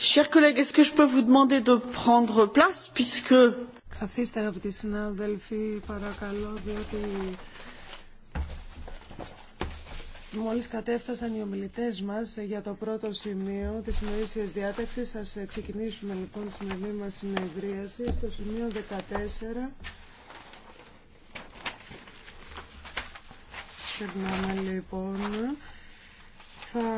Chers collègues, est-ce que je peux vous demander de prendre place puisque... Καθίστε αγαπητοί συνάδελφοι, παρακαλώ, διότι μόλις κατέφτασαν οι ομιλητές μας για το πρώτο σημείο της ημερήσιας διάταξης. Σα ξεκινήσουμε λοιπόν τη σημερινή μας συνεδρίαση στο σημείο 14. Περνάμε λοιπόν θα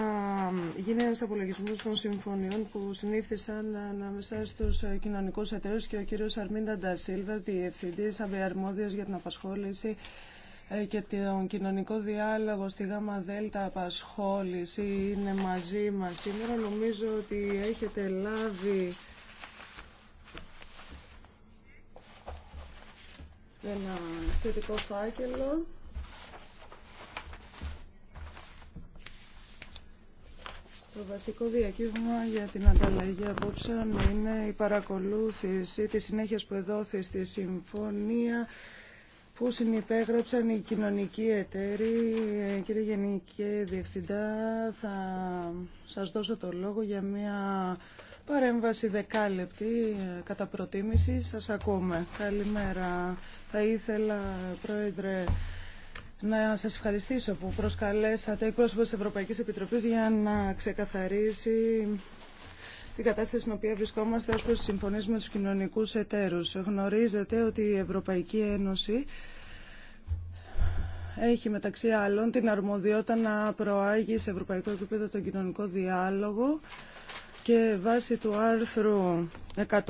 γίνει ένας απολογισμός των συμφωνιών που συνήφθησαν ανάμεσα στους κοινωνικούς εταίρους και ο κύριος Αρμίντα Ντασίλβα, διευθυντής αμπεαρμόδιος για την απασχόληση ε, και τον κοινωνικό διάλογο στη ΓΑΜΑ ΔΕΛΤΑ απασχόληση είναι μαζί μας σήμερα. Νομίζω ότι έχετε λάβει ένα θετικό φάκελο. Το βασικό διακύβημα για την ανταλλαγή απόψε είναι η παρακολούθηση της συνέχειας που εδόθη στη συμφωνία που συνυπέγραψαν οι κοινωνικοί εταίροι. Ε, κύριε Γενική Διευθυντά, θα σας δώσω το λόγο για μια παρέμβαση δεκάλεπτη ε, κατά προτίμηση. Σας ακούμε. Καλημέρα. Θα ήθελα, Πρόεδρε, να σας ευχαριστήσω που προσκαλέσατε εκπρόσωπο της Ευρωπαϊκής Επιτροπής για να ξεκαθαρίσει την κατάσταση στην οποία βρισκόμαστε ως προς με τους κοινωνικούς εταίρους. Γνωρίζετε ότι η Ευρωπαϊκή Ένωση έχει μεταξύ άλλων την αρμοδιότητα να προάγει σε ευρωπαϊκό επίπεδο τον κοινωνικό διάλογο και βάσει του άρθρου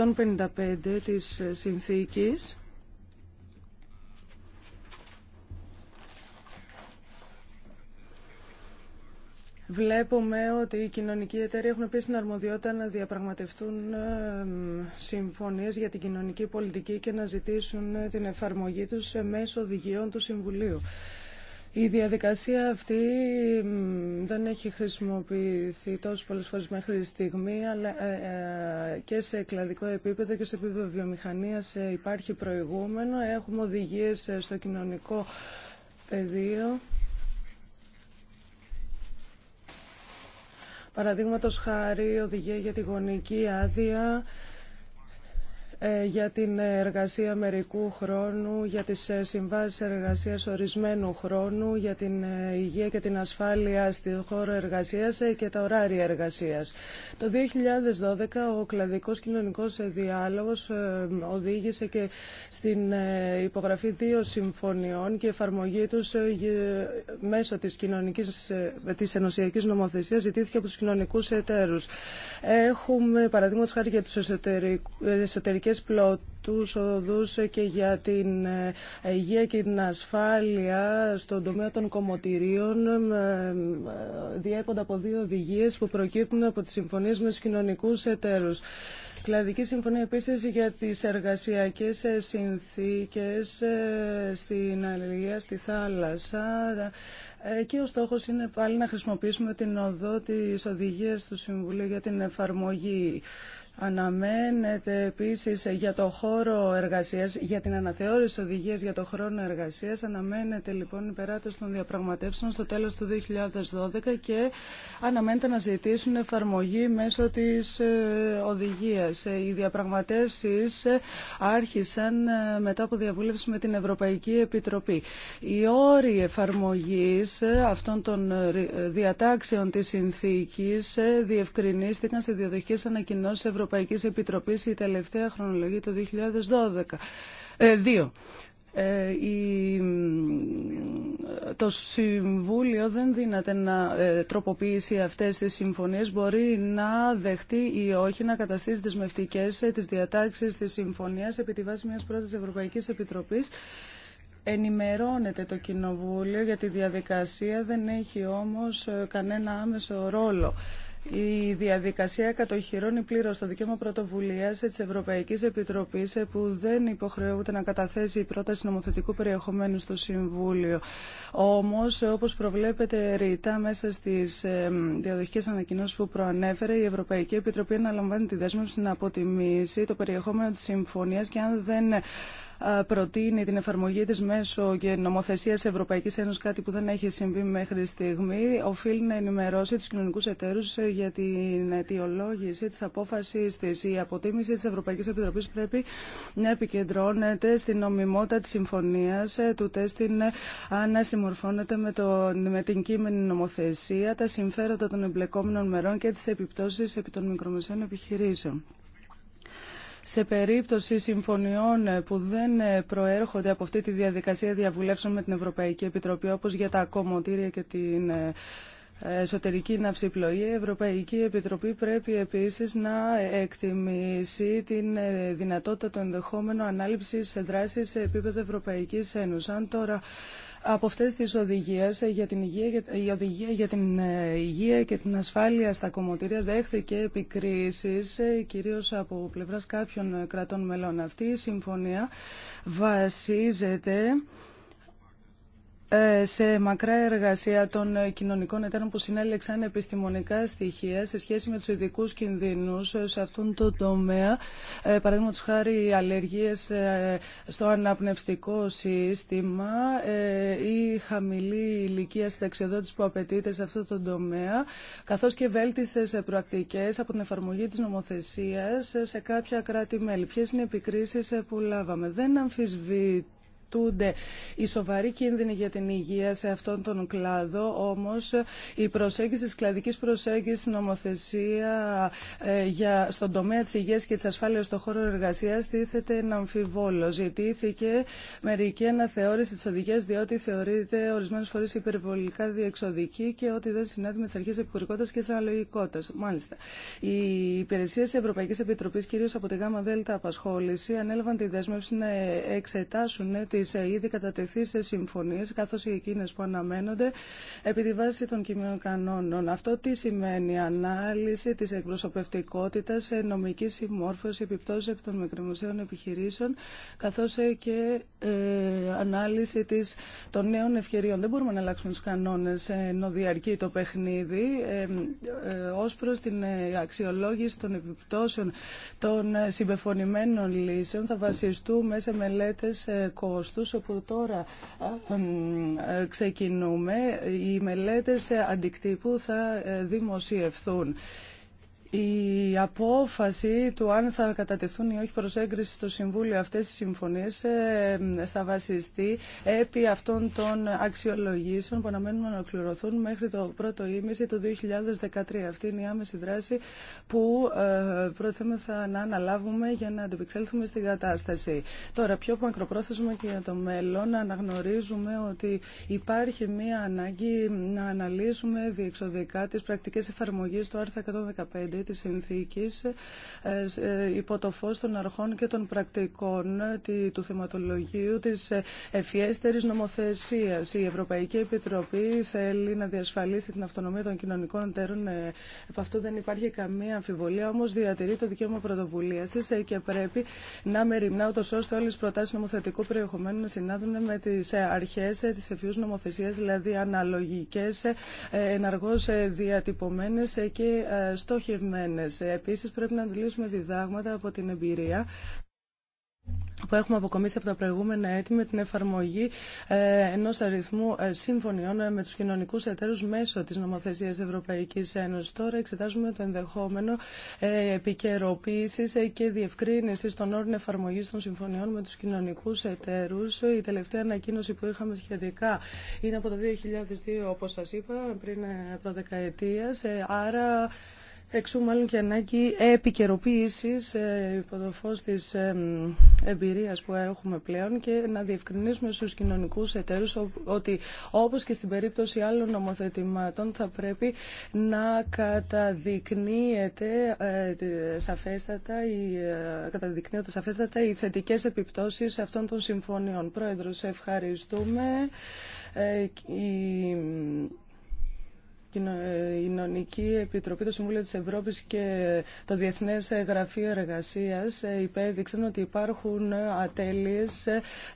155 της συνθήκης Βλέπουμε ότι οι κοινωνικοί εταίροι έχουν επίσης την αρμοδιότητα να διαπραγματευτούν ε, συμφωνίες για την κοινωνική πολιτική και να ζητήσουν ε, την εφαρμογή τους μέσω οδηγιών του Συμβουλίου. Η διαδικασία αυτή δεν έχει χρησιμοποιηθεί τόσο πολλές φορές μέχρι στιγμή, αλλά ε, και σε κλαδικό επίπεδο και σε επίπεδο βιομηχανίας υπάρχει προηγούμενο. Έχουμε οδηγίες στο κοινωνικό πεδίο Παραδείγματο χάρη οδηγία για τη γονική άδεια, ε, για την εργασία μερικού χρόνου, για τις ε, συμβάσεις εργασίας ορισμένου χρόνου, για την ε, υγεία και την ασφάλεια στη χώρο εργασίας και τα ωράρια εργασίας. Το 2012 ο κλαδικός κοινωνικός διάλογος οδήγησε και στην υπογραφή δύο συμφωνιών και εφαρμογή τους μέσω της, κοινωνικής, της ενωσιακής νομοθεσίας ζητήθηκε από τους κοινωνικούς εταίρους. Έχουμε παραδείγματος χάρη για τις εσωτερικές Πλωτού πλωτούς οδούς και για την ε, υγεία και την ασφάλεια στον τομέα των κομμωτηρίων ε, ε, διέπονται από δύο οδηγίες που προκύπτουν από τις συμφωνίες με τους κοινωνικούς εταίρους. Κλαδική συμφωνία επίσης για τι εργασιακέ συνθήκες στην αλληλεία, στη θάλασσα. Και ο στόχο είναι πάλι να χρησιμοποιήσουμε την οδό τη οδηγία του Συμβουλίου για την εφαρμογή. Αναμένεται επίσης για το χώρο εργασίας, για την αναθεώρηση οδηγίας για το χρόνο εργασίας, αναμένεται λοιπόν η περάτωση των διαπραγματεύσεων στο τέλος του 2012 και αναμένεται να ζητήσουν εφαρμογή μέσω της ε, οδηγίας. Ε, οι διαπραγματεύσεις ε, άρχισαν μετά από διαβούλευση με την Ευρωπαϊκή Επιτροπή. Οι όροι εφαρμογής αυτών των διατάξεων της συνθήκης διευκρινίστηκαν σε διαδοχικές ανακοινώσεις Ευρωπαϊκής Επιτροπής η τελευταία χρονολογία το 2012. Ε, δύο. Ε, η, το Συμβούλιο δεν δύναται να ε, τροποποιήσει αυτές τις συμφωνίες. Μπορεί να δεχτεί ή όχι να καταστήσει δεσμευτικές ε, τις διατάξεις της συμφωνίας επί τη βάση μιας πρώτης Ευρωπαϊκής Επιτροπής. Ενημερώνεται το Κοινοβούλιο για τη διαδικασία, δεν έχει όμως ε, κανένα άμεσο ρόλο. Η διαδικασία κατοχυρώνει πλήρω το δικαίωμα πρωτοβουλία τη Ευρωπαϊκή Επιτροπή που δεν υποχρεούται να καταθέσει πρόταση νομοθετικού περιεχομένου στο Συμβούλιο. Όμω, όπω προβλέπεται ρητά μέσα στι ε, διαδοχικέ ανακοινώσει που προανέφερε, η Ευρωπαϊκή Επιτροπή αναλαμβάνει τη δέσμευση να αποτιμήσει το περιεχόμενο τη συμφωνία και αν δεν ε, προτείνει την εφαρμογή της μέσω και νομοθεσίας Ευρωπαϊκής Ένωσης, κάτι που δεν έχει συμβεί μέχρι στιγμή, οφείλει να ενημερώσει τους κοινωνικούς εταίρους ε, για την αιτιολόγηση τη απόφαση τη, Η αποτίμηση τη Ευρωπαϊκή Επιτροπή πρέπει να επικεντρώνεται στην νομιμότητα τη συμφωνία ε, του τέστην ε, αν συμμορφώνεται με, το, με την κείμενη νομοθεσία, τα συμφέροντα των εμπλεκόμενων μερών και τι επιπτώσει επί των μικρομεσαίων επιχειρήσεων. Σε περίπτωση συμφωνιών ε, που δεν προέρχονται από αυτή τη διαδικασία διαβουλεύσεων με την Ευρωπαϊκή Επιτροπή, όπως για τα κομμωτήρια και την εσωτερική ναυσιπλοεία, η Ευρωπαϊκή Επιτροπή πρέπει επίσης να εκτιμήσει την ε, δυνατότητα του ενδεχόμενου ανάληψης σε δράση σε επίπεδο Ευρωπαϊκής Ένωσης. Αν τώρα από αυτές τις οδηγίες για την υγεία, η οδηγία για την ε, υγεία και την ασφάλεια στα κομμωτήρια δέχθηκε επικρίσει, ε, κυρίως από πλευράς κάποιων κρατών μελών. Αυτή η συμφωνία βασίζεται ε, σε μακρά εργασία των ε, κοινωνικών εταίρων που συνέλεξαν επιστημονικά στοιχεία σε σχέση με τους ειδικού κινδύνους ε, σε αυτόν τον τομέα. Παραδείγματο χάρη αλλεργίες στο αναπνευστικό σύστημα ή χαμηλή ηλικία συνταξιοδότηση που απαιτείται σε αυτόν τον τομέα, καθώς και βέλτιστες προακτικές από την εφαρμογή της νομοθεσίας σε κάποια κράτη-μέλη. Ποιες είναι οι επικρίσεις που λάβαμε. Δεν αμφισβήτη η οι σοβαροί κίνδυνοι για την υγεία σε αυτόν τον κλάδο, όμω, η προσέγγιση της κλαδική προσέγγιση στην νομοθεσία ε, για, στον τομέα τη υγεία και τη ασφάλεια στον χώρο εργασία τίθεται να αμφιβόλο. Ζητήθηκε μερική αναθεώρηση τη οδηγία, διότι θεωρείται ορισμένε φορέ υπερβολικά διεξοδική και ότι δεν συνάδει με τι αρχέ επικουρικότητα και τη αναλογικότητα. Μάλιστα. Οι υπηρεσίε τη Ευρωπαϊκή Επιτροπή, κυρίω από τη ΓΔ Απασχόληση, ανέλαβαν τη δέσμευση να εξετάσουν τι σε ήδη κατατεθεί σε συμφωνίες καθώς οι εκείνες που αναμένονται επί τη βάση των κοινών κανόνων. Αυτό τι σημαίνει ανάλυση της εκπροσωπευτικότητας, ε, νομική συμμόρφωση, επιπτώσεις επί των μικρομεσαίων επιχειρήσεων καθώς ε, και ε, ανάλυση της, των νέων ευκαιριών. Δεν μπορούμε να αλλάξουμε του κανόνες ενώ διαρκεί το παιχνίδι ως προς την αξιολόγηση των επιπτώσεων των συμπεφωνημένων λύσεων θα βασιστούμε σε μελέτες κόστους γνωστούς σε τώρα ε, ξεκινούμε. Οι μελέτες αντικτύπου θα ε, δημοσιευθούν. Η απόφαση του αν θα κατατεθούν ή όχι προς έγκριση στο Συμβούλιο αυτές οι συμφωνίες ε, θα βασιστεί επί αυτών των αξιολογήσεων που αναμένουμε να ολοκληρωθούν μέχρι το πρώτο ήμιση του 2013. Αυτή είναι η άμεση δράση που ε, θα να αναλάβουμε για να αντεπεξέλθουμε στην κατάσταση. Τώρα, πιο μακροπρόθεσμα και για το μέλλον, να αναγνωρίζουμε ότι υπάρχει μία ανάγκη να αναλύσουμε διεξοδικά τις πρακτικές εφαρμογής του Άρθρου 115 τη της συνθήκης ε, ε, υπό το φως των αρχών και των πρακτικών ε, του θεματολογίου της ευφιέστερης νομοθεσίας. Η Ευρωπαϊκή Επιτροπή θέλει να διασφαλίσει την αυτονομία των κοινωνικών εταίρων. Επ' αυτού δεν υπάρχει καμία αμφιβολία, όμως διατηρεί το δικαίωμα πρωτοβουλίας της και πρέπει να μεριμνά ούτως ώστε όλες τις προτάσεις νομοθετικού περιεχομένου να συνάδουν με τις αρχές της ευφιούς νομοθεσίας, δηλαδή αναλογικές, εναργώς διατυπωμένες και στόχευμένες Επίση Επίσης πρέπει να αντιλήσουμε διδάγματα από την εμπειρία που έχουμε αποκομίσει από τα προηγούμενα έτη με την εφαρμογή ε, ενός αριθμού ε, συμφωνιών ε, με τους κοινωνικούς εταίρους μέσω της νομοθεσίας Ευρωπαϊκής Ένωσης. Τώρα εξετάζουμε το ενδεχόμενο επικαιροποίηση και διευκρίνηση των όρων εφαρμογής των συμφωνιών με τους κοινωνικούς εταίρους. Η τελευταία ανακοίνωση που είχαμε σχετικά είναι από το 2002, όπως σας είπα, πριν προδεκαετίας. Άρα Εξού μάλλον και ανάγκη επικαιροποίηση ε, υποδοφός το της ε, εμπειρίας που έχουμε πλέον και να διευκρινίσουμε στου κοινωνικούς εταίρους ότι όπως και στην περίπτωση άλλων νομοθετημάτων θα πρέπει να καταδεικνύεται ε, σαφέστατα η, σαφέστατα οι θετικέ επιπτώσεις αυτών των συμφωνιών. σε ευχαριστούμε. Η η ε, Κοινωνική Επιτροπή, το Συμβούλιο της Ευρώπης και το Διεθνές Γραφείο Εργασίας ε, υπέδειξαν ότι υπάρχουν ατέλειες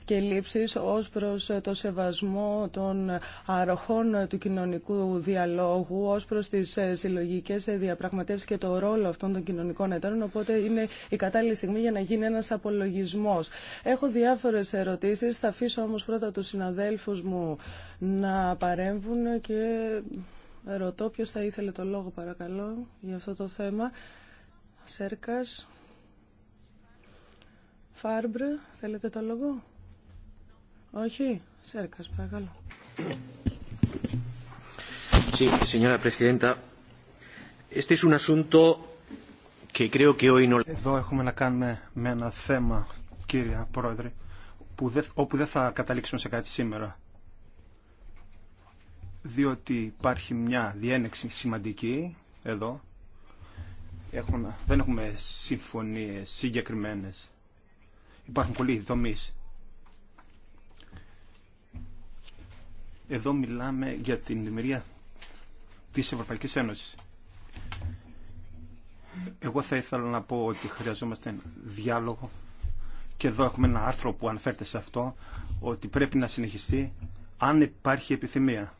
και λήψεις ως προς το σεβασμό των αρχών του κοινωνικού διαλόγου, ως προς τις ε, συλλογικές διαπραγματεύσεις και το ρόλο αυτών των κοινωνικών ετών, οπότε είναι η κατάλληλη στιγμή για να γίνει ένας απολογισμός. Έχω διάφορες ερωτήσεις, θα αφήσω όμως πρώτα τους συναδέλφους μου να παρέμβουν και Ρωτώ ποιο θα ήθελε το λόγο παρακαλώ για αυτό το θέμα. Σέρκας. Φάρμπρ, θέλετε το λόγο. Όχι. Σέρκας, παρακαλώ. Sí, señora presidenta. Este es Εδώ έχουμε να κάνουμε με ένα θέμα, κύριε Πρόεδρε, που όπου δεν θα καταλήξουμε σε κάτι σήμερα διότι υπάρχει μια διένεξη σημαντική εδώ. Έχουν, δεν έχουμε συμφωνίες συγκεκριμένες. Υπάρχουν πολλοί δομείς. Εδώ μιλάμε για την δημιουργία της Ευρωπαϊκής Ένωσης. Εγώ θα ήθελα να πω ότι χρειαζόμαστε διάλογο και εδώ έχουμε ένα άρθρο που αναφέρεται σε αυτό ότι πρέπει να συνεχιστεί αν υπάρχει επιθυμία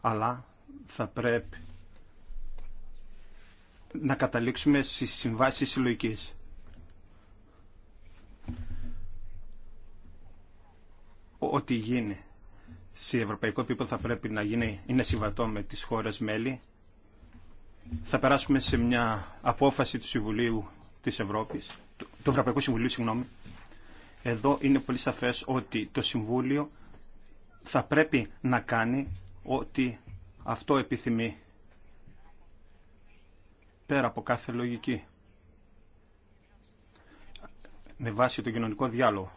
αλλά θα πρέπει να καταλήξουμε στις συμβάσεις συλλογική. Ό,τι γίνει σε ευρωπαϊκό επίπεδο θα πρέπει να γίνει, είναι συμβατό με τις χώρες μέλη. Θα περάσουμε σε μια απόφαση του Συμβουλίου της Ευρώπης, του, του Ευρωπαϊκού Συμβουλίου, συγγνώμη. Εδώ είναι πολύ σαφές ότι το Συμβούλιο θα πρέπει να κάνει ότι αυτό επιθυμεί πέρα από κάθε λογική με βάση το κοινωνικό διάλογο.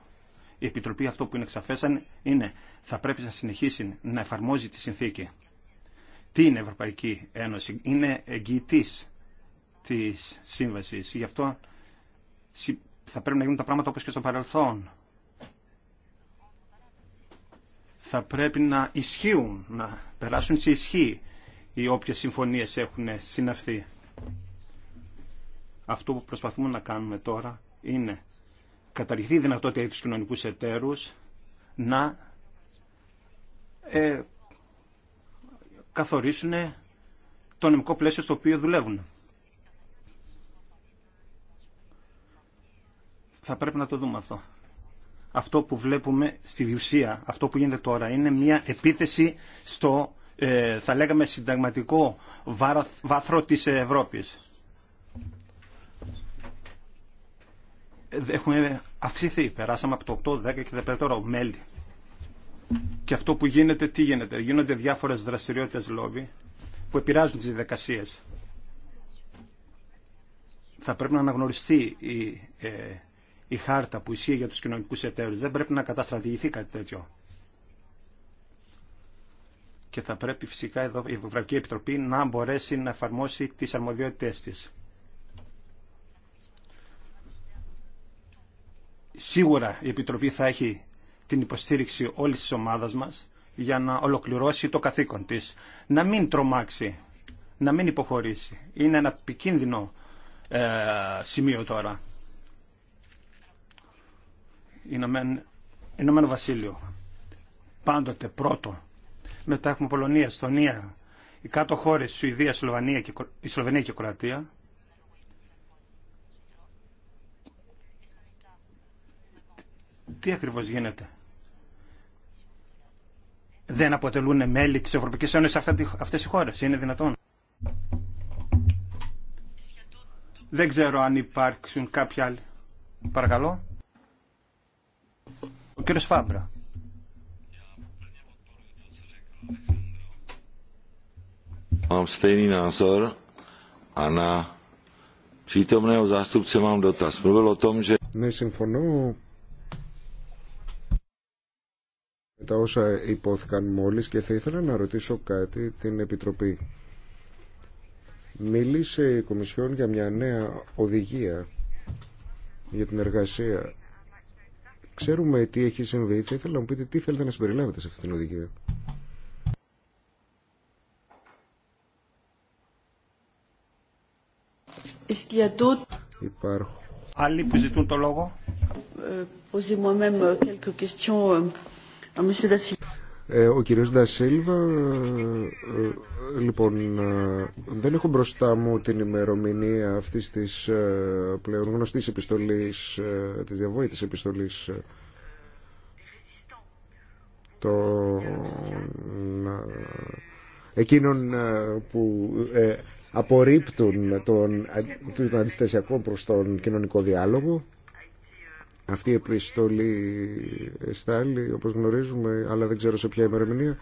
Η Επιτροπή αυτό που είναι εξαφέσαν είναι θα πρέπει να συνεχίσει να εφαρμόζει τη συνθήκη. Τι είναι Ευρωπαϊκή Ένωση. Είναι εγγυητής της σύμβασης. Γι' αυτό θα πρέπει να γίνουν τα πράγματα όπως και στο παρελθόν. θα πρέπει να ισχύουν, να περάσουν σε ισχύ οι όποιες συμφωνίες έχουν συναυθεί. Αυτό που προσπαθούμε να κάνουμε τώρα είναι καταργηθεί η δυνατότητα για τους κοινωνικούς να ε, καθορίσουν το νομικό πλαίσιο στο οποίο δουλεύουν. Θα πρέπει να το δούμε αυτό αυτό που βλέπουμε στη διουσία, αυτό που γίνεται τώρα. Είναι μια επίθεση στο, ε, θα λέγαμε, συνταγματικό βάθρο της Ευρώπης. Έχουμε αυξηθεί, περάσαμε από το 8, 10 και 15 τώρα μέλη. Και αυτό που γίνεται, τι γίνεται. Γίνονται διάφορες δραστηριότητες λόμπι που επηρεάζουν τις διαδικασίες. Θα πρέπει να αναγνωριστεί η ε, η χάρτα που ισχύει για τους κοινωνικούς εταίρους. Δεν πρέπει να καταστρατηγηθεί κάτι τέτοιο. Και θα πρέπει φυσικά εδώ η Ευρωπαϊκή Επιτροπή να μπορέσει να εφαρμόσει τις αρμοδιότητές της. Σίγουρα η Επιτροπή θα έχει την υποστήριξη όλης της ομάδας μας για να ολοκληρώσει το καθήκον της. Να μην τρομάξει, να μην υποχωρήσει. Είναι ένα επικίνδυνο ε, σημείο τώρα. Ηνωμένο, Βασίλειο. Πάντοτε πρώτο. Μετά έχουμε Πολωνία, Στονία, οι κάτω χώρες, Σουηδία, Σλοβανία και, η Σλοβενία και η Κροατία. Τι ακριβώ γίνεται. Δεν αποτελούν μέλη της Ευρωπαϊκή Ένωση αυτές οι χώρες. Είναι δυνατόν. Δεν ξέρω αν υπάρξουν κάποιοι άλλοι. Παρακαλώ. Ο κύριος Φάμπρα. Mám stejný názor a na přítomného zástupce mám dotaz. Mluvil o tom, že... Ναι, συμφωνώ με τα όσα υπόθηκαν μόλις και θα ήθελα να ρωτήσω κάτι την Επιτροπή. Μίλησε η Κομισιόν για μια νέα οδηγία για την εργασία Ξέρουμε τι έχει συμβεί. Θα ήθελα να μου πείτε τι θέλετε να συμπεριλάβετε σε αυτή την οδηγία. Υπάρχουν. Άλλοι που ζητούν το λόγο. Ε, ε, ο κύριος Ντασίλβα, ε, ε, λοιπόν, δεν έχω μπροστά μου την ημερομηνία αυτής της πλέον γνωστής επιστολής, της διαβόητης επιστολής των εκείνων που απορρίπτουν τον, τον αντιστασιακό προς τον κοινωνικό διάλογο. Αυτή η επιστολή εστάλει, όπως γνωρίζουμε, αλλά δεν ξέρω σε ποια ημερομηνία.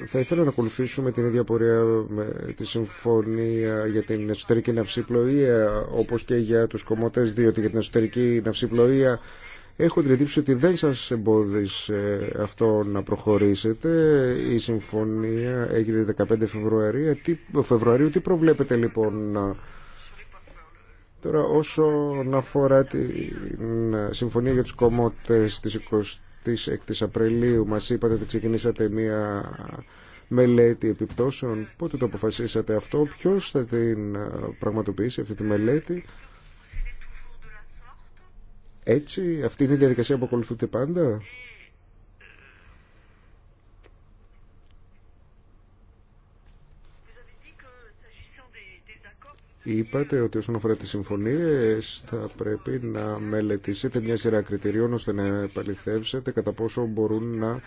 Ε, θα ήθελα να ακολουθήσουμε την ίδια πορεία με τη συμφωνία για την εσωτερική ναυσιπλοεία όπως και για τους κομμωτές διότι για την εσωτερική ναυσιπλοεία Έχω την εντύπωση ότι δεν σας εμπόδισε αυτό να προχωρήσετε. Η συμφωνία έγινε 15 Φεβρουαρίου. Ε, τι, Φεβρουαρίου, τι προβλέπετε λοιπόν Τώρα όσον αφορά την συμφωνία για τους κομμότες της 26 Απριλίου μας είπατε ότι ξεκινήσατε μια μελέτη επιπτώσεων. Πότε το αποφασίσατε αυτό, ποιος θα την πραγματοποιήσει αυτή τη μελέτη έτσι, αυτή είναι η διαδικασία που ακολουθούνται πάντα. Είπατε ότι όσον αφορά τις συμφωνίες θα πρέπει να μελετήσετε μια σειρά κριτηρίων ώστε να επαληθεύσετε κατά πόσο μπορούν να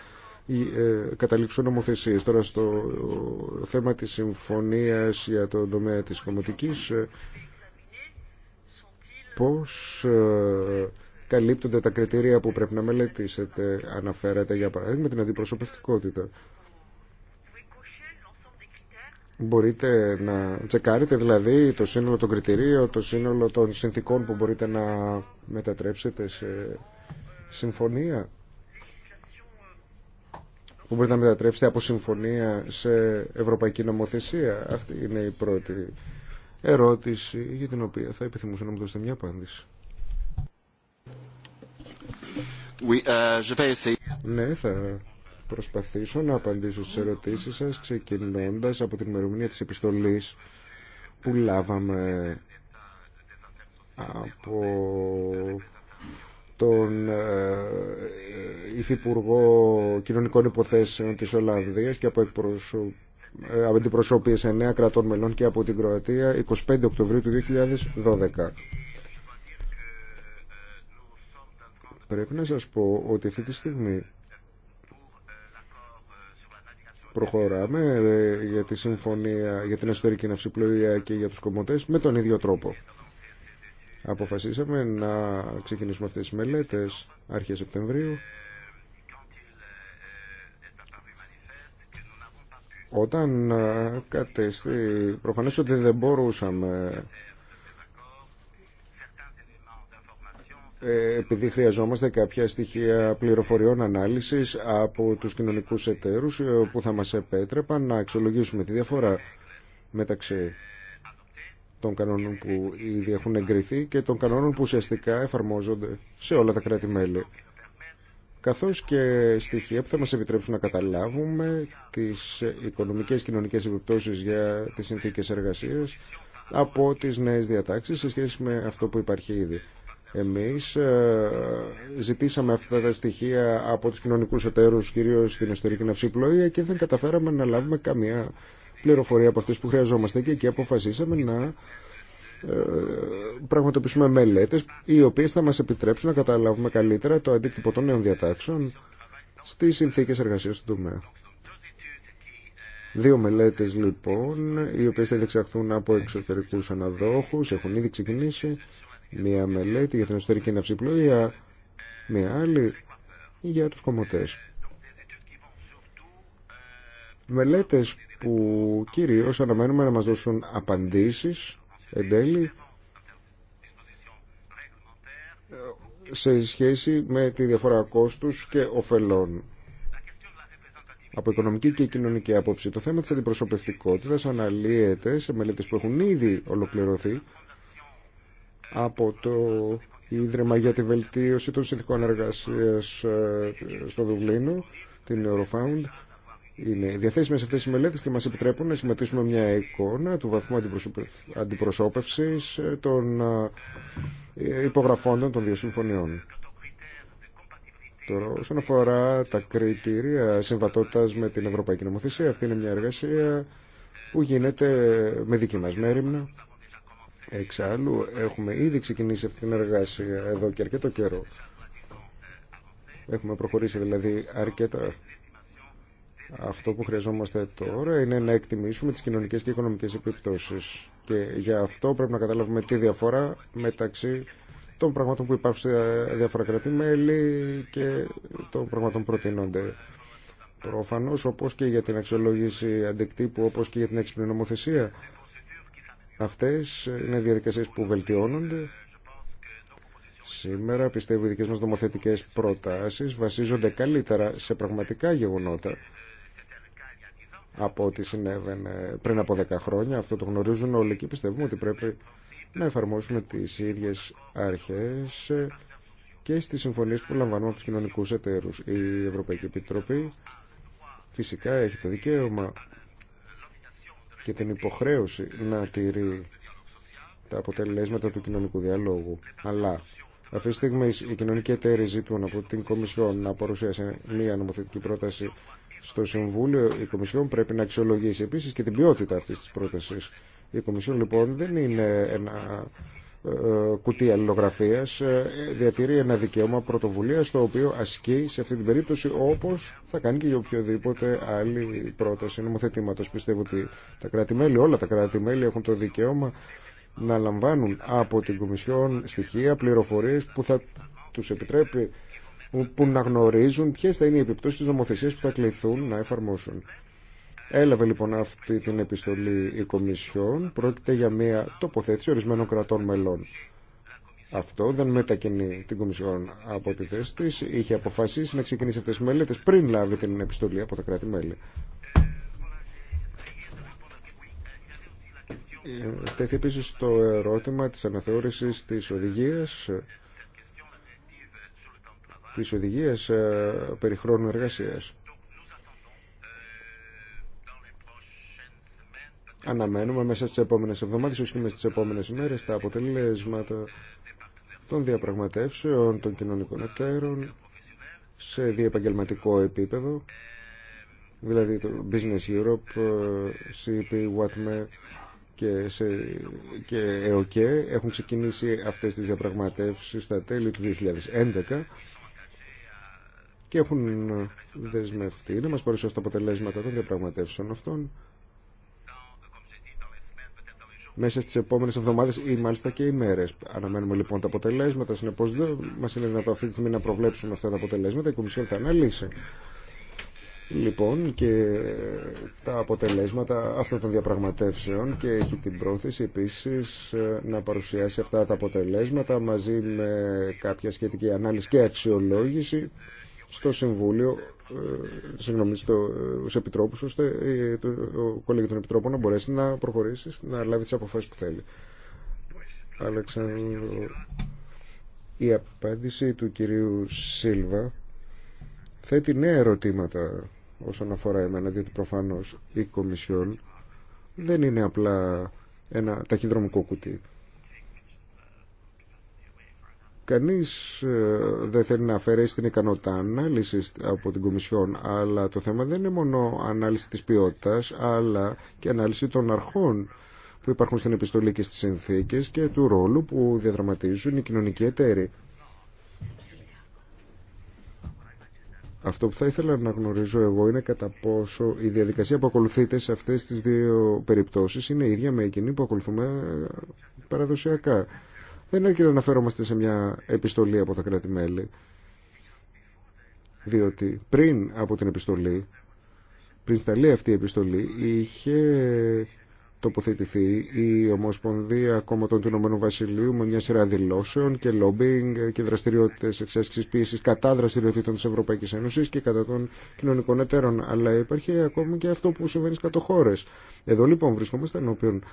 ε, καταλήξουν νομοθεσίε. Τώρα στο θέμα της συμφωνίας για τον τομέα της κομματικής ε, πώς ε, καλύπτονται τα κριτήρια που πρέπει να μελετήσετε. Αναφέρατε για παράδειγμα την αντιπροσωπευτικότητα. Μπορείτε να τσεκάρετε δηλαδή το σύνολο των κριτηρίων, το σύνολο των συνθήκων που μπορείτε να μετατρέψετε σε συμφωνία. Που μπορείτε να μετατρέψετε από συμφωνία σε ευρωπαϊκή νομοθεσία. Αυτή είναι η πρώτη ερώτηση για την οποία θα επιθυμούσα να μου δώσετε μια απάντηση. Euh, ναι, θα προσπαθήσω να απαντήσω στις ερωτήσεις σας ξεκινώντας από την ημερομηνία της επιστολής που λάβαμε από τον ε, ε, Υφυπουργό Κοινωνικών Υποθέσεων της Ολλανδίας και από εκπρόσωπο ε, αντιπροσώπειες 9 κρατών μελών και από την Κροατία 25 Οκτωβρίου του 2012. Πρέπει να σας πω ότι αυτή τη στιγμή προχωράμε ε, για τη συμφωνία για την εσωτερική ναυσιπλοεία και για τους κομμωτές με τον ίδιο τρόπο. Αποφασίσαμε να ξεκινήσουμε αυτές τις μελέτες αρχές Σεπτεμβρίου Όταν ε, κατέστη, προφανές ότι δεν μπορούσαμε ε, επειδή χρειαζόμαστε κάποια στοιχεία πληροφοριών ανάλυσης από τους κοινωνικούς εταίρους ε, που θα μας επέτρεπαν να αξιολογήσουμε τη διαφορά μεταξύ των κανόνων που ήδη έχουν εγκριθεί και των κανόνων που ουσιαστικά εφαρμόζονται σε όλα τα κράτη-μέλη καθώς και στοιχεία που θα μας επιτρέψουν να καταλάβουμε τις οικονομικές κοινωνικές επιπτώσεις για τις συνθήκες εργασίας από τις νέες διατάξεις σε σχέση με αυτό που υπάρχει ήδη. Εμείς ε, ζητήσαμε αυτά τα στοιχεία από τους κοινωνικούς εταίρους, κυρίως στην ιστορική πλοία και δεν καταφέραμε να λάβουμε καμία πληροφορία από αυτές που χρειαζόμαστε και εκεί αποφασίσαμε να ε, πραγματοποιήσουμε μελέτες οι οποίες θα μας επιτρέψουν να καταλάβουμε καλύτερα το αντίκτυπο των νέων διατάξεων στις συνθήκες εργασίας του τομέα. Δύο μελέτες λοιπόν, οι οποίες θα διεξαχθούν από εξωτερικούς αναδόχους, έχουν ήδη ξεκινήσει. Μία μελέτη για την εσωτερική ναυσιπλοεία, μία άλλη για τους κομμωτές. Μελέτες που κυρίως αναμένουμε να μας δώσουν απαντήσεις εν τέλει σε σχέση με τη διαφορά κόστους και ωφελών από οικονομική και κοινωνική άποψη. Το θέμα της αντιπροσωπευτικότητας αναλύεται σε μελέτες που έχουν ήδη ολοκληρωθεί από το Ίδρυμα για τη Βελτίωση των Συνθηκών Εργασίας ε, στο Δουβλίνο, την Eurofound, είναι διαθέσιμες αυτές οι μελέτες και μας επιτρέπουν να συμμετήσουμε μια εικόνα του βαθμού αντιπροσώπευσης ε, των ε, υπογραφών των δύο συμφωνιών. Τώρα, όσον αφορά τα κριτήρια συμβατότητας με την Ευρωπαϊκή Νομοθεσία, αυτή είναι μια εργασία που γίνεται με δική μα μέρημνα. Εξάλλου, έχουμε ήδη ξεκινήσει αυτή την εργασία εδώ και αρκετό καιρό. Έχουμε προχωρήσει δηλαδή αρκετά αυτό που χρειαζόμαστε τώρα είναι να εκτιμήσουμε τις κοινωνικές και οικονομικές επιπτώσεις και για αυτό πρέπει να καταλάβουμε τη διαφορά μεταξύ των πραγμάτων που υπάρχουν σε διάφορα κρατή-μέλη και των πραγμάτων που προτείνονται. Προφανώς, όπως και για την αξιολόγηση αντικτύπου, όπως και για την έξυπνη νομοθεσία, αυτές είναι διαδικασίες που βελτιώνονται. Σήμερα πιστεύω οι δικές μας νομοθετικές προτάσεις βασίζονται καλύτερα σε πραγματικά γεγονότα από ό,τι συνέβαινε πριν από 10 χρόνια. Αυτό το γνωρίζουν όλοι και πιστεύουμε ότι πρέπει να εφαρμόσουμε τις ίδιες αρχές και στις συμφωνίες που λαμβάνουμε από τους κοινωνικούς εταίρους. Η Ευρωπαϊκή Επιτροπή φυσικά έχει το δικαίωμα και την υποχρέωση να τηρεί τα αποτελέσματα του κοινωνικού διαλόγου. Αλλά αυτή τη στιγμή οι κοινωνικοί εταίροι ζητούν από την Κομισιόν να παρουσιάσει μια νομοθετική πρόταση στο Συμβούλιο η Κομισιόν πρέπει να αξιολογήσει επίσης και την ποιότητα αυτής της πρότασης. Η Κομισιόν λοιπόν δεν είναι ένα ε, ε, κουτί αλληλογραφίας ε, διατηρεί ένα δικαίωμα πρωτοβουλία το οποίο ασκεί σε αυτή την περίπτωση όπως θα κάνει και για οποιοδήποτε άλλη πρόταση νομοθετήματος. Πιστεύω ότι τα κράτη-μέλη, όλα τα κράτη-μέλη έχουν το δικαίωμα να λαμβάνουν από την Κομισιόν στοιχεία, πληροφορίες που θα τους επιτρέπει που να γνωρίζουν ποιε θα είναι οι επιπτώσει τη νομοθεσία που θα κληθούν να εφαρμόσουν. Έλαβε λοιπόν αυτή την επιστολή η Κομισιόν. Πρόκειται για μια τοποθέτηση ορισμένων κρατών μελών. Αυτό δεν μετακινεί την Κομισιόν από τη θέση τη. Είχε αποφασίσει να ξεκινήσει αυτέ τι μελέτε πριν λάβει την επιστολή από τα κράτη-μέλη. Ε, τέθη επίση το ερώτημα τη αναθεώρηση τη οδηγία τις οδηγίες ε, περί χρόνου εργασίας. Αναμένουμε μέσα στις επόμενες εβδομάδες, όχι και μέσα στις επόμενες μέρες, τα αποτελέσματα των διαπραγματεύσεων, των κοινωνικών εταίρων, σε διεπαγγελματικό επίπεδο, δηλαδή το Business Europe, ε, CP, WATME και, σε, και ΕΟΚΕ έχουν ξεκινήσει αυτές τις διαπραγματεύσεις στα τέλη του 2011 και έχουν δεσμευτεί να μας παρουσιάσουν τα αποτελέσματα των διαπραγματεύσεων αυτών μέσα στις επόμενες εβδομάδες ή μάλιστα και ημέρες. Αναμένουμε λοιπόν τα αποτελέσματα, συνεπώς δεν μας είναι δυνατό αυτή τη στιγμή να προβλέψουμε αυτά τα αποτελέσματα, η Κομισιόν θα αναλύσει. Λοιπόν και τα αποτελέσματα αυτών των διαπραγματεύσεων και έχει την πρόθεση επίσης ε, να παρουσιάσει αυτά τα αποτελέσματα μαζί με κάποια σχετική ανάλυση και αξιολόγηση στο Συμβούλιο, ε, συγγνώμη, στους ε, επιτρόπους, ώστε ε, το κολέγιο των επιτρόπων να μπορέσει να προχωρήσει, να λάβει τις αποφάσεις που θέλει. Αλεξάνδρο, η απάντηση του κυρίου Σίλβα θέτει νέα ερωτήματα όσον αφορά εμένα, διότι προφανώς η Κομισιόν δεν είναι απλά ένα ταχυδρομικό κουτί. Κανείς ε, δεν θέλει να αφαιρέσει την ικανότητα ανάλυσης από την Κομισιόν, αλλά το θέμα δεν είναι μόνο ανάλυση της ποιότητας, αλλά και ανάλυση των αρχών που υπάρχουν στην επιστολή και στις συνθήκες και του ρόλου που διαδραματίζουν οι κοινωνικοί εταίροι. Αυτό που θα ήθελα να γνωρίζω εγώ είναι κατά πόσο η διαδικασία που ακολουθείτε σε αυτές τις δύο περιπτώσεις είναι ίδια με εκείνη που ακολουθούμε ε, παραδοσιακά. Δεν είναι να αναφερόμαστε σε μια επιστολή από τα κράτη-μέλη, διότι πριν από την επιστολή, πριν σταλεί αυτή η επιστολή, είχε τοποθετηθεί η Ομοσπονδία Κόμματων του Ηνωμένου Βασιλείου με μια σειρά δηλώσεων και λόμπινγκ και δραστηριότητε εξάσκηση πίεση κατά δραστηριοτήτων τη Ευρωπαϊκή Ένωση και κατά των κοινωνικών εταίρων. Αλλά υπάρχει ακόμη και αυτό που συμβαίνει στι κατοχώρε. Εδώ λοιπόν βρισκόμαστε ενώπιον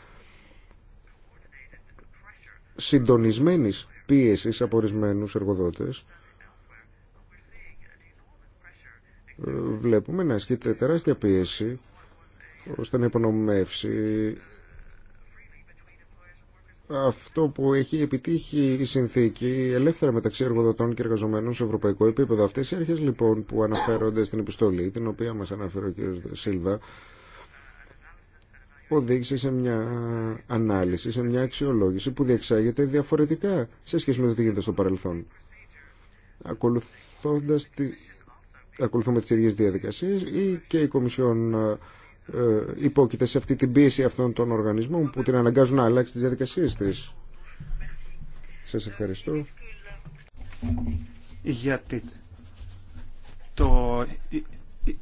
συντονισμένης πίεσης από ορισμένου εργοδότες βλέπουμε να ασκείται τεράστια πίεση ώστε να υπονομεύσει αυτό που έχει επιτύχει η συνθήκη ελεύθερα μεταξύ εργοδοτών και εργαζομένων σε ευρωπαϊκό επίπεδο. Αυτές οι αρχές λοιπόν που αναφέρονται στην επιστολή, την οποία μας αναφέρει ο κ. Σίλβα, οδήγησε σε μια ανάλυση, σε μια αξιολόγηση που διεξάγεται διαφορετικά σε σχέση με το τι γίνεται στο παρελθόν. Ακολουθώντας τη... Ακολουθούμε τις ίδιες διαδικασίες ή και η Κομισιόν ε, υπόκειται σε αυτή την πίεση αυτών των οργανισμών που την αναγκάζουν να αλλάξει τις διαδικασίες της. Σας ευχαριστώ. Γιατί το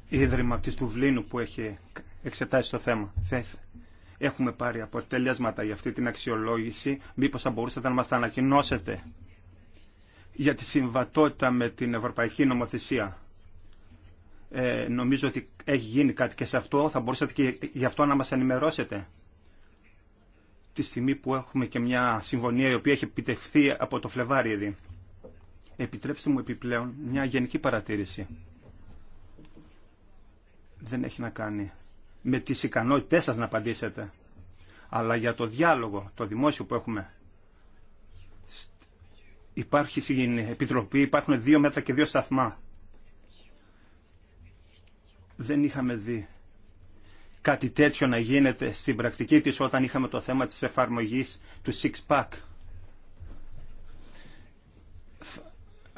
Ίδρυμα που έχει εξετάσει το θέμα. Έχουμε πάρει αποτελέσματα για αυτή την αξιολόγηση. Μήπως θα μπορούσατε να μας τα ανακοινώσετε για τη συμβατότητα με την Ευρωπαϊκή Νομοθεσία. Ε, νομίζω ότι έχει γίνει κάτι και σε αυτό. Θα μπορούσατε και γι' αυτό να μας ενημερώσετε. Τη στιγμή που έχουμε και μια συμφωνία η οποία έχει επιτευχθεί από το Φλεβάρι Επιτρέψτε μου επιπλέον μια γενική παρατήρηση. Δεν έχει να κάνει με τις ικανότητές σας να απαντήσετε, αλλά για το διάλογο, το δημόσιο που έχουμε. Υπάρχει στην Επιτροπή, υπάρχουν δύο μέτρα και δύο σταθμά. Δεν είχαμε δει κάτι τέτοιο να γίνεται στην πρακτική της όταν είχαμε το θέμα της εφαρμογής του six-pack.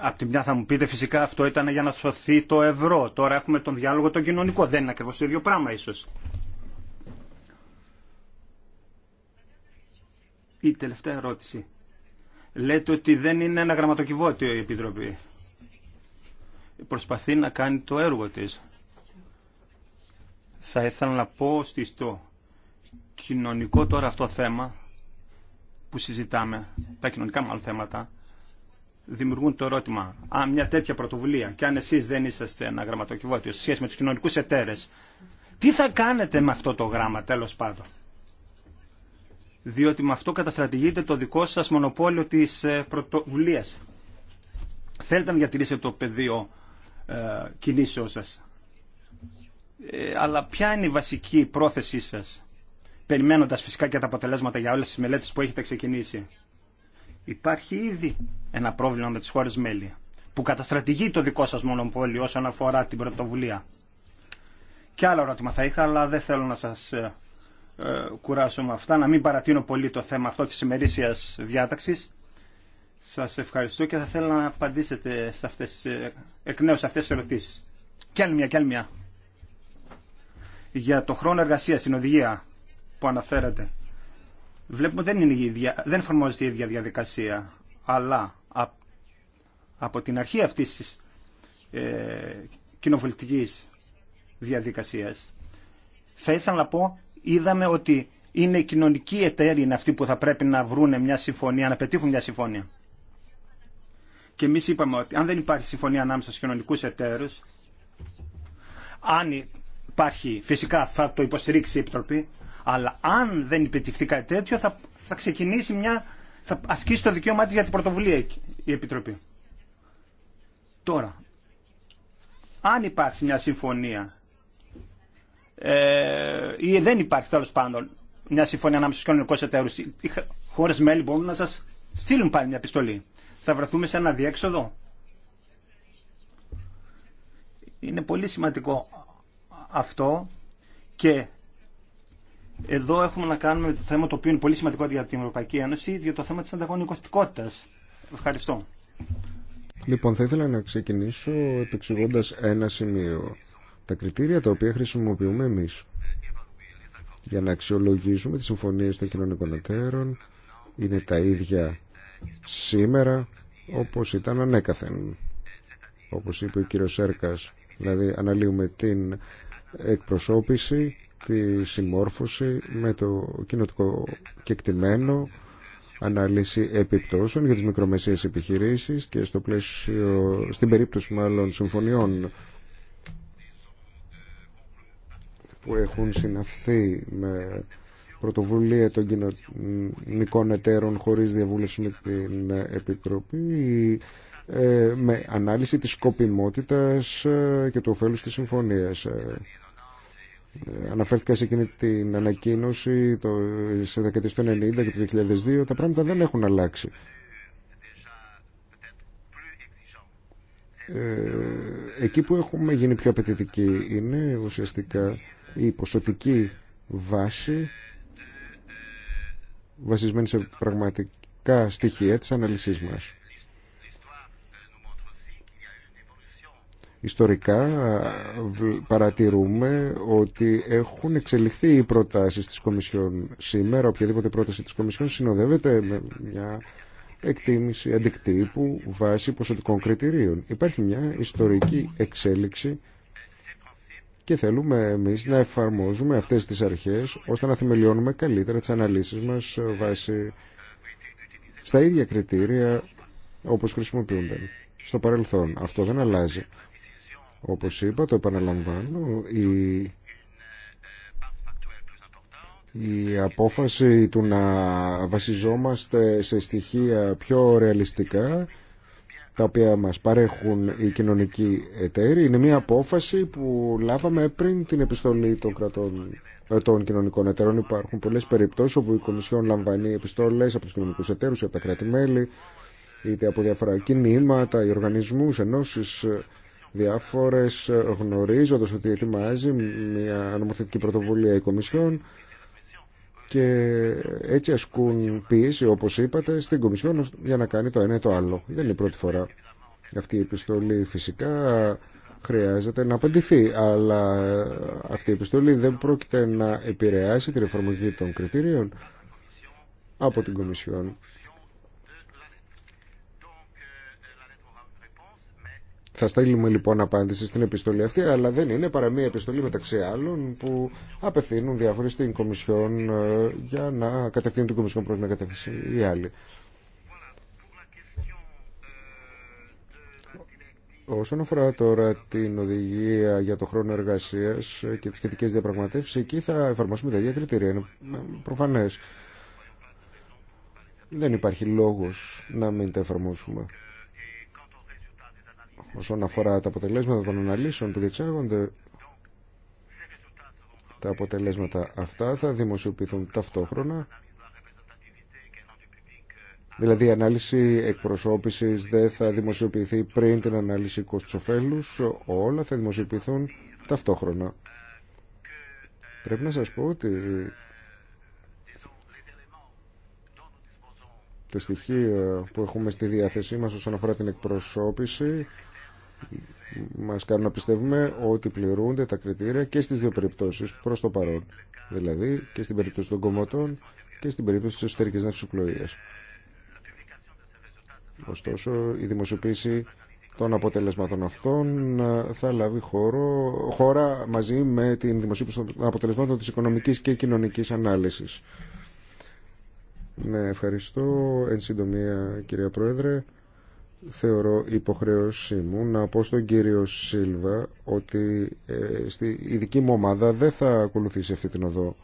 Απ' τη μια θα μου πείτε φυσικά αυτό ήταν για να σωθεί το ευρώ. Τώρα έχουμε τον διάλογο τον κοινωνικό. Δεν είναι ακριβώς το ίδιο πράγμα ίσως. Η τελευταία ερώτηση. Λέτε ότι δεν είναι ένα γραμματοκιβώτιο η Επιτροπή. Προσπαθεί να κάνει το έργο της. Θα ήθελα να πω στο κοινωνικό τώρα αυτό θέμα που συζητάμε, τα κοινωνικά μάλλον θέματα, δημιουργούν το ερώτημα αν μια τέτοια πρωτοβουλία και αν εσείς δεν είσαστε ένα γραμματοκιβώτιο σε σχέση με τους κοινωνικούς εταίρες τι θα κάνετε με αυτό το γράμμα τέλος πάντων διότι με αυτό καταστρατηγείται το δικό σας μονοπόλιο της ε, πρωτοβουλία. Θέλετε να διατηρήσετε το πεδίο ε, κινήσεώς σας. Ε, αλλά ποια είναι η βασική πρόθεσή σας, περιμένοντας φυσικά και τα αποτελέσματα για όλες τις μελέτες που έχετε ξεκινήσει. Υπάρχει ήδη ένα πρόβλημα με τις χώρες μέλη που καταστρατηγεί το δικό σας μονοπόλιο όσον αφορά την πρωτοβουλία. Και άλλο ερώτημα θα είχα, αλλά δεν θέλω να σας ε, ε, κουράσω με αυτά, να μην παρατείνω πολύ το θέμα αυτό της ημερήσιας διάταξης. Σας ευχαριστώ και θα θέλω να απαντήσετε σε αυτές, ε, εκ νέου σε αυτές τις ερωτήσεις. Κι άλλη μια, κι άλλη μια. Για το χρόνο εργασίας, στην οδηγία που αναφέρατε βλέπουμε δεν, είναι η ίδια, δεν εφαρμόζεται η ίδια διαδικασία, αλλά από την αρχή αυτής της ε, κοινοβουλευτικής διαδικασίας, θα ήθελα να πω, είδαμε ότι είναι οι κοινωνικοί εταίροι αυτοί που θα πρέπει να βρουν μια συμφωνία, να πετύχουν μια συμφωνία. Και εμεί είπαμε ότι αν δεν υπάρχει συμφωνία ανάμεσα στους κοινωνικούς εταίρους, αν υπάρχει, φυσικά θα το υποστηρίξει η Επιτροπή, αλλά αν δεν υπετυχθεί κάτι τέτοιο, θα, θα ξεκινήσει μια. θα ασκήσει το δικαίωμά τη για την πρωτοβουλία η Επιτροπή. Τώρα, αν υπάρχει μια συμφωνία ε, ή δεν υπάρχει τέλο πάντων μια συμφωνία ανάμεσα στου κοινωνικού εταίρου, οι χώρε μέλη μπορούν να σα στείλουν πάλι μια επιστολή. Θα βρεθούμε σε ένα διέξοδο. Είναι πολύ σημαντικό αυτό και εδώ έχουμε να κάνουμε το θέμα το οποίο είναι πολύ σημαντικό για την Ευρωπαϊκή Ένωση, για το θέμα της ανταγωνιστικότητας, Ευχαριστώ. Λοιπόν, θα ήθελα να ξεκινήσω επεξηγώντα ένα σημείο. Τα κριτήρια τα οποία χρησιμοποιούμε εμείς για να αξιολογήσουμε τις συμφωνίες των κοινωνικών εταίρων είναι τα ίδια σήμερα όπω ήταν ανέκαθεν. όπω είπε ο κύριο Σέρκα, δηλαδή αναλύουμε την εκπροσώπηση τη συμμόρφωση με το κοινοτικό κεκτημένο ανάλυση επιπτώσεων για τις μικρομεσαίες επιχειρήσεις και στο πλαίσιο, στην περίπτωση μάλλον συμφωνιών που έχουν συναυθεί με πρωτοβουλία των κοινωνικών εταίρων χωρίς διαβούλευση με την Επιτροπή ε, με ανάλυση της σκοπιμότητας ε, και του ωφέλους της συμφωνίας. Ε, Αναφέρθηκα σε εκείνη την ανακοίνωση το, σε δεκαετίες του 1990 και του 2002. Τα πράγματα δεν έχουν αλλάξει. Ε, εκεί που έχουμε γίνει πιο απαιτητικοί είναι ουσιαστικά η ποσοτική βάση βασισμένη σε πραγματικά στοιχεία της αναλυσής μας. Ιστορικά παρατηρούμε ότι έχουν εξελιχθεί οι προτάσεις της Κομισιόν σήμερα. Οποιαδήποτε πρόταση της Κομισιόν συνοδεύεται με μια εκτίμηση αντικτύπου βάσει ποσοτικών κριτηρίων. Υπάρχει μια ιστορική εξέλιξη και θέλουμε εμείς να εφαρμόζουμε αυτές τις αρχές ώστε να θεμελιώνουμε καλύτερα τις αναλύσεις μας βάσει στα ίδια κριτήρια όπως χρησιμοποιούνται στο παρελθόν. Αυτό δεν αλλάζει. Όπως είπα, το επαναλαμβάνω, η, η απόφαση του να βασιζόμαστε σε στοιχεία πιο ρεαλιστικά τα οποία μας παρέχουν οι κοινωνικοί εταίροι είναι μια απόφαση που λάβαμε πριν την επιστολή των κρατών ε, των κοινωνικών εταίρων. Υπάρχουν πολλές περιπτώσεις όπου η Κομισιόν λαμβάνει επιστολές από τους κοινωνικούς εταίρους ή από τα κράτη-μέλη είτε από διάφορα κινήματα οργανισμούς, ενώσεις ε, διάφορες ε, γνωρίζοντα ότι ετοιμάζει μια νομοθετική πρωτοβουλία η Κομισιόν και έτσι ασκούν πίεση όπως είπατε στην Κομισιόν για να κάνει το ένα ή το άλλο. Δεν είναι η πρώτη φορά. Αυτή η επιστολή φυσικά χρειάζεται να απαντηθεί αλλά ε, αυτή η επιστολή δεν πρόκειται να επηρεάσει την εφαρμογή των κριτηρίων από την Κομισιόν Θα στείλουμε λοιπόν απάντηση στην επιστολή αυτή, αλλά δεν είναι παρά μία επιστολή μεταξύ άλλων που απευθύνουν διάφοροι στην Κομισιόν ε, για να κατευθύνουν την Κομισιόν προς να κατεύθυνση ή άλλη. Όσον αφορά τώρα την οδηγία για το χρόνο εργασία και τι σχετικέ διαπραγματεύσει, εκεί θα εφαρμόσουμε τα ίδια κριτήρια. Είναι ε, προφανέ. Δεν υπάρχει λόγο να μην τα εφαρμόσουμε. Όσον αφορά τα αποτελέσματα των αναλύσεων που διεξάγονται, τα αποτελέσματα αυτά θα δημοσιοποιηθούν ταυτόχρονα. Δηλαδή η ανάλυση εκπροσώπησης δεν θα δημοσιοποιηθεί πριν την ανάλυση κόστος όλα θα δημοσιοποιηθούν ταυτόχρονα. Πρέπει να σας πω ότι τα στοιχεία που έχουμε στη διάθεσή μας όσον αφορά την εκπροσώπηση μας κάνουν να πιστεύουμε ότι πληρούνται τα κριτήρια και στις δύο περιπτώσεις προς το παρόν. Δηλαδή και στην περίπτωση των κομματών και στην περίπτωση της εσωτερικής ναυσιπλοείας. Ωστόσο, η δημοσιοποίηση των αποτελεσμάτων αυτών ε, θα λάβει χώρο, χώρα μαζί με την δημοσίευση των αποτελεσμάτων της οικονομικής και κοινωνικής ανάλυσης. Ναι, ευχαριστώ. Εν συντομία, κυρία Πρόεδρε θεωρώ υποχρέωσή μου να πω στον κύριο Σίλβα ότι ε, στη, η δική μου ομάδα δεν θα ακολουθήσει αυτή την οδό.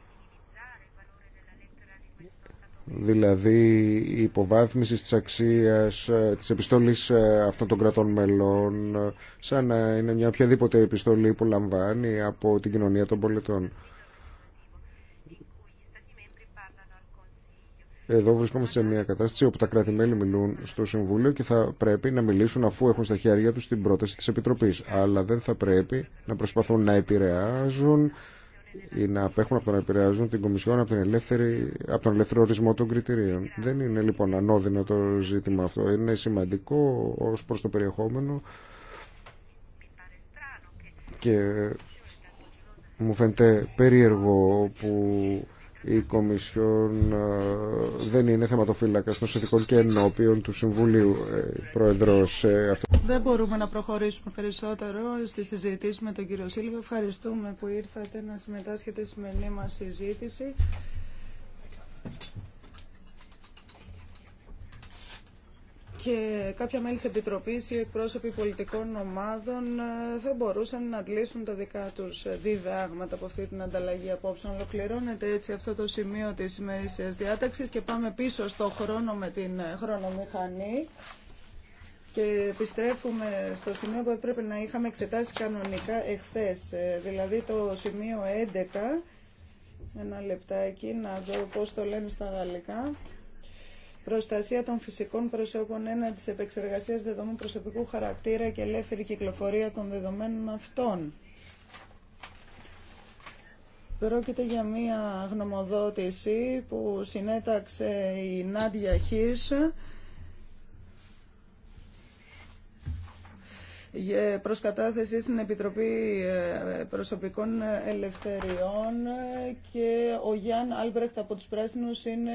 Δηλαδή η υποβάθμιση της αξίας ε, της επιστολής ε, αυτών των κρατών μελών σαν να είναι μια οποιαδήποτε επιστολή που λαμβάνει από την κοινωνία των πολιτών. Εδώ βρισκόμαστε σε μια κατάσταση όπου τα κράτη-μέλη μιλούν στο Συμβούλιο και θα πρέπει να μιλήσουν αφού έχουν στα χέρια τους την πρόταση της Επιτροπής. Αλλά δεν θα πρέπει να προσπαθούν να επηρεάζουν ή να απέχουν από το να επηρεάζουν την Κομισιόν από, την ελεύθερη, από τον ελεύθερο ορισμό των κριτηρίων. Δεν είναι λοιπόν ανώδυνο το ζήτημα αυτό. Είναι σημαντικό ως προς το περιεχόμενο και μου φαίνεται περίεργο που η Κομισιόν ε, δεν είναι θεματοφύλακα των συνθηκών και ενώπιον του Συμβουλίου ε, Πρόεδρος. Ε, αυτό. Δεν μπορούμε να προχωρήσουμε περισσότερο στη συζήτηση με τον κύριο Σίλβε. Ευχαριστούμε που ήρθατε να συμμετάσχετε στη σημερινή μας συζήτηση. και κάποια μέλη της Επιτροπής ή εκπρόσωποι πολιτικών ομάδων ε, θα μπορούσαν να αντλήσουν τα δικά τους διδάγματα από αυτή την ανταλλαγή απόψε. Ολοκληρώνεται έτσι αυτό το σημείο της ημερήσιας διάταξης και πάμε πίσω στο χρόνο με την ε, χρονομηχανή και επιστρέφουμε στο σημείο που έπρεπε να είχαμε εξετάσει κανονικά εχθές, ε, δηλαδή το σημείο 11. Ένα λεπτάκι να δω πώς το λένε στα γαλλικά προστασία των φυσικών προσώπων έναντι της επεξεργασίας δεδομένων προσωπικού χαρακτήρα και ελεύθερη κυκλοφορία των δεδομένων αυτών. Πρόκειται για μία γνωμοδότηση που συνέταξε η Νάντια Χίρς Ε, προς κατάθεση στην Επιτροπή ε, Προσωπικών Ελευθεριών ε, και ο Γιάνν Άλμπρεχτ από τους Πράσινους είναι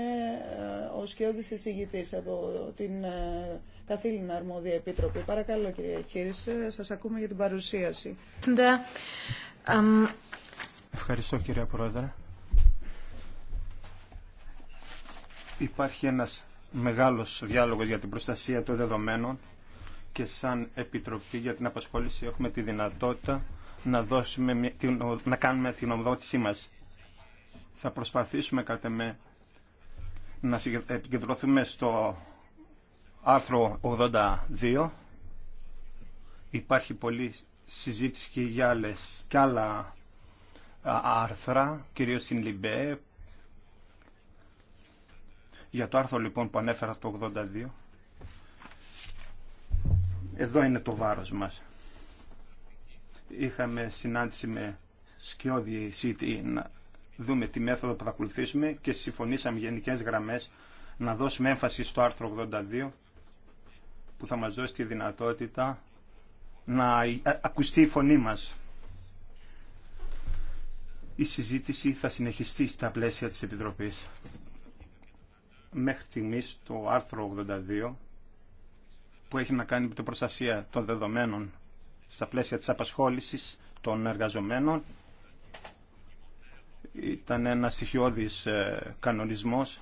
ο σκιώδης εισηγητής από την καθήλυνα αρμόδια Επίτροπη. Παρακαλώ κυρία Χίρης, σας ακούμε για την παρουσίαση. Ευχαριστώ κυρία Πρόεδρε. Υπάρχει ένας μεγάλος διάλογος για την προστασία των δεδομένων και σαν Επιτροπή για την Απασχόληση έχουμε τη δυνατότητα να, δώσουμε, να κάνουμε την ομοδότησή μας. Θα προσπαθήσουμε κατά με να επικεντρωθούμε στο άρθρο 82. Υπάρχει πολλή συζήτηση και για άλλες, και άλλα άρθρα, κυρίως στην ΛΙΜΠΕ. Για το άρθρο λοιπόν που ανέφερα το 82 εδώ είναι το βάρος μας. Είχαμε συνάντηση με σκιώδη CT να δούμε τη μέθοδο που θα ακολουθήσουμε και συμφωνήσαμε γενικές γραμμές να δώσουμε έμφαση στο άρθρο 82 που θα μας δώσει τη δυνατότητα να ακουστεί η φωνή μας. Η συζήτηση θα συνεχιστεί στα πλαίσια της Επιτροπής. Μέχρι στιγμής το άρθρο 82 που έχει να κάνει με την προστασία των δεδομένων στα πλαίσια της απασχόλησης των εργαζομένων. Ήταν ένα στοιχειώδης ε, κανονισμός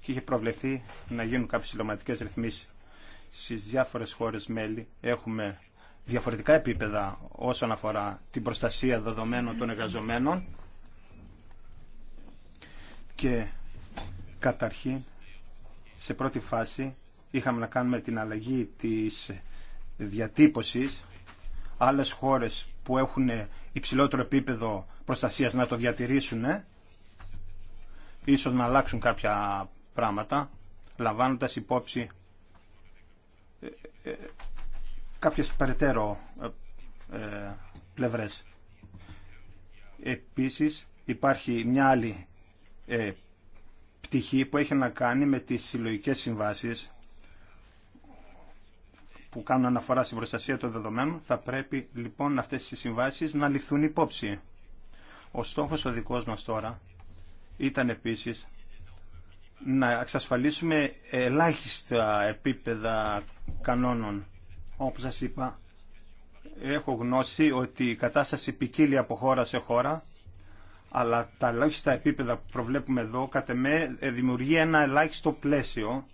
και είχε προβλεφθεί να γίνουν κάποιες συλλογματικές ρυθμίσεις. Στις διάφορες χώρες μέλη έχουμε διαφορετικά επίπεδα όσον αφορά την προστασία δεδομένων των εργαζομένων και καταρχήν σε πρώτη φάση είχαμε να κάνουμε την αλλαγή της διατύπωσης. Άλλες χώρες που έχουν υψηλότερο επίπεδο προστασίας να το διατηρήσουν, ίσως να αλλάξουν κάποια πράγματα, λαμβάνοντας υπόψη ε, ε, κάποιες περαιτέρω ε, πλευρές. Επίσης υπάρχει μια άλλη πτυχή που έχει να κάνει με τις συλλογικέ συμβάσεις που κάνουν αναφορά στην προστασία των δεδομένων. Θα πρέπει λοιπόν αυτές οι συμβάσεις να ληφθούν υπόψη. Ο στόχος ο δικός μας τώρα ήταν επίσης να εξασφαλίσουμε ελάχιστα επίπεδα κανόνων. Όπως σας είπα, έχω γνώση ότι η κατάσταση ποικίλει από χώρα σε χώρα αλλά τα ελάχιστα επίπεδα που προβλέπουμε εδώ κατ' εμέ ε, δημιουργεί ένα ελάχιστο πλαίσιο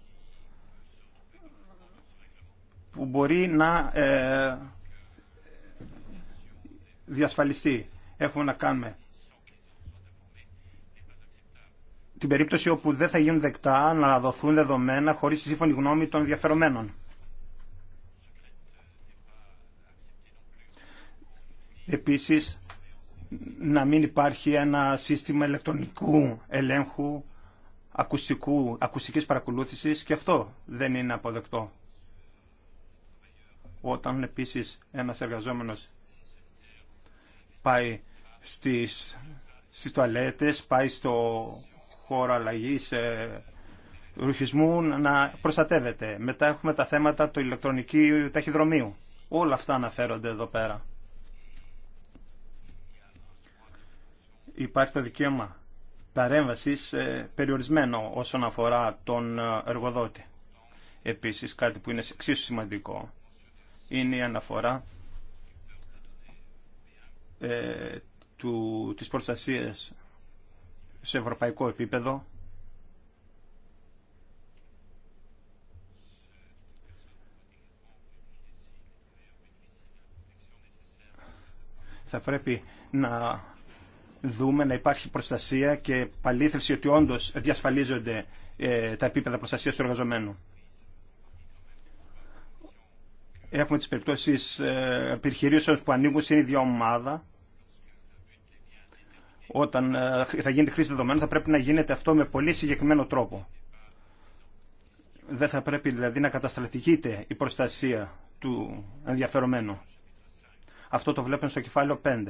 που μπορεί να ε, διασφαλιστεί. Έχουμε να κάνουμε την περίπτωση όπου δεν θα γίνουν δεκτά να δοθούν δεδομένα χωρίς τη σύμφωνη γνώμη των ενδιαφερομένων. Επίσης, να μην υπάρχει ένα σύστημα ηλεκτρονικού ελέγχου ακουστικού, ακουστικής παρακολούθησης και αυτό δεν είναι αποδεκτό. Όταν επίσης ένας εργαζόμενος πάει στις, στις τουαλέτες, πάει στο χώρο αλλαγής ε, ρουχισμού να προστατεύεται. Μετά έχουμε τα θέματα του ηλεκτρονικού ταχυδρομείου. Όλα αυτά αναφέρονται εδώ πέρα. υπάρχει το δικαίωμα παρέμβασης ε, περιορισμένο όσον αφορά τον ε, εργοδότη. Επίσης κάτι που είναι εξίσου σημαντικό είναι η αναφορά ε, του, της προστασίας σε ευρωπαϊκό επίπεδο θα πρέπει να δούμε να υπάρχει προστασία και παλήθευση ότι όντω διασφαλίζονται ε, τα επίπεδα προστασίας του εργαζομένου. Έχουμε τις περιπτώσεις ε, επιχειρήσεων που ανοίγουν σε ίδια ομάδα. Όταν ε, θα γίνεται χρήση δεδομένων θα πρέπει να γίνεται αυτό με πολύ συγκεκριμένο τρόπο. Δεν θα πρέπει δηλαδή να καταστρατηγείται η προστασία του ενδιαφερομένου. Αυτό το βλέπουμε στο κεφάλαιο 5.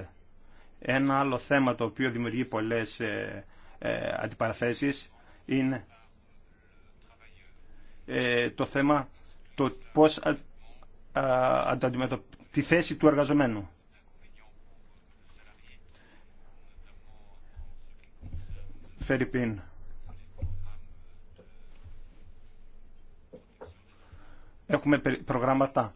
Ένα άλλο θέμα το οποίο δημιουργεί πολλές ε, ε, αντιπαραθέσεις είναι ε, το θέμα το πώς α, α, τη θέση του εργαζομένου. Φερρυπίν. Έχουμε προγράμματα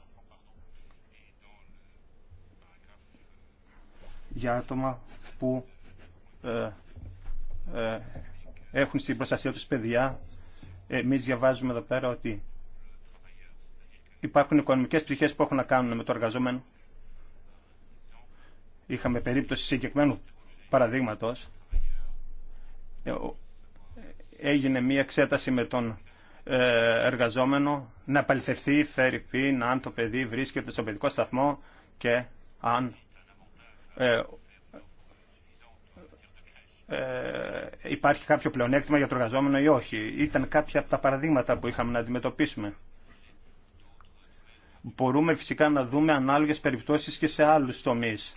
για άτομα που ε, ε, έχουν στην προστασία τους παιδιά. Εμείς διαβάζουμε εδώ πέρα ότι υπάρχουν οικονομικές πτυχές που έχουν να κάνουν με το εργαζόμενο. Είχαμε περίπτωση συγκεκριμένου παραδείγματος. Ε, έγινε μία εξέταση με τον εργαζόμενο να παληθευτεί, φέρει πει, αν το παιδί βρίσκεται στο παιδικό σταθμό και αν ε, ε, υπάρχει κάποιο πλεονέκτημα για το εργαζόμενο ή όχι. Ήταν κάποια από τα παραδείγματα που είχαμε να αντιμετωπίσουμε. Μπορούμε φυσικά να δούμε ανάλογες περιπτώσεις και σε άλλους τομείς.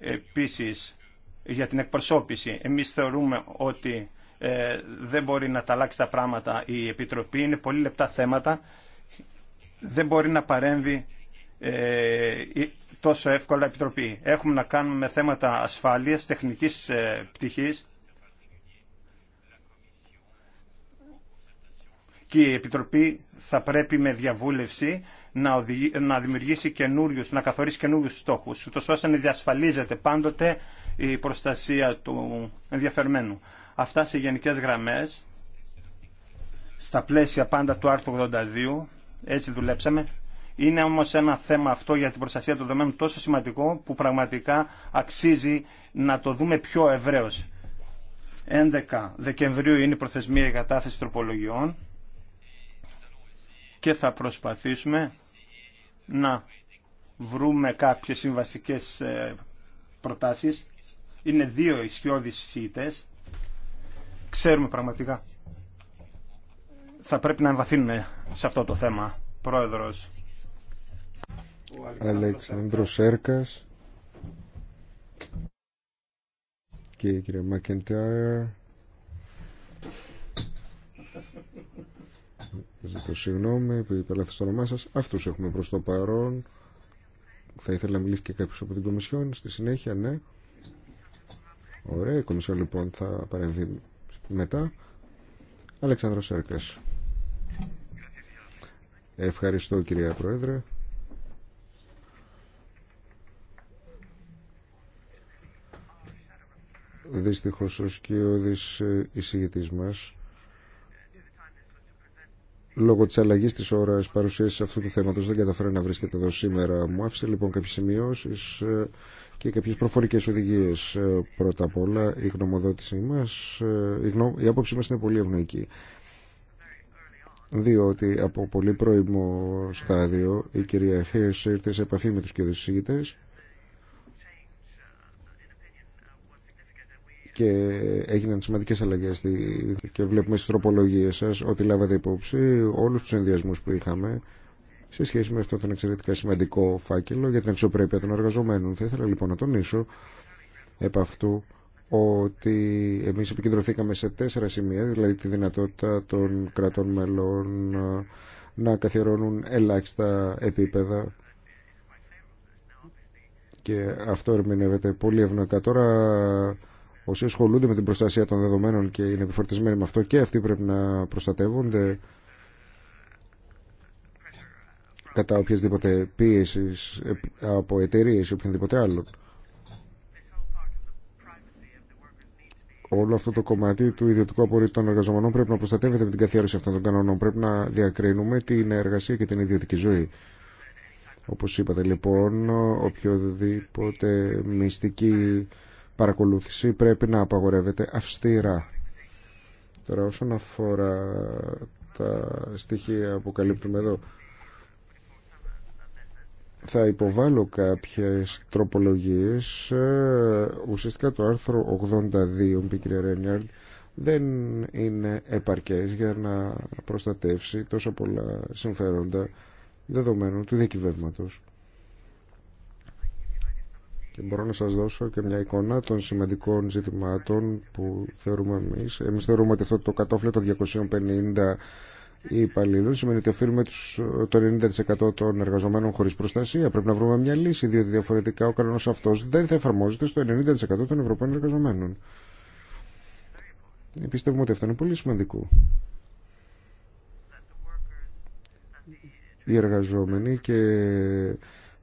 Ε, επίσης, για την εκπροσώπηση. Εμείς θεωρούμε ότι δεν μπορεί να τα αλλάξει τα πράγματα η Επιτροπή. Είναι πολύ λεπτά θέματα. Δεν μπορεί να παρέμβει ε, τόσο εύκολα επιτροπή. Έχουμε να κάνουμε θέματα ασφάλειας, τεχνικής ε, πτυχής και η Επιτροπή θα πρέπει με διαβούλευση να, να δημιουργήσει καινούριους, να καθορίσει καινούριους στόχους, ούτως ώστε να διασφαλίζεται πάντοτε η προστασία του ενδιαφερμένου. Αυτά σε γενικές γραμμές, στα πλαίσια πάντα του άρθρου 82, έτσι δουλέψαμε. Είναι όμως ένα θέμα αυτό για την προστασία των δεδομένων τόσο σημαντικό που πραγματικά αξίζει να το δούμε πιο ευρέως. 11 Δεκεμβρίου είναι η προθεσμία για κατάθεση τροπολογιών και θα προσπαθήσουμε να βρούμε κάποιες συμβαστικές ε, προτάσεις. Είναι δύο ισχυώδεις συγητές. Ξέρουμε πραγματικά. Θα πρέπει να εμβαθύνουμε σε αυτό το θέμα. Πρόεδρος, Αλεξάνδρος Σέρκας και η κυρία Μακεντάιρ. Ζητώ συγγνώμη που είπε λάθος το όνομά σας. Αυτούς έχουμε προς το παρόν. Θα ήθελα να μιλήσει και κάποιος από την Κομισιόν στη συνέχεια, ναι. Ωραία, η Κομισιόν λοιπόν θα παρεμβεί μετά. Αλεξάνδρος Σέρκας. Ευχαριστώ κυρία Πρόεδρε. Δυστυχώς ο σκιώδης ε, εισηγητής μας λόγω της αλλαγής της ώρας παρουσίαση αυτού του θέματος δεν καταφέρει να βρίσκεται εδώ σήμερα. Μου άφησε λοιπόν κάποιες σημειώσεις ε, και κάποιες προφορικές οδηγίες. Ε, πρώτα απ' όλα η γνωμοδότησή μας, η, η άποψή μας είναι πολύ ευνοϊκή διότι από πολύ πρώιμο στάδιο η κυρία Χέρς ήρθε σε επαφή με τους και έγιναν σημαντικές αλλαγές και βλέπουμε στις τροπολογίες σας ότι λάβατε υπόψη όλους τους ενδιασμούς που είχαμε σε σχέση με αυτό τον εξαιρετικά σημαντικό φάκελο για την αξιοπρέπεια των εργαζομένων. Θα ήθελα λοιπόν να τονίσω επ' αυτού ότι εμείς επικεντρωθήκαμε σε τέσσερα σημεία, δηλαδή τη δυνατότητα των κρατών μελών να καθιερώνουν ελάχιστα επίπεδα και αυτό ερμηνεύεται πολύ ευνοϊκά. Τώρα Όσοι ασχολούνται με την προστασία των δεδομένων και είναι επιφορτισμένοι με αυτό και αυτοί πρέπει να προστατεύονται κατά οποιασδήποτε πίεση από εταιρείε ή οποιονδήποτε άλλον. Όλο αυτό το κομμάτι του ιδιωτικού απορρίτου των εργαζομένων πρέπει να προστατεύεται με την καθιέρωση αυτών των κανόνων. Πρέπει να διακρίνουμε την εργασία και την ιδιωτική ζωή. Όπως είπατε λοιπόν, οποιοδήποτε μυστική παρακολούθηση πρέπει να απαγορεύεται αυστηρά. Τώρα όσον αφορά τα στοιχεία που καλύπτουμε εδώ θα υποβάλω κάποιες τροπολογίες ουσιαστικά το άρθρο 82 π. δεν είναι επαρκές για να προστατεύσει τόσο πολλά συμφέροντα δεδομένου του διακυβεύματος και μπορώ να σας δώσω και μια εικόνα των σημαντικών ζητημάτων που θεωρούμε εμείς. Εμείς θεωρούμε ότι αυτό το κατόφλι των 250 υπαλλήλων σημαίνει ότι οφείλουμε τους, το 90% των εργαζομένων χωρίς προστασία. Πρέπει να βρούμε μια λύση, διότι διαφορετικά ο κανόνας αυτός δεν θα εφαρμόζεται στο 90% των Ευρωπαίων εργαζομένων. Επιστεύουμε ότι αυτό είναι πολύ σημαντικό. Οι εργαζόμενοι και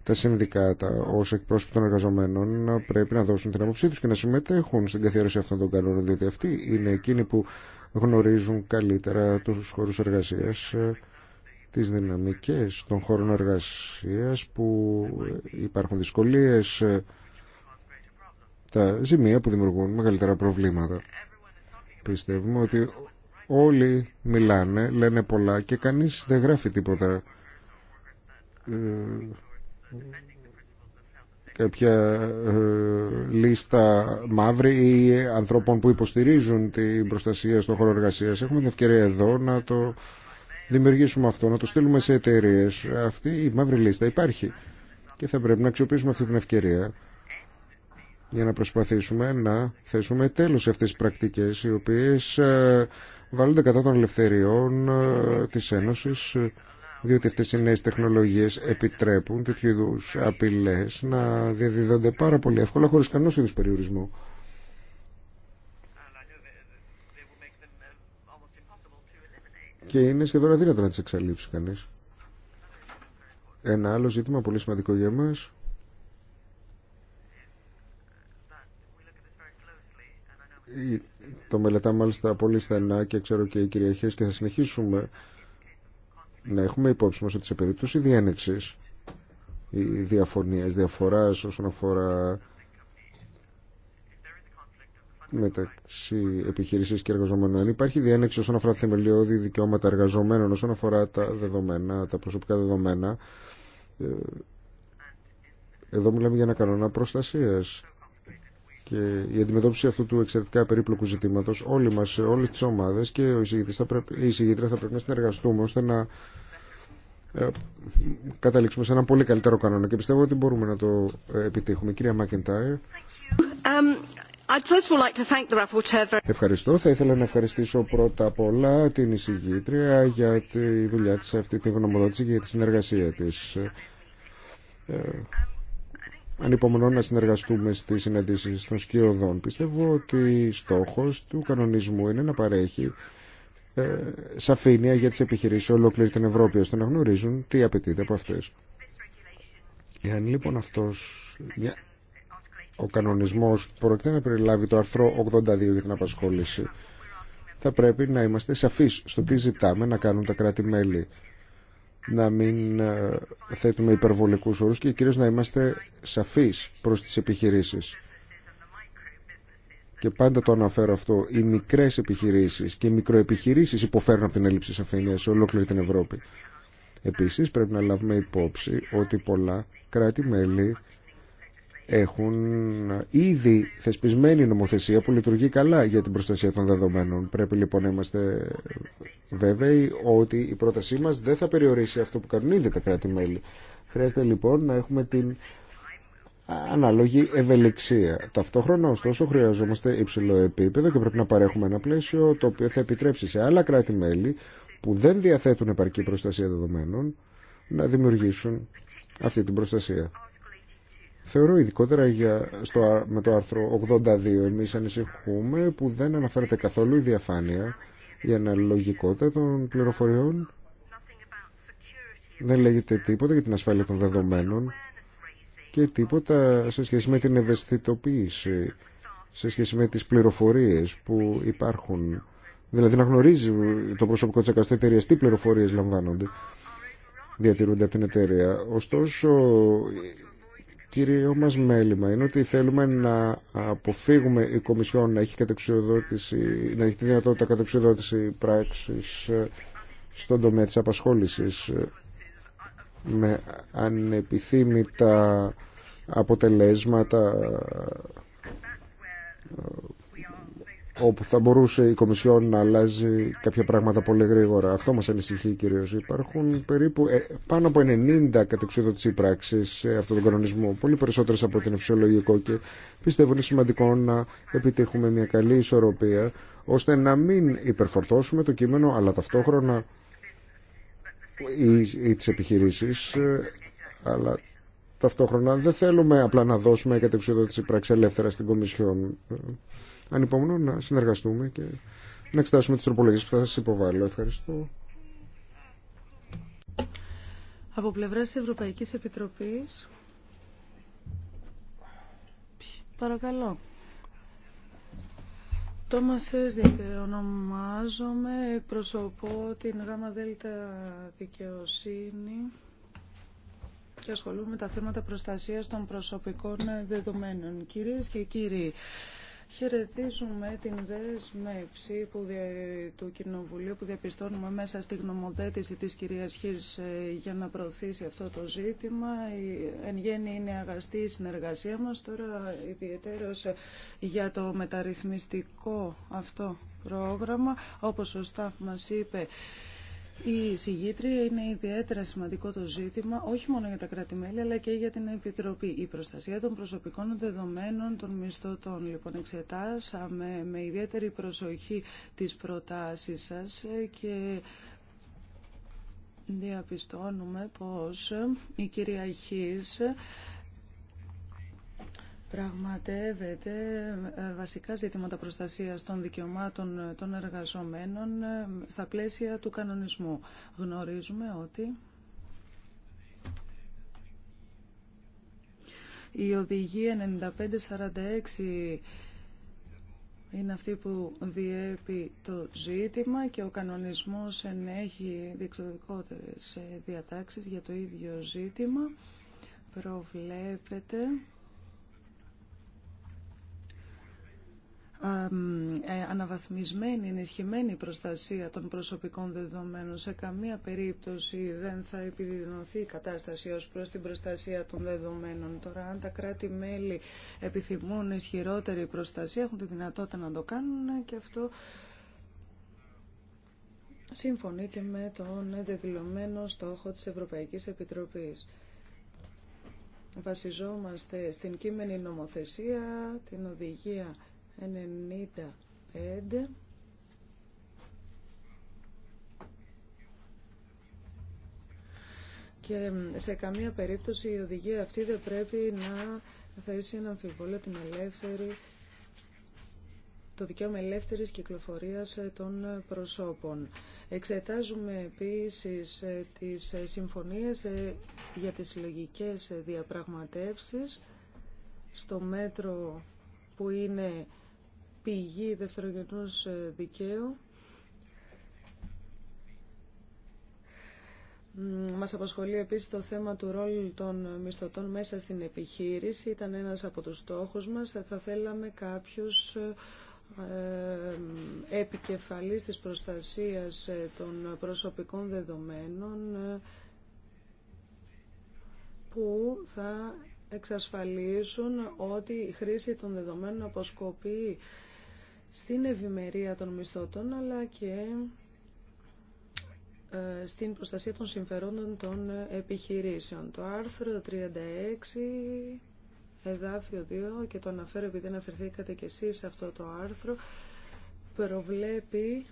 τα συνδικάτα ω εκπρόσωποι των εργαζομένων πρέπει να δώσουν την άποψή του και να συμμετέχουν στην καθιέρωση αυτών των κανόνων διότι αυτοί είναι εκείνοι που γνωρίζουν καλύτερα τους χώρους εργασίας τις δυναμικές των χώρων εργασία που υπάρχουν δυσκολίε, τα ζημία που δημιουργούν μεγαλύτερα προβλήματα πιστεύουμε ότι όλοι μιλάνε, λένε πολλά και κανείς δεν γράφει τίποτα ε, κάποια ε, λίστα μαύρη ή ανθρώπων που υποστηρίζουν την προστασία στον χώρο εργασία. Έχουμε την ευκαιρία εδώ να το δημιουργήσουμε αυτό, να το στείλουμε σε εταιρείε. Αυτή η μαύρη λίστα υπάρχει και θα πρέπει να αξιοποιήσουμε αυτή την ευκαιρία για να προσπαθήσουμε να θέσουμε τέλος σε αυτές τις πρακτικές οι οποίες ε, βάλλονται κατά των ελευθεριών ε, της Ένωσης διότι αυτές οι νέες τεχνολογίες επιτρέπουν τέτοιου είδου απειλές να διαδίδονται πάρα πολύ εύκολα χωρίς κανούς είδους περιορισμού. Και είναι σχεδόν αδύνατο να τις εξαλείψει κανείς. Ένα άλλο ζήτημα πολύ σημαντικό για μας το μελετάμε μάλιστα πολύ στενά και ξέρω και οι κυριαρχές και θα συνεχίσουμε να έχουμε υπόψη μας ότι σε περίπτωση διένεξης ή διαφωνίας, διαφοράς όσον αφορά μεταξύ επιχείρηση και εργαζομένων. Υπάρχει διένεξη όσον αφορά θεμελιώδη δικαιώματα εργαζομένων, όσον αφορά τα δεδομένα, τα προσωπικά δεδομένα. Ε, εδώ μιλάμε για ένα κανόνα προστασία και η αντιμετώπιση αυτού του εξαιρετικά περίπλοκου ζητήματο, όλοι μα, όλε τι ομάδε και ο η εισηγήτρια θα πρέπει να συνεργαστούμε ώστε να ε, καταλήξουμε σε ένα πολύ καλύτερο κανόνα και πιστεύω ότι μπορούμε να το ε, επιτύχουμε. Κυρία Μάκεντάιρ. Um, Ευχαριστώ. Θα ήθελα να ευχαριστήσω πρώτα απ' όλα την εισηγήτρια για τη δουλειά της αυτή, την γνωμοδότηση και για τη συνεργασία της. Ε, Ανυπομονώ να συνεργαστούμε στι συναντήσεις των σκιωδών. Πιστεύω ότι στόχος του κανονισμού είναι να παρέχει ε, σαφήνεια για τις επιχειρήσεις ολόκληρη την Ευρώπη, ώστε να γνωρίζουν τι απαιτείται από αυτέ. Εάν λοιπόν αυτός, ο κανονισμός πρόκειται να περιλάβει το αρθρό 82 για την απασχόληση, θα πρέπει να είμαστε σαφείς στο τι ζητάμε να κάνουν τα κράτη-μέλη να μην ε, θέτουμε υπερβολικούς όρους και κυρίως να είμαστε σαφείς προς τις επιχειρήσεις. Και πάντα το αναφέρω αυτό, οι μικρές επιχειρήσεις και οι μικροεπιχειρήσεις υποφέρουν από την έλλειψη σαφήνεια σε ολόκληρη την Ευρώπη. Επίσης πρέπει να λάβουμε υπόψη ότι πολλά κράτη-μέλη έχουν ήδη θεσπισμένη νομοθεσία που λειτουργεί καλά για την προστασία των δεδομένων. Πρέπει λοιπόν να είμαστε βέβαιοι ότι η πρότασή μας δεν θα περιορίσει αυτό που κάνουν ήδη τα κράτη-μέλη. Χρειάζεται λοιπόν να έχουμε την ανάλογη ευελιξία. Ταυτόχρονα, ωστόσο, χρειαζόμαστε υψηλό επίπεδο και πρέπει να παρέχουμε ένα πλαίσιο το οποίο θα επιτρέψει σε άλλα κράτη-μέλη που δεν διαθέτουν επαρκή προστασία δεδομένων να δημιουργήσουν αυτή την προστασία. Θεωρώ ειδικότερα για, στο, με το άρθρο 82 εμείς ανησυχούμε που δεν αναφέρεται καθόλου η διαφάνεια, η αναλογικότητα των πληροφοριών. Δεν λέγεται τίποτα για την ασφάλεια των δεδομένων και τίποτα σε σχέση με την ευαισθητοποίηση, σε σχέση με τις πληροφορίες που υπάρχουν. Δηλαδή να γνωρίζει το προσωπικό της εκαστή εταιρείας τι πληροφορίες λαμβάνονται, διατηρούνται από την εταιρεία. Ωστόσο Κύριο μας μέλημα είναι ότι θέλουμε να αποφύγουμε η Κομισιόν να έχει, να έχει τη δυνατότητα κατεξοδότηση πράξης ε, στον τομέα της απασχόλησης ε, με ανεπιθύμητα αποτελέσματα ε, όπου θα μπορούσε η Κομισιόν να αλλάζει κάποια πράγματα πολύ γρήγορα. Αυτό μας ανησυχεί κυρίως. Υπάρχουν περίπου ε, πάνω από 90 κατεξοδοτήσεις πράξεις σε αυτόν τον κανονισμό, πολύ περισσότερες από την φυσιολογικό και πιστεύω είναι σημαντικό να επιτύχουμε μια καλή ισορροπία ώστε να μην υπερφορτώσουμε το κείμενο αλλά ταυτόχρονα ή, τις επιχειρήσεις ε, αλλά ταυτόχρονα δεν θέλουμε απλά να δώσουμε κατεξοδότηση πράξη ελεύθερα στην Κομισιόν ανυπομονώ να συνεργαστούμε και να εξετάσουμε τις τροπολογίες που θα σας υποβάλω. Ευχαριστώ. Από πλευράς της Ευρωπαϊκής Επιτροπής, παρακαλώ. Τόμα Σέρδικ, ονομάζομαι, εκπροσωπώ την ΓΑΜΑ ΔΕΛΤΑ Δικαιοσύνη και ασχολούμαι με τα θέματα προστασίας των προσωπικών δεδομένων. Κυρίες και κύριοι, Χαιρετίζουμε την δέσμευση που του Κοινοβουλίου που διαπιστώνουμε μέσα στη γνωμοδέτηση της κυρίας Χίρς ε, για να προωθήσει αυτό το ζήτημα. Η, εν γέννη είναι αγαστή η συνεργασία μας. Τώρα ιδιαίτερος ε, για το μεταρρυθμιστικό αυτό πρόγραμμα, όπως σωστά μας είπε η συγγήτρια είναι ιδιαίτερα σημαντικό το ζήτημα, όχι μόνο για τα κράτη-μέλη, αλλά και για την Επιτροπή. Η προστασία των προσωπικών δεδομένων των μισθωτών. Λοιπόν, εξετάσαμε με ιδιαίτερη προσοχή τις προτάσεις σας και διαπιστώνουμε πως η κυρία πραγματεύεται ε, βασικά ζητήματα προστασίας των δικαιωμάτων ε, των εργαζομένων ε, στα πλαίσια του κανονισμού. Γνωρίζουμε ότι η οδηγία 9546 είναι αυτή που διέπει το ζήτημα και ο κανονισμός ενέχει διεξοδικότερες διατάξεις για το ίδιο ζήτημα. Προβλέπεται Ε, αναβαθμισμένη, ενισχυμένη προστασία των προσωπικών δεδομένων. Σε καμία περίπτωση δεν θα επιδεινωθεί η κατάσταση ως προς την προστασία των δεδομένων. Τώρα, αν τα κράτη-μέλη επιθυμούν ισχυρότερη προστασία, έχουν τη δυνατότητα να το κάνουν και αυτό συμφωνεί και με τον δεδηλωμένο στόχο της Ευρωπαϊκής Επιτροπής. Βασιζόμαστε στην κείμενη νομοθεσία, την οδηγία 95 και σε καμία περίπτωση η οδηγία αυτή δεν πρέπει να θέσει ένα αμφιβόλιο την ελεύθερη το δικαίωμα ελεύθερη κυκλοφορία των προσώπων. Εξετάζουμε επίση ε, τι ε, συμφωνίε ε, για τι συλλογικέ διαπραγματεύσει στο μέτρο που είναι πηγή δευτερογενούς ε, δικαίου. Μας απασχολεί επίσης το θέμα του ρόλου των μισθωτών μέσα στην επιχείρηση. Ήταν ένας από τους στόχους μας. Θα θέλαμε κάποιους ε, ε, επικεφαλής της προστασίας των προσωπικών δεδομένων που θα εξασφαλίσουν ότι η χρήση των δεδομένων αποσκοπεί στην ευημερία των μισθωτών αλλά και ε, στην προστασία των συμφερόντων των επιχειρήσεων. Το άρθρο 36, εδάφιο 2, και το αναφέρω επειδή αναφερθήκατε και εσείς σε αυτό το άρθρο, προβλέπει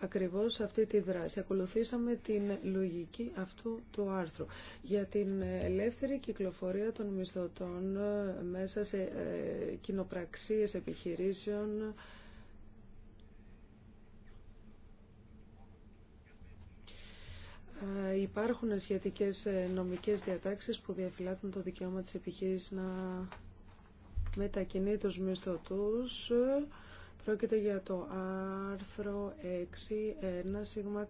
ακριβώς αυτή τη δράση. Ακολουθήσαμε την λογική αυτού του άρθρου. Για την ελεύθερη κυκλοφορία των μισθωτών ε, μέσα σε ε, κοινοπραξίες επιχειρήσεων, ε, υπάρχουν σχετικές νομικές διατάξεις που διαφυλάττουν το δικαίωμα της επιχείρησης να μετακινεί τους μισθωτούς Πρόκειται για το άρθρο 6.1 σίγμα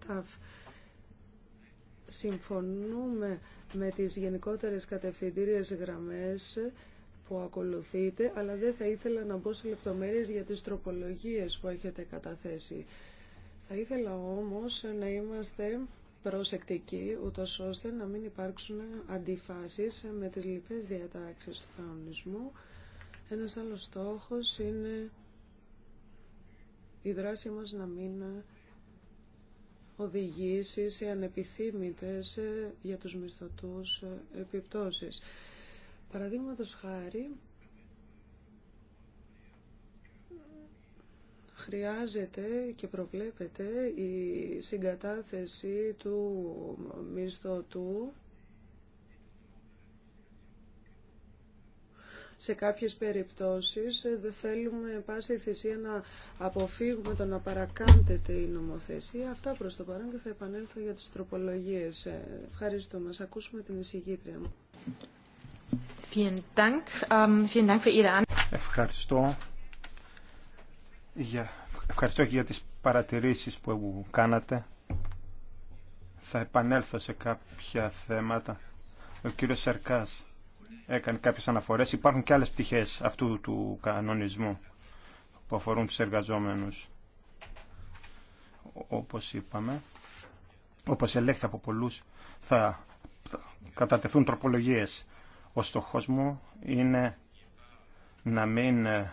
Συμφωνούμε με τις γενικότερες κατευθυντήριες γραμμές που ακολουθείτε, αλλά δεν θα ήθελα να μπω σε λεπτομέρειες για τις τροπολογίες που έχετε καταθέσει. Θα ήθελα όμως να είμαστε προσεκτικοί, ούτως ώστε να μην υπάρξουν αντιφάσεις με τις λοιπές διατάξεις του κανονισμού. Ένας άλλος στόχος είναι η δράση μας να μην οδηγήσει σε ανεπιθύμητες ε, για τους μισθωτούς ε, επιπτώσεις. Παραδείγματος χάρη, χρειάζεται και προβλέπεται η συγκατάθεση του μισθωτού σε κάποιες περιπτώσεις ε, δεν θέλουμε πάση θυσία να αποφύγουμε το να παρακάμπτεται η νομοθεσία. Αυτά προς το παρόν και θα επανέλθω για τις τροπολογίες. Ε, ευχαριστώ. Μας ακούσουμε την εισηγήτρια μου. Ähm, ευχαριστώ για, ευχαριστώ και για τις παρατηρήσεις που κάνατε. Θα επανέλθω σε κάποια θέματα. Ο κύριος Σαρκάς έκανε κάποιες αναφορές. Υπάρχουν και άλλες πτυχές αυτού του κανονισμού που αφορούν τους εργαζόμενους. Όπως είπαμε, όπως ελέγχθη από πολλούς, θα κατατεθούν τροπολογίες. Ο στόχος μου είναι να μην ε,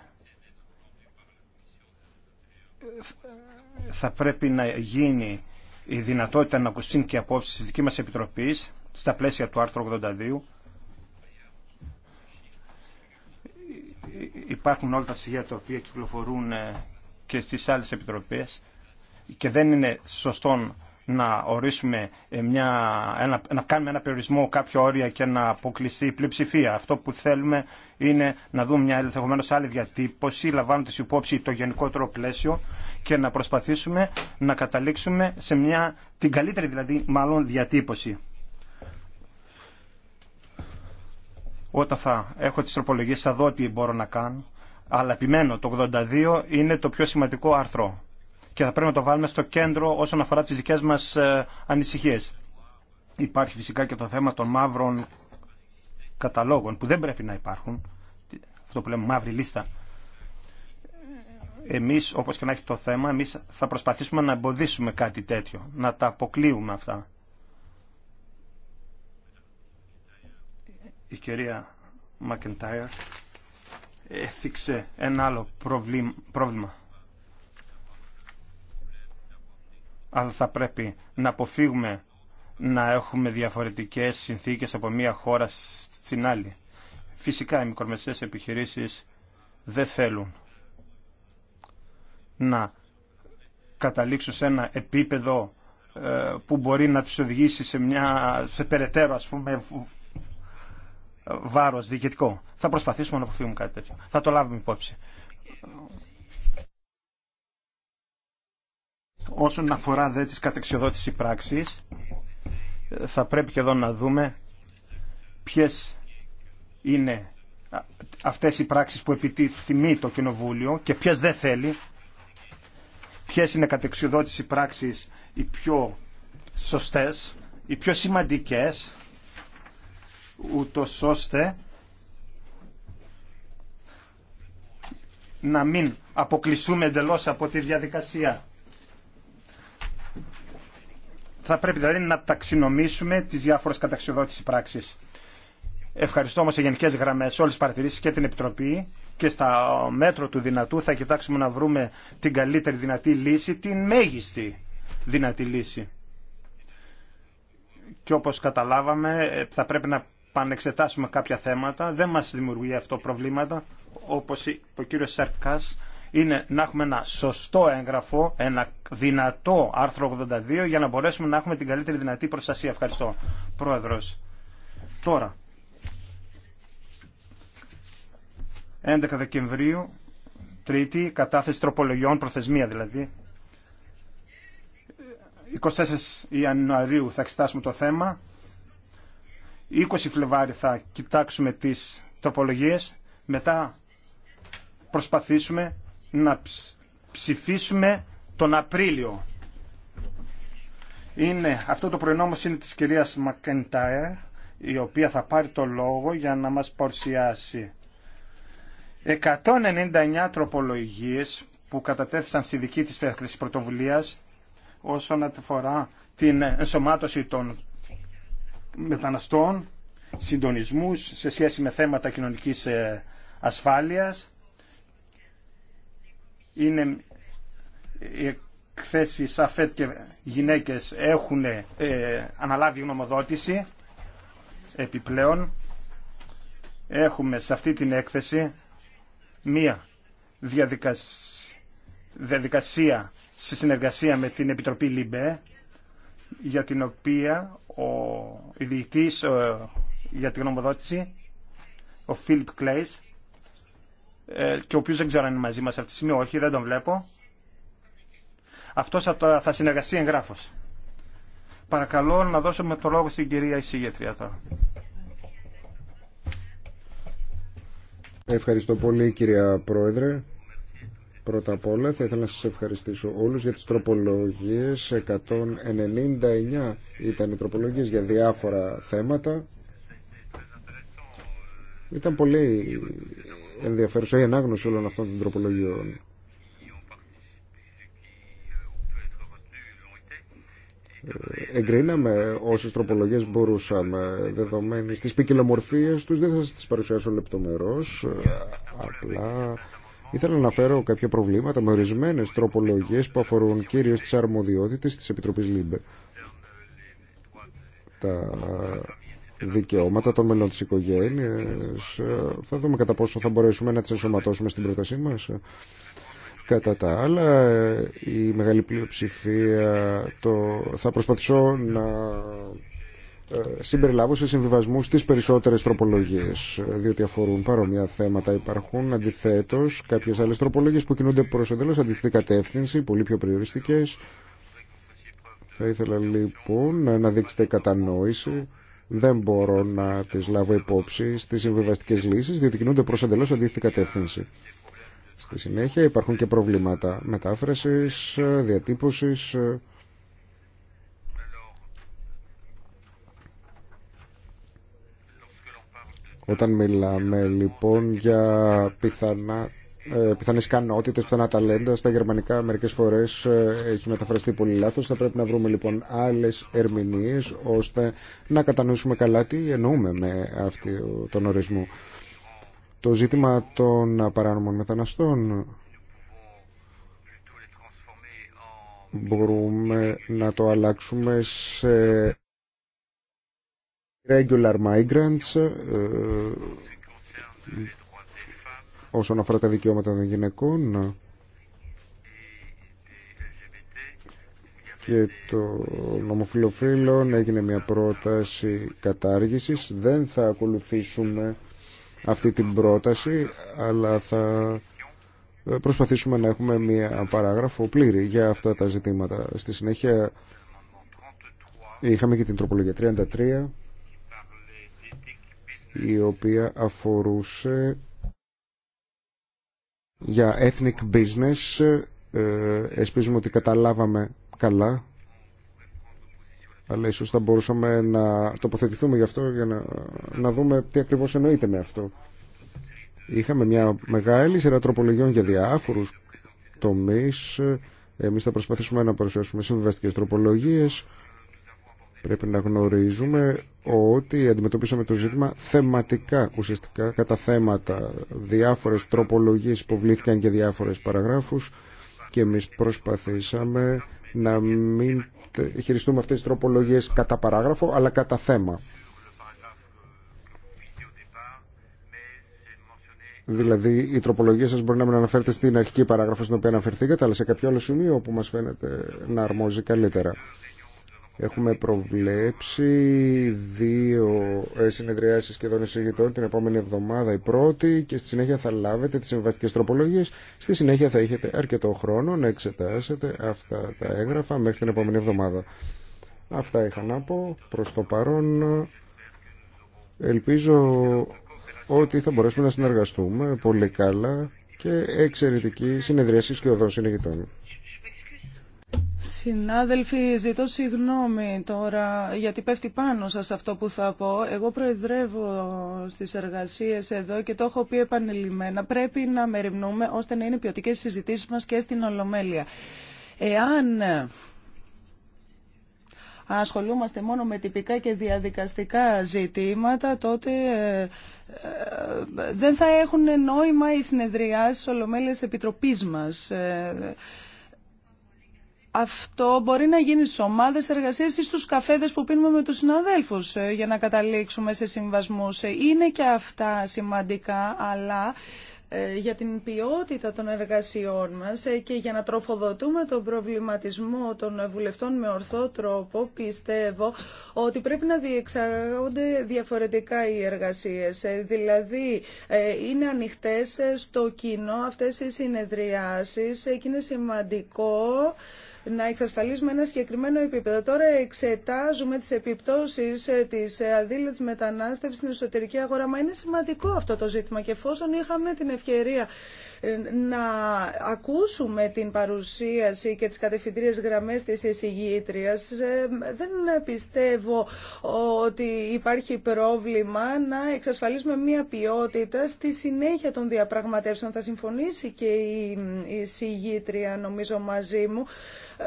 θα πρέπει να γίνει η δυνατότητα να ακουστούν και απόψεις της δική μας Επιτροπής στα πλαίσια του άρθρου 82 υπάρχουν όλα τα στοιχεία τα οποία κυκλοφορούν ε, και στις άλλες επιτροπές και δεν είναι σωστό να ορίσουμε ε, μια, ένα, να κάνουμε ένα περιορισμό κάποια όρια και να αποκλειστεί η πλειοψηφία. Αυτό που θέλουμε είναι να δούμε μια ενδεχομένω άλλη διατύπωση, λαμβάνοντα υπόψη το γενικότερο πλαίσιο και να προσπαθήσουμε να καταλήξουμε σε μια, την καλύτερη δηλαδή μάλλον διατύπωση. Όταν θα έχω τις τροπολογίες θα δω τι μπορώ να κάνω. Αλλά επιμένω, το 82 είναι το πιο σημαντικό άρθρο και θα πρέπει να το βάλουμε στο κέντρο όσον αφορά τις δικές μας ε, ανησυχίες. Υπάρχει φυσικά και το θέμα των μαύρων καταλόγων που δεν πρέπει να υπάρχουν, αυτό που λέμε μαύρη λίστα. Εμείς, όπως και να έχει το θέμα, εμείς θα προσπαθήσουμε να εμποδίσουμε κάτι τέτοιο, να τα αποκλείουμε αυτά. η κυρία Μακεντάιρ έθιξε ένα άλλο πρόβλημα. Αλλά θα πρέπει να αποφύγουμε να έχουμε διαφορετικές συνθήκες από μία χώρα στην άλλη. Φυσικά οι μικρομεσαίες επιχειρήσεις δεν θέλουν να καταλήξουν σε ένα επίπεδο ε, που μπορεί να τους οδηγήσει σε, μια, σε περαιτέρω ας πούμε βάρος διοικητικό. Θα προσπαθήσουμε να αποφύγουμε κάτι τέτοιο. Θα το λάβουμε υπόψη. Όσον αφορά δε τις κατεξιοδότηση πράξης, θα πρέπει και εδώ να δούμε ποιες είναι αυτές οι πράξεις που επιθυμεί το Κοινοβούλιο και ποιες δεν θέλει, ποιες είναι κατεξιοδότηση πράξης οι πιο σωστές, οι πιο σημαντικές ούτως ώστε να μην αποκλεισούμε εντελώ από τη διαδικασία. Θα πρέπει δηλαδή να ταξινομήσουμε τις διάφορες καταξιοδότηση πράξεις. Ευχαριστώ όμω σε γενικές γραμμές όλες τι παρατηρήσεις και την Επιτροπή και στα μέτρο του δυνατού θα κοιτάξουμε να βρούμε την καλύτερη δυνατή λύση, την μέγιστη δυνατή λύση. Και όπως καταλάβαμε θα πρέπει να πανεξετάσουμε κάποια θέματα. Δεν μας δημιουργεί αυτό προβλήματα. Όπως είπε ο κύριος Σαρκάς, είναι να έχουμε ένα σωστό έγγραφο, ένα δυνατό άρθρο 82 για να μπορέσουμε να έχουμε την καλύτερη δυνατή προστασία. Ευχαριστώ, Πρόεδρος. Τώρα, 11 Δεκεμβρίου, Τρίτη, κατάθεση τροπολογιών, προθεσμία δηλαδή. 24 Ιανουαρίου θα εξετάσουμε το θέμα. 20 Φλεβάρι θα κοιτάξουμε τις τροπολογίες, μετά προσπαθήσουμε να ψηφίσουμε τον Απρίλιο. Είναι, αυτό το πρωινό είναι της κυρίας Μακεντάερ, η οποία θα πάρει το λόγο για να μας παρουσιάσει 199 τροπολογίες που κατατέθησαν στη δική της πρωτοβουλίας όσον αφορά την ενσωμάτωση των μεταναστών, συντονισμούς σε σχέση με θέματα κοινωνικής ε, ασφάλειας. Είναι οι εκθέσει ΑΦΕΤ και γυναίκες έχουν ε, αναλάβει γνωμοδότηση επιπλέον. Έχουμε σε αυτή την έκθεση μία διαδικασία, διαδικασία σε συνεργασία με την Επιτροπή ΛΥΜΠΕ για την οποία ο διοικητής ε, για την γνωμοδότηση, ο Φίλιπ Κλέης, ε, και ο οποίος δεν ξέρω αν είναι μαζί μας αυτή τη στιγμή, όχι, δεν τον βλέπω. Αυτός θα συνεργαστεί εγγράφος. Παρακαλώ να δώσουμε το λόγο στην κυρία εισηγήτρια τώρα. Ευχαριστώ πολύ κυρία Πρόεδρε. Πρώτα απ' όλα θα ήθελα να σας ευχαριστήσω όλους για τις τροπολογίες. 199 ήταν οι τροπολογίες για διάφορα θέματα. Ήταν πολύ ενδιαφέρουσα η ανάγνωση όλων αυτών των τροπολογιών. Ε, εγκρίναμε όσε τροπολογίε μπορούσαμε δεδομένες τη ποικιλομορφία του. Δεν θα σα τις παρουσιάσω λεπτομερώς. Ε, απλά Ήθελα να αναφέρω κάποια προβλήματα με ορισμένε τροπολογίε που αφορούν κυρίω τι αρμοδιότητε τη Επιτροπή ΛΥΜΠΕ. Τα δικαιώματα των μελών τη οικογένεια. Ε, θα δούμε κατά πόσο θα μπορέσουμε να τι ενσωματώσουμε στην πρότασή μα. Ε, κατά τα άλλα, ε, η μεγάλη πλειοψηφία το... θα προσπαθήσω να ε, συμπεριλάβω σε συμβιβασμού τις περισσότερες τροπολογίες ε, διότι αφορούν παρόμοια θέματα υπάρχουν αντιθέτω, κάποιε άλλε τροπολογίε που κινούνται προς εντελώ αντιθετή κατεύθυνση πολύ πιο περιοριστικέ. θα ήθελα λοιπόν να δείξετε κατανόηση δεν μπορώ να τι λάβω υπόψη στι συμβιβαστικέ λύσει, διότι κινούνται προς εντελώ αντίθετη κατεύθυνση στη συνέχεια υπάρχουν και προβλήματα μετάφραση, διατύπωση. Όταν μιλάμε λοιπόν για πιθανά ε, πιθανές ικανότητες, πιθανά ταλέντα στα γερμανικά μερικές φορές ε, έχει μεταφραστεί πολύ λάθος θα πρέπει να βρούμε λοιπόν άλλες ερμηνείες ώστε να κατανοήσουμε καλά τι εννοούμε με αυτή τον ορισμό το ζήτημα των παράνομων μεταναστών μπορούμε να το αλλάξουμε σε regular migrants ε, ε, όσον αφορά τα δικαιώματα των γυναικών ε, και των ομοφιλοφίλων έγινε μια πρόταση κατάργησης δεν θα ακολουθήσουμε αυτή την πρόταση αλλά θα προσπαθήσουμε να έχουμε μια παράγραφο πλήρη για αυτά τα ζητήματα στη συνέχεια είχαμε και την τροπολογία 33 η οποία αφορούσε για ethnic business. Ε, εσπίζουμε ότι καταλάβαμε καλά, αλλά ίσως θα μπορούσαμε να τοποθετηθούμε γι' αυτό για να, να δούμε τι ακριβώς εννοείται με αυτό. Είχαμε μια μεγάλη σειρά τροπολογιών για διάφορους τομείς. Εμείς θα προσπαθήσουμε να παρουσιάσουμε συμβιβαστικές τροπολογίες. Πρέπει να γνωρίζουμε ότι αντιμετωπίσαμε το ζήτημα θεματικά ουσιαστικά κατά θέματα διάφορες τροπολογίες βλήθηκαν και διάφορες παραγράφους και εμείς προσπαθήσαμε να μην χειριστούμε αυτές τις τροπολογίες κατά παράγραφο αλλά κατά θέμα. Δηλαδή, η τροπολογία σα μπορεί να μην αναφέρεται στην αρχική παράγραφο στην οποία αναφερθήκατε, αλλά σε κάποιο άλλο σημείο που μα φαίνεται να αρμόζει καλύτερα. Έχουμε προβλέψει δύο ε, συνεδριάσεις σχεδόν εισηγητών την επόμενη εβδομάδα η πρώτη και στη συνέχεια θα λάβετε τις συμβαστικές τροπολογίες. Στη συνέχεια θα έχετε αρκετό χρόνο να εξετάσετε αυτά τα έγγραφα μέχρι την επόμενη εβδομάδα. Αυτά είχα να πω προς το παρόν. Ελπίζω ότι θα μπορέσουμε να συνεργαστούμε πολύ καλά και εξαιρετική συνεδρίαση και οδό Συνάδελφοι, ζητώ συγγνώμη τώρα γιατί πέφτει πάνω σας αυτό που θα πω. Εγώ προεδρεύω στις εργασίες εδώ και το έχω πει επανειλημμένα. Πρέπει να μεριμνούμε ώστε να είναι ποιοτικές συζητήσεις μας και στην Ολομέλεια. Εάν ασχολούμαστε μόνο με τυπικά και διαδικαστικά ζητήματα, τότε ε, ε, δεν θα έχουν νόημα οι συνεδριάσεις ολομέλειας επιτροπής μας. Ε, αυτό μπορεί να γίνει στι ομάδε εργασία ή στου καφέδε που πίνουμε με του συναδέλφου ε, για να καταλήξουμε σε συμβασμού. Ε, είναι και αυτά σημαντικά, αλλά ε, για την ποιότητα των εργασιών μας και για να τροφοδοτούμε τον προβληματισμό των βουλευτών με ορθό τρόπο, πιστεύω ότι πρέπει να διεξαγόνται διαφορετικά οι εργασίες. Δηλαδή, είναι ανοιχτές στο κοινό αυτές οι συνεδριάσεις και είναι σημαντικό να εξασφαλίσουμε ένα συγκεκριμένο επίπεδο. Τώρα εξετάζουμε τι επιπτώσει ε, τη ε, αδίλωτης μετανάστευση στην εσωτερική αγορά. Μα είναι σημαντικό αυτό το ζήτημα και εφόσον είχαμε την ευκαιρία ε, να ακούσουμε την παρουσίαση και τις κατευθυντήριες γραμμές της εισηγήτριας. Δεν πιστεύω ότι υπάρχει πρόβλημα να εξασφαλίσουμε μια ποιότητα στη συνέχεια των διαπραγματεύσεων. Θα συμφωνήσει και η εισηγήτρια νομίζω μαζί μου.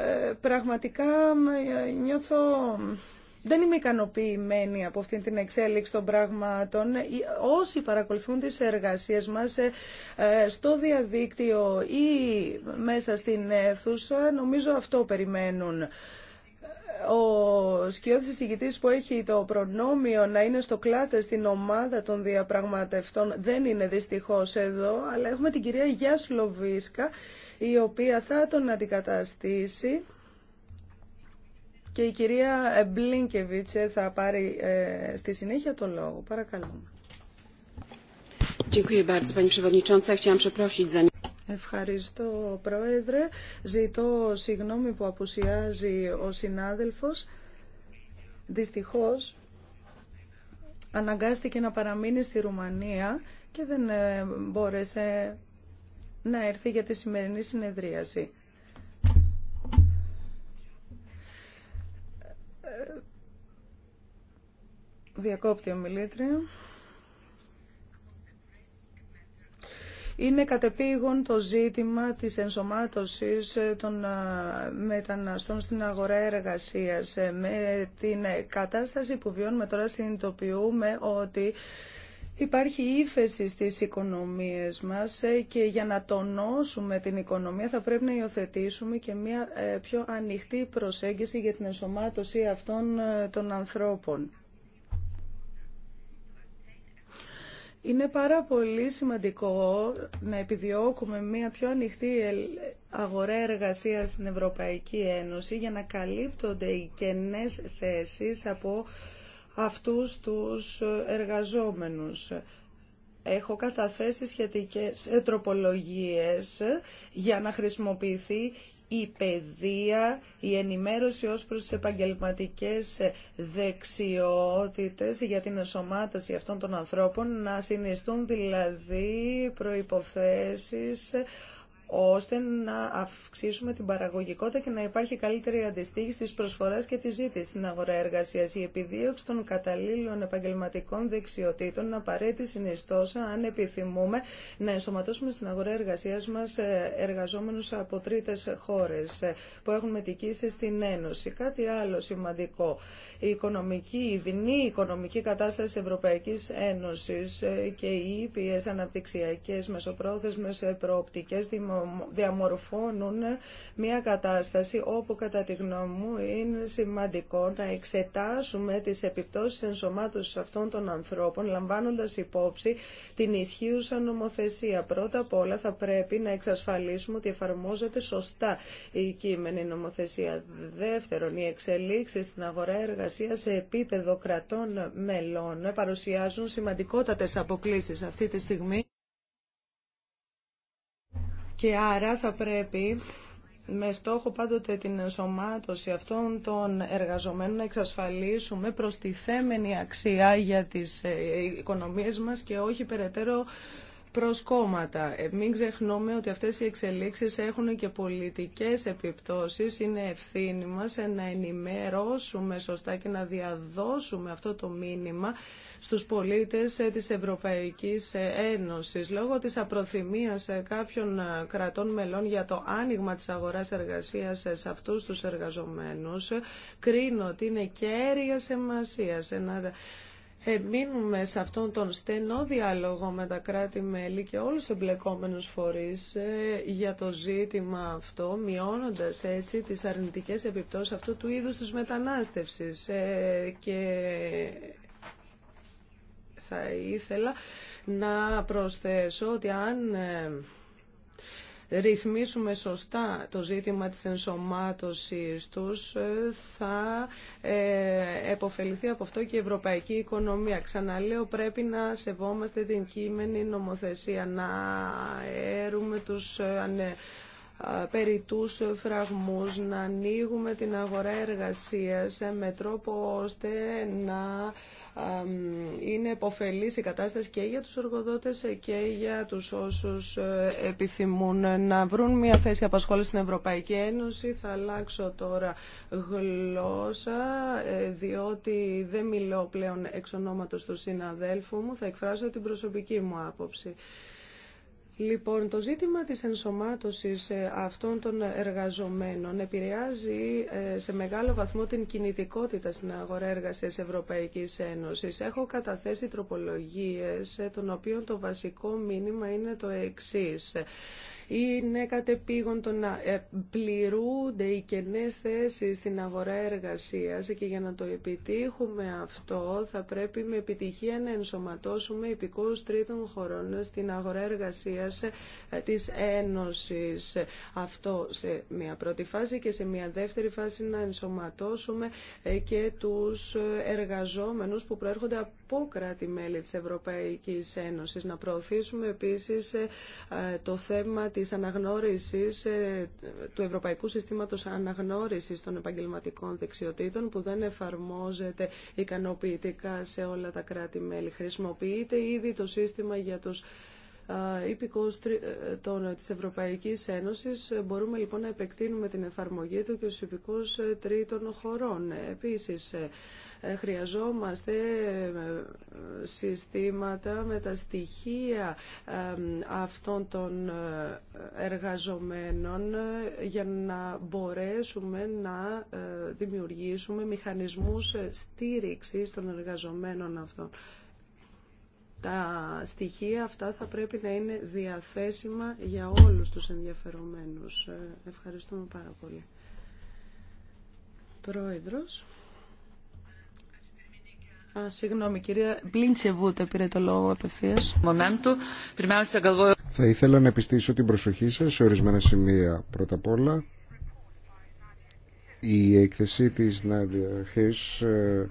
Ε, πραγματικά νιώθω... Δεν είμαι ικανοποιημένη από αυτή την εξέλιξη των πραγμάτων. Όσοι παρακολουθούν τις εργασίες μας ε, ε, στο διαδίκτυο ή μέσα στην αίθουσα, νομίζω αυτό περιμένουν ο σκιώδης εισηγητής που έχει το προνόμιο να είναι στο κλάστερ στην ομάδα των διαπραγματευτών δεν είναι δυστυχώς εδώ, αλλά έχουμε την κυρία Γιάσλοβίσκα η οποία θα τον αντικαταστήσει και η κυρία Μπλίνκεβιτσε θα πάρει ε, στη συνέχεια το λόγο. Παρακαλούμε. Ευχαριστώ, Πρόεδρε. Ζητώ συγγνώμη που απουσιάζει ο συνάδελφος. Δυστυχώς, αναγκάστηκε να παραμείνει στη Ρουμανία και δεν ε, μπόρεσε να έρθει για τη σημερινή συνεδρίαση. Διακόπτει ο Είναι κατεπήγον το ζήτημα της ενσωμάτωσης των μεταναστών στην αγορά εργασίας. Ε, με την κατάσταση που βιώνουμε τώρα συνειδητοποιούμε ότι Υπάρχει ύφεση στις οικονομίες μας ε, και για να τονώσουμε την οικονομία θα πρέπει να υιοθετήσουμε και μια ε, πιο ανοιχτή προσέγγιση για την ενσωμάτωση αυτών ε, των ανθρώπων. Είναι πάρα πολύ σημαντικό να επιδιώκουμε μια πιο ανοιχτή αγορά εργασίας στην Ευρωπαϊκή Ένωση για να καλύπτονται οι κενές θέσεις από αυτούς τους εργαζόμενους. Έχω καταθέσει σχετικές ε, τροπολογίες για να χρησιμοποιηθεί η παιδεία, η ενημέρωση ως προς τις επαγγελματικές δεξιότητες για την ενσωμάτωση αυτών των ανθρώπων, να συνιστούν δηλαδή προϋποθέσεις ώστε να αυξήσουμε την παραγωγικότητα και να υπάρχει καλύτερη αντιστοίχηση τη προσφορά και τη ζήτηση στην αγορά εργασίας. Η επιδίωξη των καταλήλων επαγγελματικών δεξιοτήτων είναι απαραίτητη συνιστόσα αν επιθυμούμε να ενσωματώσουμε στην αγορά εργασίας μας ε, εργαζόμενους από τρίτες χώρες ε, που έχουν μετικήσει στην Ένωση. Κάτι άλλο σημαντικό, η οικονομική, η οικονομική κατάσταση της Ευρωπαϊκής Ένωσης ε, και οι ήπιες αναπτυξιακές μεσοπρόθεσμες προοπτικές δημο διαμορφώνουν μια κατάσταση όπου κατά τη γνώμη μου είναι σημαντικό να εξετάσουμε τις επιπτώσεις ενσωμάτωσης αυτών των ανθρώπων λαμβάνοντας υπόψη την ισχύουσα νομοθεσία. Πρώτα απ' όλα θα πρέπει να εξασφαλίσουμε ότι εφαρμόζεται σωστά η κείμενη νομοθεσία. Δεύτερον, οι εξελίξεις στην αγορά εργασία σε επίπεδο κρατών μελών παρουσιάζουν σημαντικότατες αποκλήσεις αυτή τη στιγμή. Και άρα θα πρέπει με στόχο πάντοτε την ενσωμάτωση αυτών των εργαζομένων να εξασφαλίσουμε προστιθέμενη αξία για τις ε, οικονομίες μας και όχι περαιτέρω προς κόμματα. Ε, μην ξεχνούμε ότι αυτές οι εξελίξεις έχουν και πολιτικές επιπτώσεις. Είναι ευθύνη μας ε, να ενημερώσουμε σωστά και να διαδώσουμε αυτό το μήνυμα στους πολίτες ε, της Ευρωπαϊκής Ένωσης. Λόγω της απροθυμίας κάποιων κρατών μελών για το άνοιγμα της αγοράς εργασίας σε αυτούς τους εργαζομένους, κρίνω ότι είναι κέρια σημασία μείνουμε σε αυτόν τον στενό διάλογο με τα κράτη-μέλη και όλους τους εμπλεκόμενους φορείς ε, για το ζήτημα αυτό, μειώνοντας έτσι τις αρνητικές επιπτώσεις αυτού του είδους της μετανάστευσης. Ε, και θα ήθελα να προσθέσω ότι αν ε, ρυθμίσουμε σωστά το ζήτημα της ενσωμάτωσης τους, ε, θα ε, επωφεληθεί από αυτό και η ευρωπαϊκή οικονομία. Ξαναλέω, πρέπει να σεβόμαστε την κείμενη νομοθεσία, να έρουμε τους ε, περιτούς φραγμούς, να ανοίγουμε την αγορά εργασίας με τρόπο ώστε να είναι υποφελής η κατάσταση και για τους εργοδότες και για τους όσους ε, επιθυμούν να βρουν μια θέση απασχόλησης στην Ευρωπαϊκή Ένωση. Θα αλλάξω τώρα γλώσσα, ε, διότι δεν μιλώ πλέον εξ ονόματος του συναδέλφου μου. Θα εκφράσω την προσωπική μου άποψη. Λοιπόν, το ζήτημα της ενσωμάτωσης ε, αυτών των εργαζομένων επηρεάζει ε, σε μεγάλο βαθμό την κινητικότητα στην αγορά εργασίας Ευρωπαϊκής Ένωσης. Έχω καταθέσει τροπολογίες, ε, των οποίων το βασικό μήνυμα είναι το εξής. Είναι κατεπήγον το να ε, πληρούνται οι κενές θέσεις στην αγορά εργασίας και για να το επιτύχουμε αυτό θα πρέπει με επιτυχία να ενσωματώσουμε υπηκούς τρίτων χωρών στην αγορά εργασίας ε, της Ένωσης. Αυτό σε μια πρώτη φάση και σε μια δεύτερη φάση να ενσωματώσουμε ε, και τους εργαζόμενους που προέρχονται από κράτη-μέλη της Ευρωπαϊκής Ένωσης. Να προωθήσουμε επίσης το θέμα της αναγνώρισης ε, του Ευρωπαϊκού Συστήματος Αναγνώρισης των Επαγγελματικών Δεξιοτήτων που δεν εφαρμόζεται ικανοποιητικά σε όλα τα κράτη-μέλη. Χρησιμοποιείται ήδη το σύστημα για τους υπηκούς ε, της Ευρωπαϊκής Ένωσης. Μπορούμε λοιπόν να επεκτείνουμε την εφαρμογή του και στους υπηκούς ε, τρίτων χωρών. Επίσης, Χρειαζόμαστε ε, συστήματα με τα στοιχεία ε, αυτών των ε, εργαζομένων για να μπορέσουμε να δημιουργήσουμε μηχανισμούς στήριξης των εργαζομένων αυτών. Τα στοιχεία αυτά θα πρέπει να είναι διαθέσιμα για όλους τους ενδιαφερομένους. Ευχαριστούμε πάρα πολύ. Πρόεδρος συγγνώμη, κυρία Μπλίντσεβούτε πήρε το λόγο απευθεία. Θα ήθελα να επιστήσω την προσοχή σα σε ορισμένα σημεία. Πρώτα απ' όλα, η έκθεση της Νάντια ε,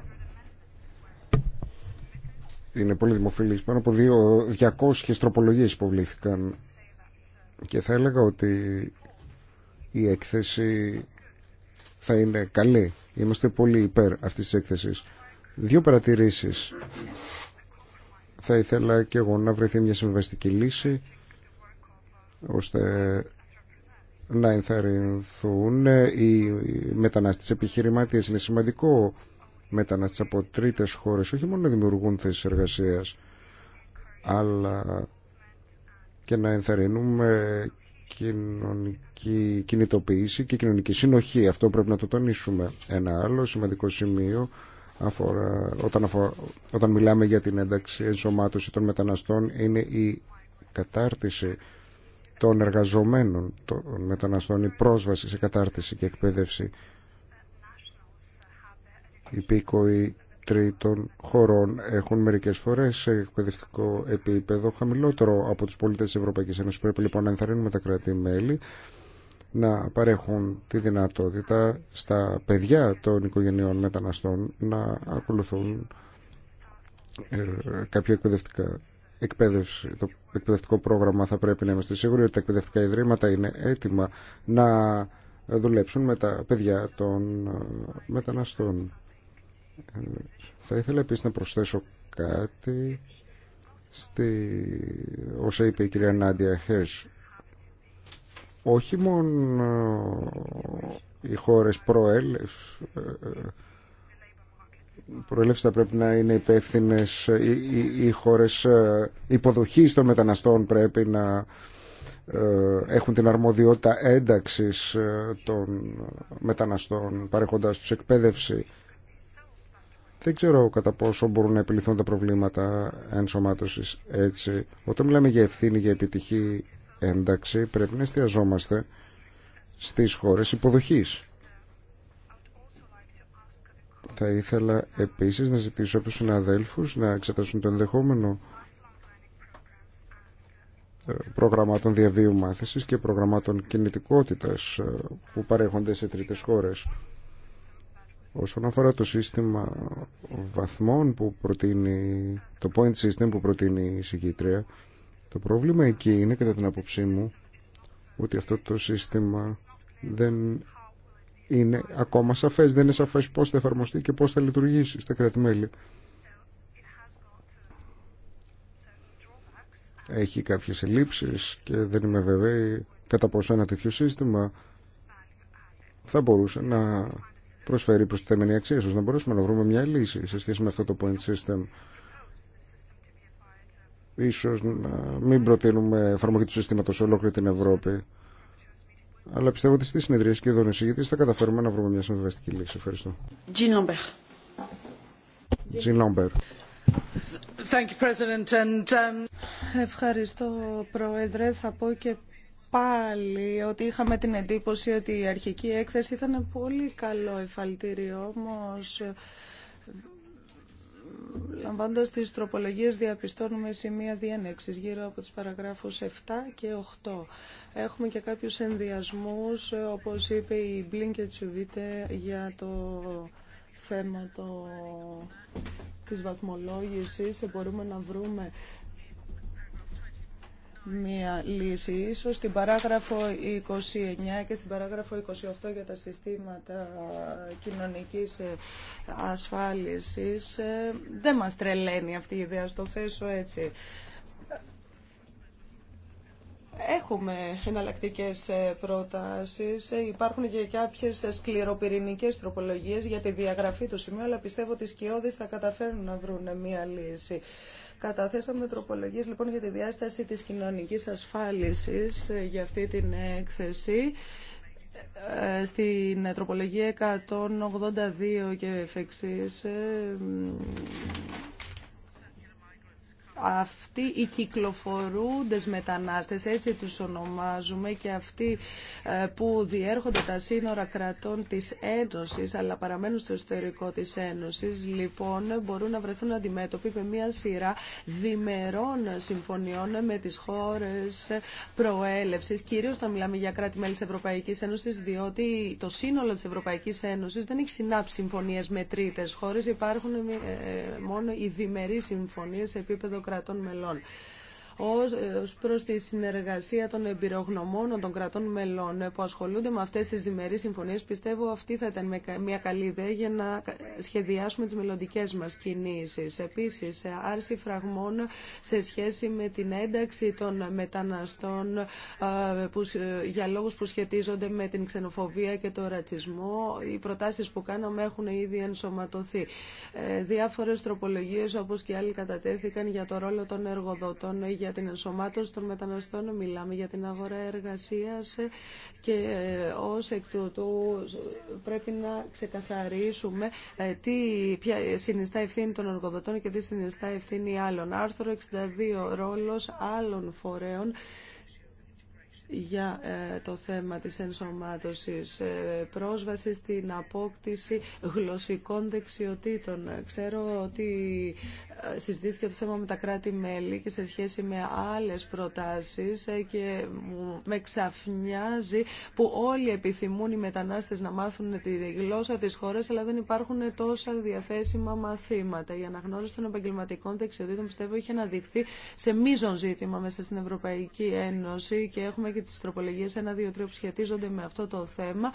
είναι πολύ δημοφιλής. Πάνω από 200 τροπολογίες υποβλήθηκαν και θα έλεγα ότι η έκθεση θα είναι καλή. Είμαστε πολύ υπέρ αυτής της έκθεσης. Δύο παρατηρήσεις. Θα ήθελα και εγώ να βρεθεί μια συμβαστική λύση ώστε να ενθαρρυνθούν οι μετανάστες επιχειρηματίες. Είναι σημαντικό μετανάστες από τρίτες χώρες όχι μόνο να δημιουργούν θέσεις εργασίας αλλά και να ενθαρρύνουμε κοινωνική κινητοποίηση και κοινωνική συνοχή. Αυτό πρέπει να το τονίσουμε. Ένα άλλο σημαντικό σημείο αφορά, όταν, αφορά, όταν μιλάμε για την ένταξη ενσωμάτωση των μεταναστών είναι η κατάρτιση των εργαζομένων των μεταναστών, η πρόσβαση σε κατάρτιση και εκπαίδευση υπήκοοι τρίτων χωρών έχουν μερικές φορές σε εκπαιδευτικό επίπεδο χαμηλότερο από τους πολίτες της Ευρωπαϊκής Ένωσης. Πρέπει λοιπόν να ενθαρρύνουμε τα κράτη-μέλη να παρέχουν τη δυνατότητα στα παιδιά των οικογενειών μεταναστών να ακολουθούν ε, κάποια εκπαιδευτικά εκπαίδευση. Το εκπαιδευτικό πρόγραμμα θα πρέπει να είμαστε σίγουροι ότι τα εκπαιδευτικά ιδρύματα είναι έτοιμα να δουλέψουν με τα παιδιά των ε, μεταναστών. Ε, θα ήθελα επίσης να προσθέσω κάτι στη... όσα είπε η κυρία Νάντια Χέρς όχι μόνο ε, οι χώρες ε, ε, προέλευση θα πρέπει να είναι υπεύθυνε, οι, οι, οι χώρες υποδοχής των μεταναστών πρέπει να έχουν την αρμοδιότητα ένταξης των μεταναστών παρέχοντας τους εκπαίδευση. Δεν ξέρω κατά πόσο μπορούν να επιληθούν τα προβλήματα ενσωμάτωσης έτσι. Όταν μιλάμε για ευθύνη, για επιτυχή ένταξη πρέπει να εστιαζόμαστε στις χώρες υποδοχής. Θα ήθελα επίσης να ζητήσω από τους συναδέλφους να εξετάσουν το ενδεχόμενο ε, προγραμμάτων διαβίου μάθησης και προγραμμάτων κινητικότητας ε, που παρέχονται σε τρίτες χώρες. Όσον αφορά το σύστημα βαθμών που προτείνει, το point system που προτείνει η συγκήτρια, το πρόβλημα εκεί είναι, κατά την άποψή μου, ότι αυτό το σύστημα δεν είναι ακόμα σαφές, δεν είναι σαφές πώς θα εφαρμοστεί και πώς θα λειτουργήσει στα κρατη Έχει κάποιες ελλείψεις και δεν είμαι βέβαιη κατά πόσο ένα τέτοιο σύστημα θα μπορούσε να προσφέρει προς τη θεμενή αξία, ώστε να μπορέσουμε να βρούμε μια λύση σε σχέση με αυτό το point system ίσως να μην προτείνουμε εφαρμογή του συστήματος σε ολόκληρη την Ευρώπη. Αλλά πιστεύω ότι στη συνεδρία και εδώ είναι θα καταφέρουμε να βρούμε μια συμβιβαστική λύση. Ευχαριστώ. Jean Lambert. Um, Ευχαριστώ, Πρόεδρε. Θα πω και πάλι ότι είχαμε την εντύπωση ότι η αρχική έκθεση ήταν πολύ καλό εφαλτήριο, όμως λαμβάνοντας τις τροπολογίες διαπιστώνουμε σημεία διένεξης γύρω από τις παραγράφους 7 και 8. Έχουμε και κάποιους ενδιασμούς, όπως είπε η Μπλίνκετ Σουβίτε, για το θέμα το... της βαθμολόγησης. Μπορούμε να βρούμε μία λύση. Ίσως στην παράγραφο 29 και στην παράγραφο 28 για τα συστήματα κοινωνικής ε, ασφάλισης ε, δεν μας τρελαίνει αυτή η ιδέα, στο θέσω έτσι. Έχουμε εναλλακτικέ ε, προτάσει. Υπάρχουν και κάποιε σκληροπυρηνικέ τροπολογίε για τη διαγραφή του σημείου, αλλά πιστεύω ότι οι σκιώδει θα καταφέρουν να βρουν μια λύση. Καταθέσαμε τροπολογίες λοιπόν για τη διάσταση της κοινωνικής ασφάλισης ε, για αυτή την έκθεση. Ε, στην ε, τροπολογία 182 και εξής αυτοί οι κυκλοφορούντες μετανάστες, έτσι τους ονομάζουμε και αυτοί ε, που διέρχονται τα σύνορα κρατών της Ένωσης αλλά παραμένουν στο εσωτερικό της Ένωσης λοιπόν μπορούν να βρεθούν αντιμέτωποι με μια σειρά διμερών συμφωνιών με τις χώρες προέλευσης κυρίως θα μιλάμε για κράτη-μέλη της Ευρωπαϊκής Ένωσης διότι το σύνολο της Ευρωπαϊκής Ένωσης δεν έχει συνάψει συμφωνίες με τρίτες χώρες υπάρχουν ε, ε, μόνο οι διμερείς συμφωνίες σε επίπεδο κρατών μελών ως προς τη συνεργασία των εμπειρογνωμών των κρατών μελών ε, που ασχολούνται με αυτές τις διμερείς συμφωνίες. Πιστεύω αυτή θα ήταν μια καλή ιδέα για να σχεδιάσουμε τις μελλοντικέ μας κινήσεις. Επίσης, ε, άρση φραγμών σε σχέση με την ένταξη των μεταναστών ε, για λόγους που σχετίζονται με την ξενοφοβία και το ρατσισμό. Οι προτάσεις που κάναμε έχουν ήδη ενσωματωθεί. Διάφορες τροπολογίες όπως και άλλοι κατατέθηκαν για το ρόλο των εργοδοτών για την ενσωμάτωση των μεταναστών, μιλάμε για την αγορά εργασίας και ε, ως εκ τούτου πρέπει να ξεκαθαρίσουμε ε, τι ποια συνιστά ευθύνη των εργοδοτών και τι συνιστά ευθύνη άλλων. Άρθρο 62, ρόλος άλλων φορέων για ε, το θέμα της ενσωμάτωσης, ε, πρόσβαση στην απόκτηση γλωσσικών δεξιοτήτων. Ξέρω ότι ε, συζητήθηκε το θέμα με τα κράτη-μέλη και σε σχέση με άλλες προτάσεις και με ξαφνιάζει που όλοι επιθυμούν οι μετανάστες να μάθουν τη γλώσσα της χώρας αλλά δεν υπάρχουν τόσα διαθέσιμα μαθήματα. Η αναγνώριση των επαγγελματικών δεξιοτήτων πιστεύω είχε αναδειχθεί σε μείζον ζήτημα μέσα στην Ευρωπαϊκή Ένωση και έχουμε και τις τροπολογίες 1, 2, 3 που σχετίζονται με αυτό το θέμα.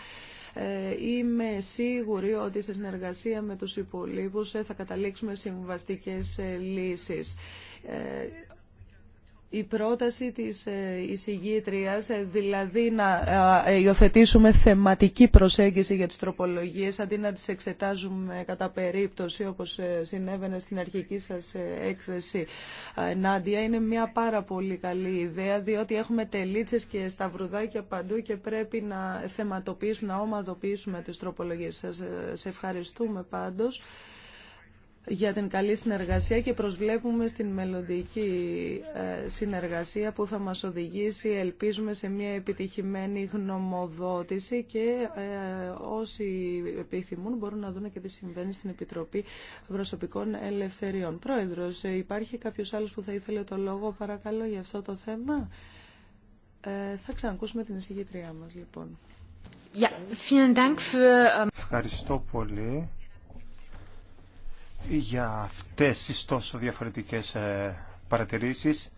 Ε, είμαι σίγουρη ότι σε συνεργασία με τους υπολείπους ε, θα καταλήξουμε συμβαστικές ε, λύσεις η πρόταση της ε, εισηγήτριας, ε, δηλαδή να ε, υιοθετήσουμε θεματική προσέγγιση για τις τροπολογίες, αντί να τις εξετάζουμε κατά περίπτωση, όπως συνέβαινε στην αρχική σας έκθεση, Νάντια, είναι μια πάρα πολύ καλή ιδέα, διότι έχουμε τελίτσες και σταυρουδάκια παντού και πρέπει να θεματοποιήσουμε, να ομαδοποιήσουμε τις τροπολογίες σας. ευχαριστούμε πάντως για την καλή συνεργασία και προσβλέπουμε στην μελλοντική ε, συνεργασία που θα μας οδηγήσει, ελπίζουμε, σε μια επιτυχημένη γνωμοδότηση και ε, όσοι επιθυμούν μπορούν να δουν και τι συμβαίνει στην Επιτροπή Προσωπικών Ελευθεριών. Πρόεδρος, ε, υπάρχει κάποιος άλλος που θα ήθελε το λόγο, παρακαλώ, για αυτό το θέμα. θα ξανακούσουμε την εισηγητριά μας, λοιπόν. Ευχαριστώ πολύ για αυτές τις τόσο διαφορετικές ε, παρατηρήσεις.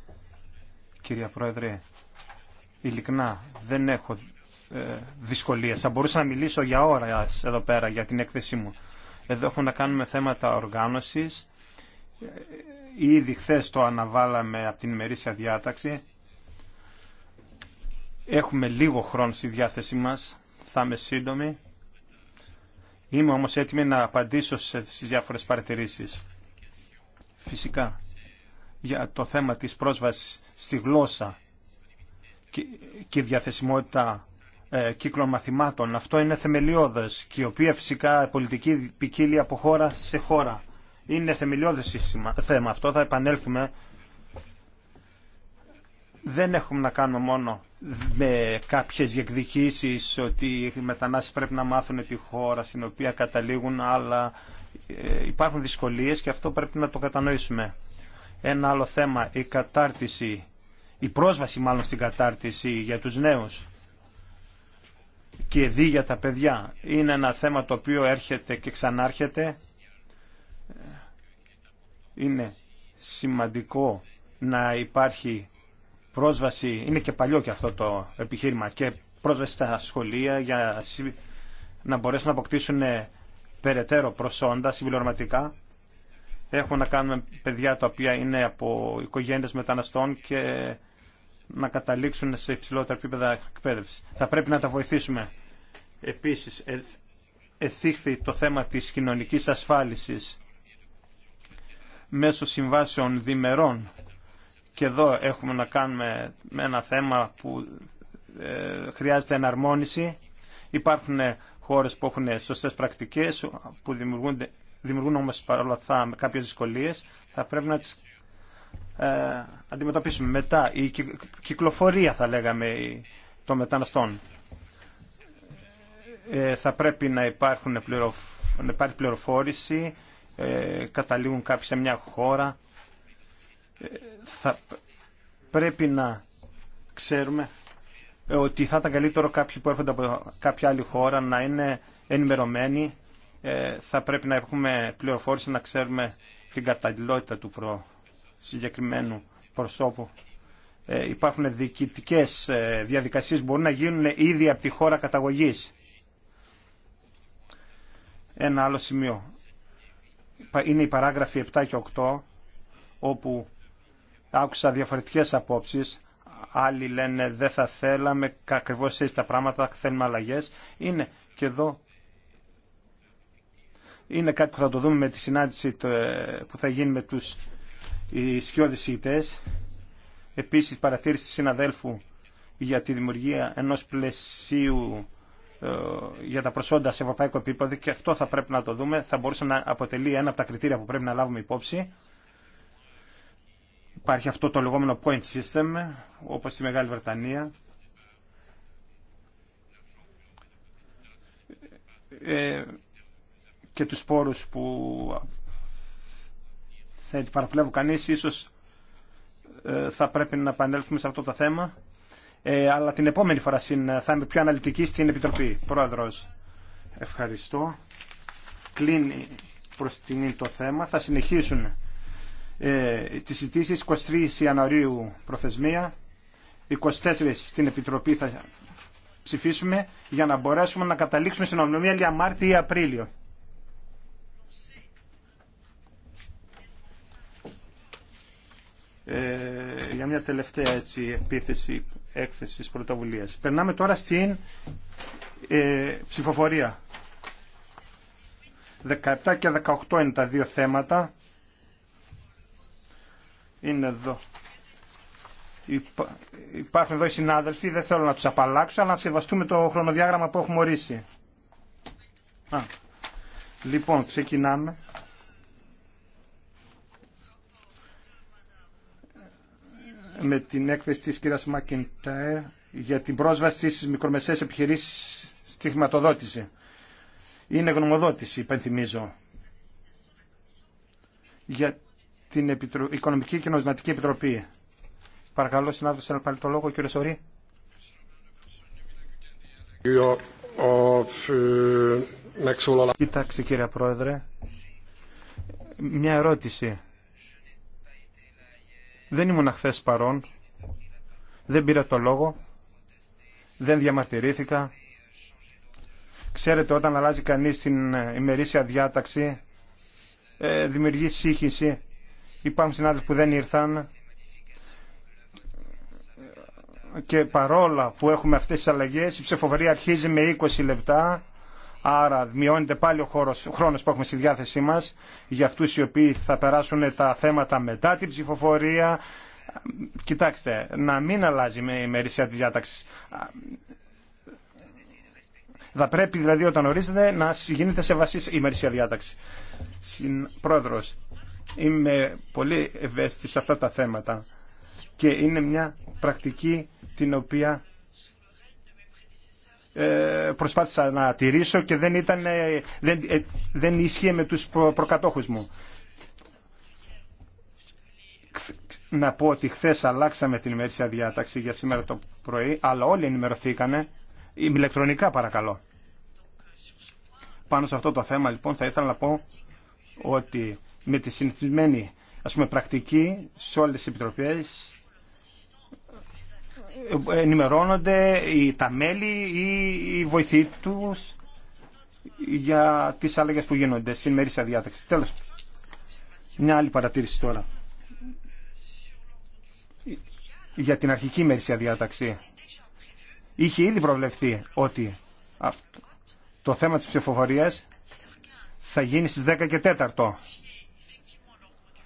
Κυρία Πρόεδρε, ειλικρινά δεν έχω ε, δυσκολίες. Θα μπορούσα να μιλήσω για ώρα εδώ πέρα για την έκθεσή μου. Εδώ έχουμε να κάνουμε θέματα οργάνωσης. Ε, ήδη χθε το αναβάλαμε από την ημερήσια διάταξη. Έχουμε λίγο χρόνο στη διάθεσή μας. Θα είμαι σύντομη. Είμαι όμως έτοιμη να απαντήσω στις διάφορες παρατηρήσεις. Φυσικά, για το θέμα της πρόσβασης στη γλώσσα και διαθεσιμότητα ε, κύκλων μαθημάτων. Αυτό είναι θεμελιώδες και η οποία φυσικά πολιτική ποικίλει από χώρα σε χώρα. Είναι θεμελιώδες θέμα. Αυτό θα επανέλθουμε δεν έχουμε να κάνουμε μόνο με κάποιες διεκδικήσεις ότι οι μετανάστες πρέπει να μάθουν τη χώρα στην οποία καταλήγουν, αλλά ε, υπάρχουν δυσκολίες και αυτό πρέπει να το κατανοήσουμε. Ένα άλλο θέμα, η κατάρτιση, η πρόσβαση μάλλον στην κατάρτιση για τους νέους και δι για τα παιδιά. Είναι ένα θέμα το οποίο έρχεται και ξανάρχεται. Ε, είναι σημαντικό να υπάρχει πρόσβαση, είναι και παλιό και αυτό το επιχείρημα, και πρόσβαση στα σχολεία για να μπορέσουν να αποκτήσουν ε, περαιτέρω προσόντα συμπληρωματικά. Έχουμε να κάνουμε παιδιά τα οποία είναι από οικογένειες μεταναστών και να καταλήξουν σε υψηλότερα επίπεδα εκπαίδευση. Θα πρέπει να τα βοηθήσουμε. Επίσης, ε, εθίχθη το θέμα της κοινωνικής ασφάλισης μέσω συμβάσεων διμερών και εδώ έχουμε να κάνουμε με ένα θέμα που ε, χρειάζεται εναρμόνιση. Υπάρχουν χώρες που έχουν σωστές πρακτικές, που δημιουργούν, δημιουργούν όμως παρόλα αυτά κάποιες δυσκολίες. Θα πρέπει να τις ε, αντιμετωπίσουμε. Μετά η κυκλοφορία θα λέγαμε των μεταναστών. Ε, θα πρέπει να, υπάρχουν να υπάρχει πληροφόρηση, καταλήγουν κάποιοι σε μια χώρα θα πρέπει να ξέρουμε ε, ότι θα ήταν καλύτερο κάποιοι που έρχονται από κάποια άλλη χώρα να είναι ενημερωμένοι. Ε, θα πρέπει να έχουμε πληροφόρηση, να ξέρουμε την καταλληλότητα του προ συγκεκριμένου προσώπου. Ε, υπάρχουν διοικητικές διαδικασίες που μπορούν να γίνουν ήδη από τη χώρα καταγωγής. Ένα άλλο σημείο είναι η παράγραφοι 7 και 8 όπου Άκουσα διαφορετικές απόψεις. Άλλοι λένε δεν θα θέλαμε ακριβώ έτσι τα πράγματα, θέλουμε αλλαγέ. Είναι και εδώ. Είναι κάτι που θα το δούμε με τη συνάντηση ε, που θα γίνει με τους ισχυώδεις ηγητές. Επίσης παρατήρηση συναδέλφου για τη δημιουργία ενός πλαισίου ε, για τα προσόντα σε ευρωπαϊκό επίπεδο και αυτό θα πρέπει να το δούμε. Θα μπορούσε να αποτελεί ένα από τα κριτήρια που πρέπει να λάβουμε υπόψη. Υπάρχει αυτό το λεγόμενο point system, όπως στη Μεγάλη Βρετανία. Ε, και τους πόρους που θα παραπλεύουν κανείς, ίσως ε, θα πρέπει να επανέλθουμε σε αυτό το θέμα. Ε, αλλά την επόμενη φορά θα είμαι πιο αναλυτική στην Επιτροπή. Πρόεδρος, ευχαριστώ. Κλείνει προς την το θέμα. Θα συνεχίσουν ε, τις συζητήσεις 23 Ιανουαρίου προθεσμία 24 στην Επιτροπή θα ψηφίσουμε για να μπορέσουμε να καταλήξουμε στην ομιλία για Μάρτιο ή Απρίλιο. Ε, για μια τελευταία έτσι, επίθεση έκθεσης πρωτοβουλίας. Περνάμε τώρα στην ε, ψηφοφορία. 17 και 18 είναι τα δύο θέματα είναι εδώ. Υπάρχουν εδώ οι συνάδελφοι, δεν θέλω να τους απαλλάξω, αλλά να σεβαστούμε το χρονοδιάγραμμα που έχουμε ορίσει. Α. Λοιπόν, ξεκινάμε. με την έκθεση της κυρίας Μακεντάερ για την πρόσβαση στις μικρομεσαίες επιχειρήσεις στη χρηματοδότηση. Είναι γνωμοδότηση, υπενθυμίζω. Για την Οικονομική και Νομισματική Επιτροπή. Παρακαλώ, συνάδελφε, να πάλι το λόγο, κύριε Σωρή. Κοιτάξτε, κύριε Πρόεδρε, μια ερώτηση. Δεν ήμουν χθε παρόν, δεν πήρα το λόγο, δεν διαμαρτυρήθηκα. Ξέρετε, όταν αλλάζει κανείς την ε, ημερήσια διάταξη, ε, δημιουργεί σύγχυση Υπάρχουν συνάδελφοι που δεν ήρθαν και παρόλα που έχουμε αυτές τις αλλαγές η ψηφοφορία αρχίζει με 20 λεπτά άρα μειώνεται πάλι ο, χώρος, χρόνος που έχουμε στη διάθεσή μας για αυτούς οι οποίοι θα περάσουν τα θέματα μετά την ψηφοφορία κοιτάξτε να μην αλλάζει η ημερησία της διάταξης θα πρέπει δηλαδή όταν ορίζεται να γίνεται σε η ημερησία διάταξη Συν, πρόεδρος είμαι πολύ ευαίσθητη σε αυτά τα θέματα και είναι μια πρακτική την οποία ε, προσπάθησα να τηρήσω και δεν, ήταν, ε, δεν, ε, δεν ίσχυε με τους προκατόχους μου. Να πω ότι χθε αλλάξαμε την ημερήσια διάταξη για σήμερα το πρωί, αλλά όλοι ενημερωθήκανε, ηλεκτρονικά παρακαλώ. Πάνω σε αυτό το θέμα λοιπόν θα ήθελα να πω ότι με τη συνηθισμένη ας πούμε, πρακτική σε όλε τι επιτροπές ενημερώνονται τα μέλη ή οι βοηθοί του για τις αλλαγές που γίνονται στην μερίσια διάταξη. Τέλος, μια άλλη παρατήρηση τώρα για την αρχική μερίσια διάταξη. Είχε ήδη προβλεφθεί ότι το θέμα της ψηφοφορίας θα γίνει στις 10 και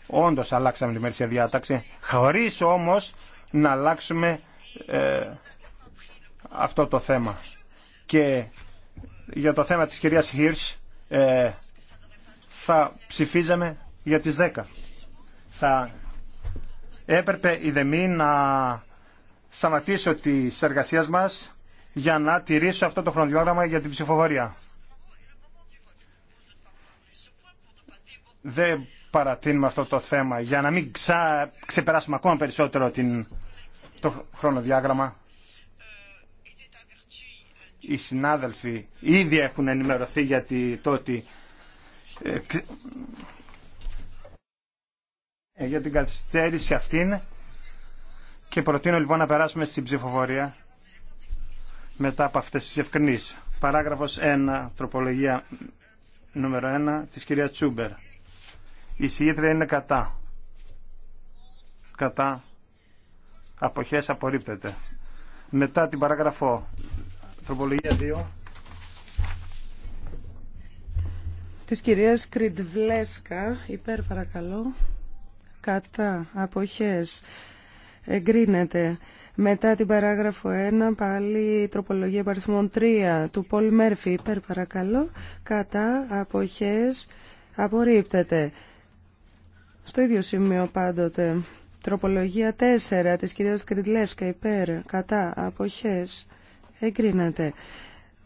Όντω αλλάξαμε τη μερσία διάταξη, Χωρί όμως να αλλάξουμε ε, αυτό το θέμα. Και για το θέμα της κυρίας Χίρς ε, θα ψηφίζαμε για τις 10. Θα έπρεπε η ΔΕΜΗ να σταματήσω τι εργασίες μας για να τηρήσω αυτό το χρονοδιόγραμμα για την ψηφοφορία. Δεν παρατείνουμε αυτό το θέμα για να μην ξα... ξεπεράσουμε ακόμα περισσότερο την... το χρονοδιάγραμμα. Οι συνάδελφοι ήδη έχουν ενημερωθεί για το ότι ε, ε, για την καθυστέρηση αυτήν και προτείνω λοιπόν να περάσουμε στην ψηφοφορία μετά από αυτές τις ευκρινήσεις. Παράγραφος 1, τροπολογία νούμερο 1 της κυρία Τσούμπερ. Η συγγήτρια είναι κατά. Κατά. Αποχές απορρίπτεται. Μετά την παράγραφο τροπολογία 2. Της κυρίας Κριντβλέσκα, υπέρ παρακαλώ, κατά, αποχές, εγκρίνεται. Μετά την παράγραφο 1, πάλι τροπολογία παριθμών 3 του Πολ Μέρφυ, υπέρ παρακαλώ, κατά, αποχές, απορρίπτεται. Στο ίδιο σημείο πάντοτε. Τροπολογία 4 της κυρίας Κριτλεύσκα υπέρ κατά αποχές εγκρίνεται.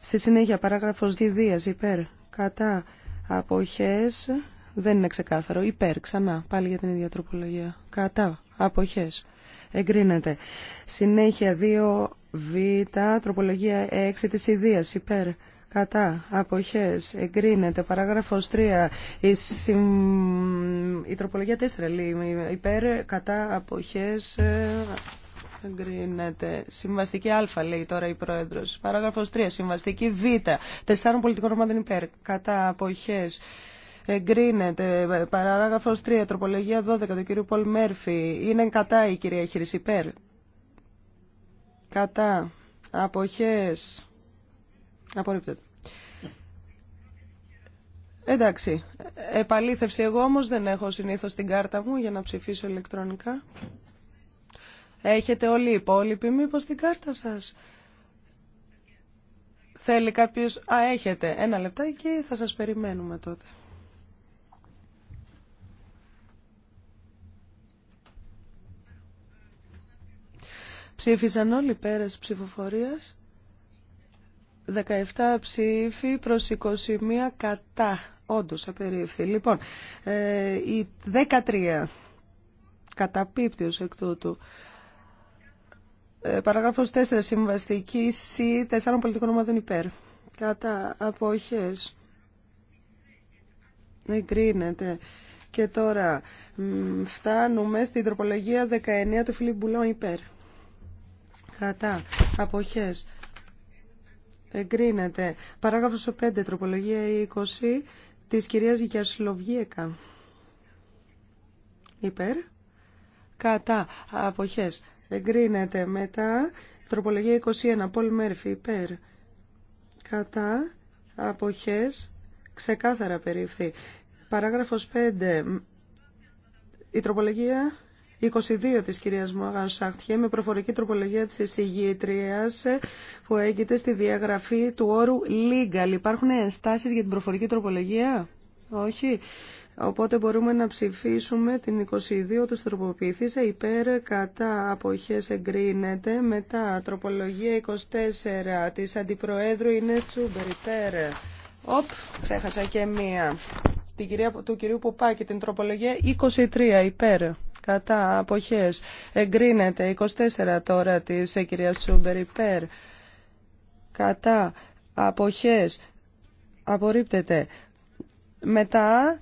Στη συνέχεια παράγραφος διδίας υπέρ κατά αποχές δεν είναι ξεκάθαρο. Υπέρ ξανά πάλι για την ίδια τροπολογία. Κατά αποχές εγκρίνεται. Συνέχεια 2β τροπολογία 6 της ιδίας υπέρ κατά αποχές εγκρίνεται παράγραφος 3 η, η τροπολογία 4 λέει υπέρ κατά αποχές ε, εγκρίνεται συμβαστική α λέει τώρα η πρόεδρος παράγραφος 3 συμβαστική β τεσσάρων πολιτικών ομάδων υπέρ κατά αποχές Εγκρίνεται. Παράγραφος 3, τροπολογία 12 του κυρίου Πολ Μέρφη. Είναι κατά η κυρία Υπέρ. Κατά. Αποχές Απορρίπτεται. Εντάξει. Επαλήθευση εγώ όμως δεν έχω συνήθως την κάρτα μου για να ψηφίσω ηλεκτρονικά. Έχετε όλοι οι υπόλοιποι μήπως την κάρτα σας. Θέλει κάποιος... Α, έχετε. Ένα λεπτάκι θα σας περιμένουμε τότε. Ψήφισαν όλοι πέρας ψηφοφορίας. 17 ψήφοι προς 21 κατά. Όντως απερίφθη. Λοιπόν, ε, η 13 καταπίπτει ως εκ τούτου. Ε, παράγραφος 4. Συμβαστική ΣΥ 4 πολιτικών ομάδων υπέρ. Κατά απόχέ. Εγκρίνεται. Και τώρα φτάνουμε στην τροπολογία 19 του Φιλιππουλών υπέρ. Κατά αποχές Εγκρίνεται. Παράγραφος 5, τροπολογία 20 της κυρίας Γιασλοβιέκα. Υπέρ. Κατά. Αποχές. Εγκρίνεται. Μετά, τροπολογία 21, Πολ Μέρφυ. Υπέρ. Κατά. Αποχές. Ξεκάθαρα περίφθη. Παράγραφος 5. Η τροπολογία 22 της κυρίας Μόγαν Σάχτιε με προφορική τροπολογία της εισηγήτριας ε, που έγκυται στη διαγραφή του όρου legal. Υπάρχουν ενστάσεις για την προφορική τροπολογία? Όχι. Οπότε μπορούμε να ψηφίσουμε την 22 του τροποποιηθήσα υπέρ κατά αποχές εγκρίνεται. Μετά τροπολογία 24 της Αντιπροέδρου Ινέ Τσούμπερ υπέρ. Οπ, ξέχασα και μία την κυρία, του κυρίου Ποπάκη, την τροπολογία 23 υπέρ. Κατά αποχές. Εγκρίνεται 24 τώρα της ε, κυρία Τσούμπερ υπέρ. Κατά αποχές. Απορρίπτεται. Μετά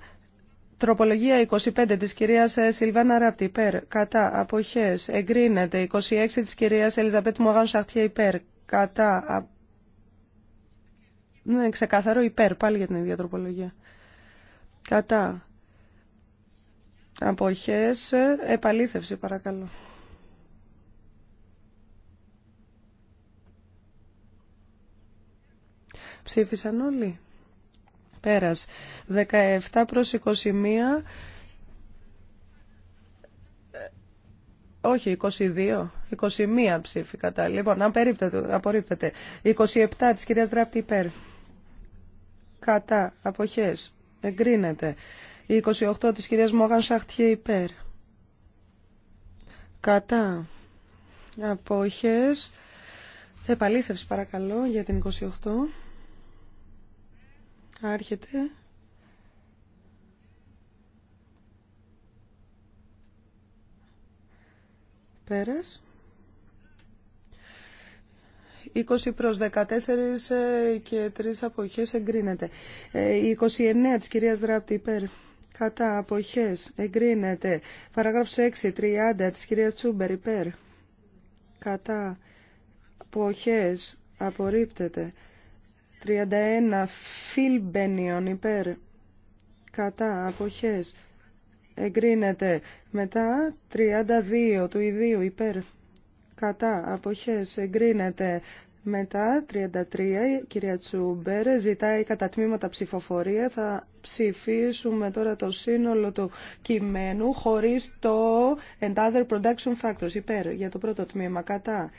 Τροπολογία 25 της κυρίας ε, Σιλβάνα Ράπτη υπέρ, κατά, αποχές, εγκρίνεται. 26 της κυρίας Ελιζαπέτ Μογάν Σαχτιέ υπέρ, κατά, α... ναι, ξεκαθαρό υπέρ, πάλι για την ίδια τροπολογία. Κατά. Αποχές. Ε, επαλήθευση παρακαλώ. Ψήφισαν όλοι. Πέρας. 17 προς 21. Ε, όχι, 22. 21 ψήφι κατά. Λοιπόν, αν απορρίπτεται. 27 της κυρίας Δράπτη υπέρ. Κατά. Αποχές. Εγκρίνεται. Η 28 της κυρίας Μόγαν Σαχτιέ υπέρ. Κατά. Απόχες. Επαλήθευση παρακαλώ για την 28. Άρχεται. Πέρας. 20 προς 14 ε, και 3 αποχές εγκρίνεται. 29 ε, της κυρίας Δράπτη υπέρ. Κατά αποχές εγκρίνεται. Παράγραφος 6, 30 της κυρίας Τσούμπερ υπέρ. Κατά αποχές απορρίπτεται. 31 Φιλμπενιον υπέρ. Κατά αποχές εγκρίνεται. Μετά 32 του ιδίου υπέρ. Κατά αποχές εγκρίνεται. Μετά, 33, η κυρία Τσούμπερ ζητάει κατά τμήματα ψηφοφορία. Θα ψηφίσουμε τώρα το σύνολο του κειμένου χωρίς το and other production factors, υπέρ, για το πρώτο τμήμα, κατά.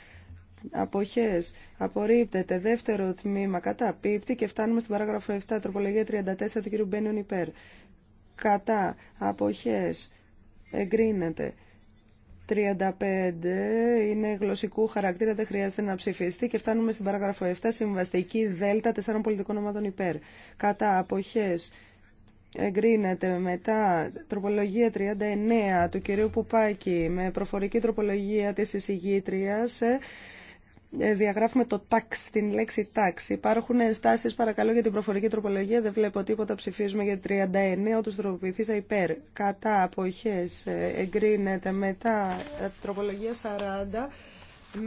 Αποχές. Απορρίπτεται. Δεύτερο τμήμα κατά. Πίπτη και φτάνουμε στην παράγραφο 7, τροπολογία 34 του κυρίου Μπένιον υπέρ. Κατά. Αποχές. Εγκρίνεται. 35 είναι γλωσσικού χαρακτήρα, δεν χρειάζεται να ψηφιστεί και φτάνουμε στην παράγραφο 7, συμβαστική δέλτα τεσσάρων πολιτικών ομάδων υπέρ. Κατά αποχές εγκρίνεται μετά τροπολογία 39 του κυρίου Πουπάκη με προφορική τροπολογία της εισηγήτριας ε, ε, διαγράφουμε το tax, την λέξη tax. Υπάρχουν ενστάσεις παρακαλώ για την προφορική τροπολογία. Δεν βλέπω τίποτα. Ψηφίζουμε για 39. Ότου τροποποιηθήσα υπέρ. Κατά αποχές ε, εγκρίνεται μετά ε, τροπολογία 40.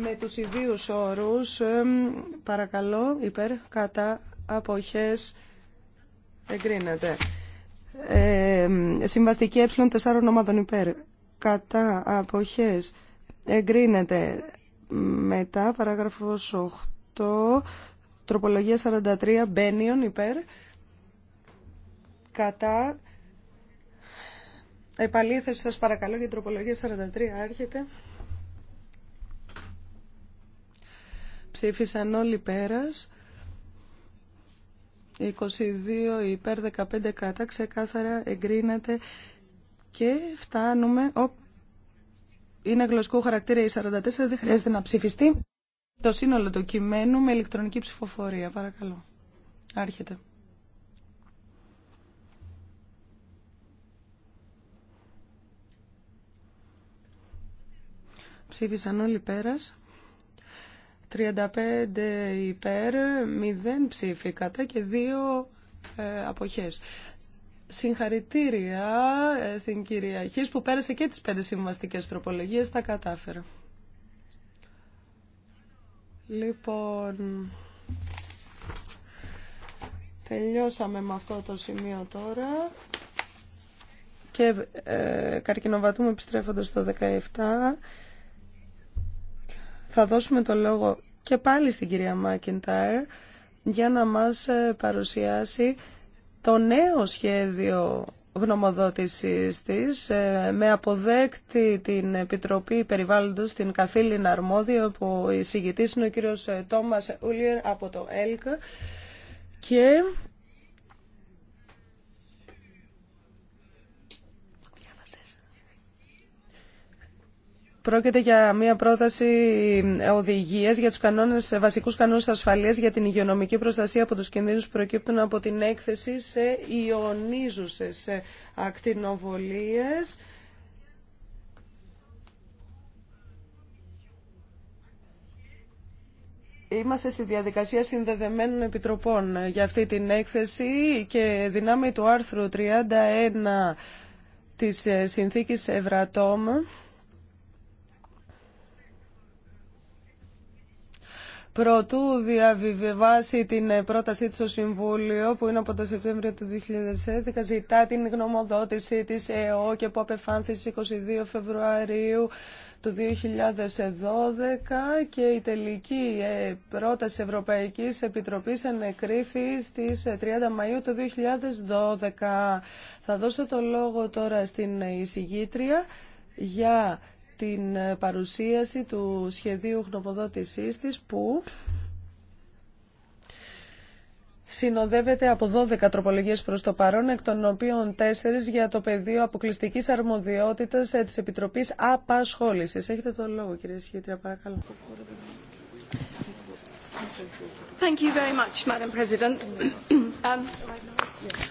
Με τους ιδίους όρους, παρακαλώ, υπέρ, κατά, αποχές, εγκρίνεται. Ε, συμβαστική ε4 ομάδων υπέρ, κατά, αποχές, εγκρίνεται. Μετά, παράγραφος 8, τροπολογία 43, μπένιον υπέρ, κατά, επαλήθευση σας παρακαλώ για τροπολογία 43, άρχεται. Ψήφισαν όλοι πέρας. 22 υπέρ 15 κατά ξεκάθαρα εγκρίνεται και φτάνουμε. όπ είναι γλωσσικό χαρακτήρα η 44, δεν χρειάζεται να ψηφιστεί. Το σύνολο του κειμένου με ηλεκτρονική ψηφοφορία, παρακαλώ. Άρχεται. Ψήφισαν όλοι πέρας. 35 υπέρ, 0 ψήφι κατά και 2 ε, αποχές. Συγχαρητήρια ε, στην κυρία που πέρασε και τις πέντε συμβαστικές τροπολογίες, τα κατάφερα. Λοιπόν, τελειώσαμε με αυτό το σημείο τώρα και ε, καρκινοβατούμε επιστρέφοντας στο 17. Θα δώσουμε το λόγο και πάλι στην κυρία Μάκεντάρ για να μας ε, παρουσιάσει το νέο σχέδιο γνωμοδότησης της ε, με αποδέκτη την Επιτροπή Περιβάλλοντος στην καθήλυνα αρμόδιο που εισηγητής είναι ο κύριος ε, Τόμας Ούλιερ από το ΕΛΚ και Πρόκειται για μια πρόταση οδηγίας για τους κανόνες, βασικούς κανόνες ασφαλείας για την υγειονομική προστασία από του κινδύνους που προκύπτουν από την έκθεση σε ιονίζουσες ακτινοβολίες. Είμαστε στη διαδικασία συνδεδεμένων επιτροπών για αυτή την έκθεση και δυνάμει του άρθρου 31 της Συνθήκης Ευρατόμ προτού διαβιβάσει την ε, πρότασή της στο Συμβούλιο που είναι από το Σεπτέμβριο του 2011 ζητά την γνωμοδότηση της ΕΟ που απεφάνθησε 22 Φεβρουαρίου του 2012 και η τελική ε, πρόταση Ευρωπαϊκής Επιτροπής ανεκρίθη στις 30 ε, Μαΐου του 2012. Θα δώσω το λόγο τώρα στην εισηγήτρια για την παρουσίαση του σχεδίου γνωμοδότησής της που συνοδεύεται από 12 τροπολογίες προς το παρόν, εκ των οποίων 4 για το πεδίο αποκλειστικής αρμοδιότητας ε, της Επιτροπής Απασχόλησης. Έχετε το λόγο, κυρία Σχέτρια, παρακαλώ. Thank you very much, Madam President. Um,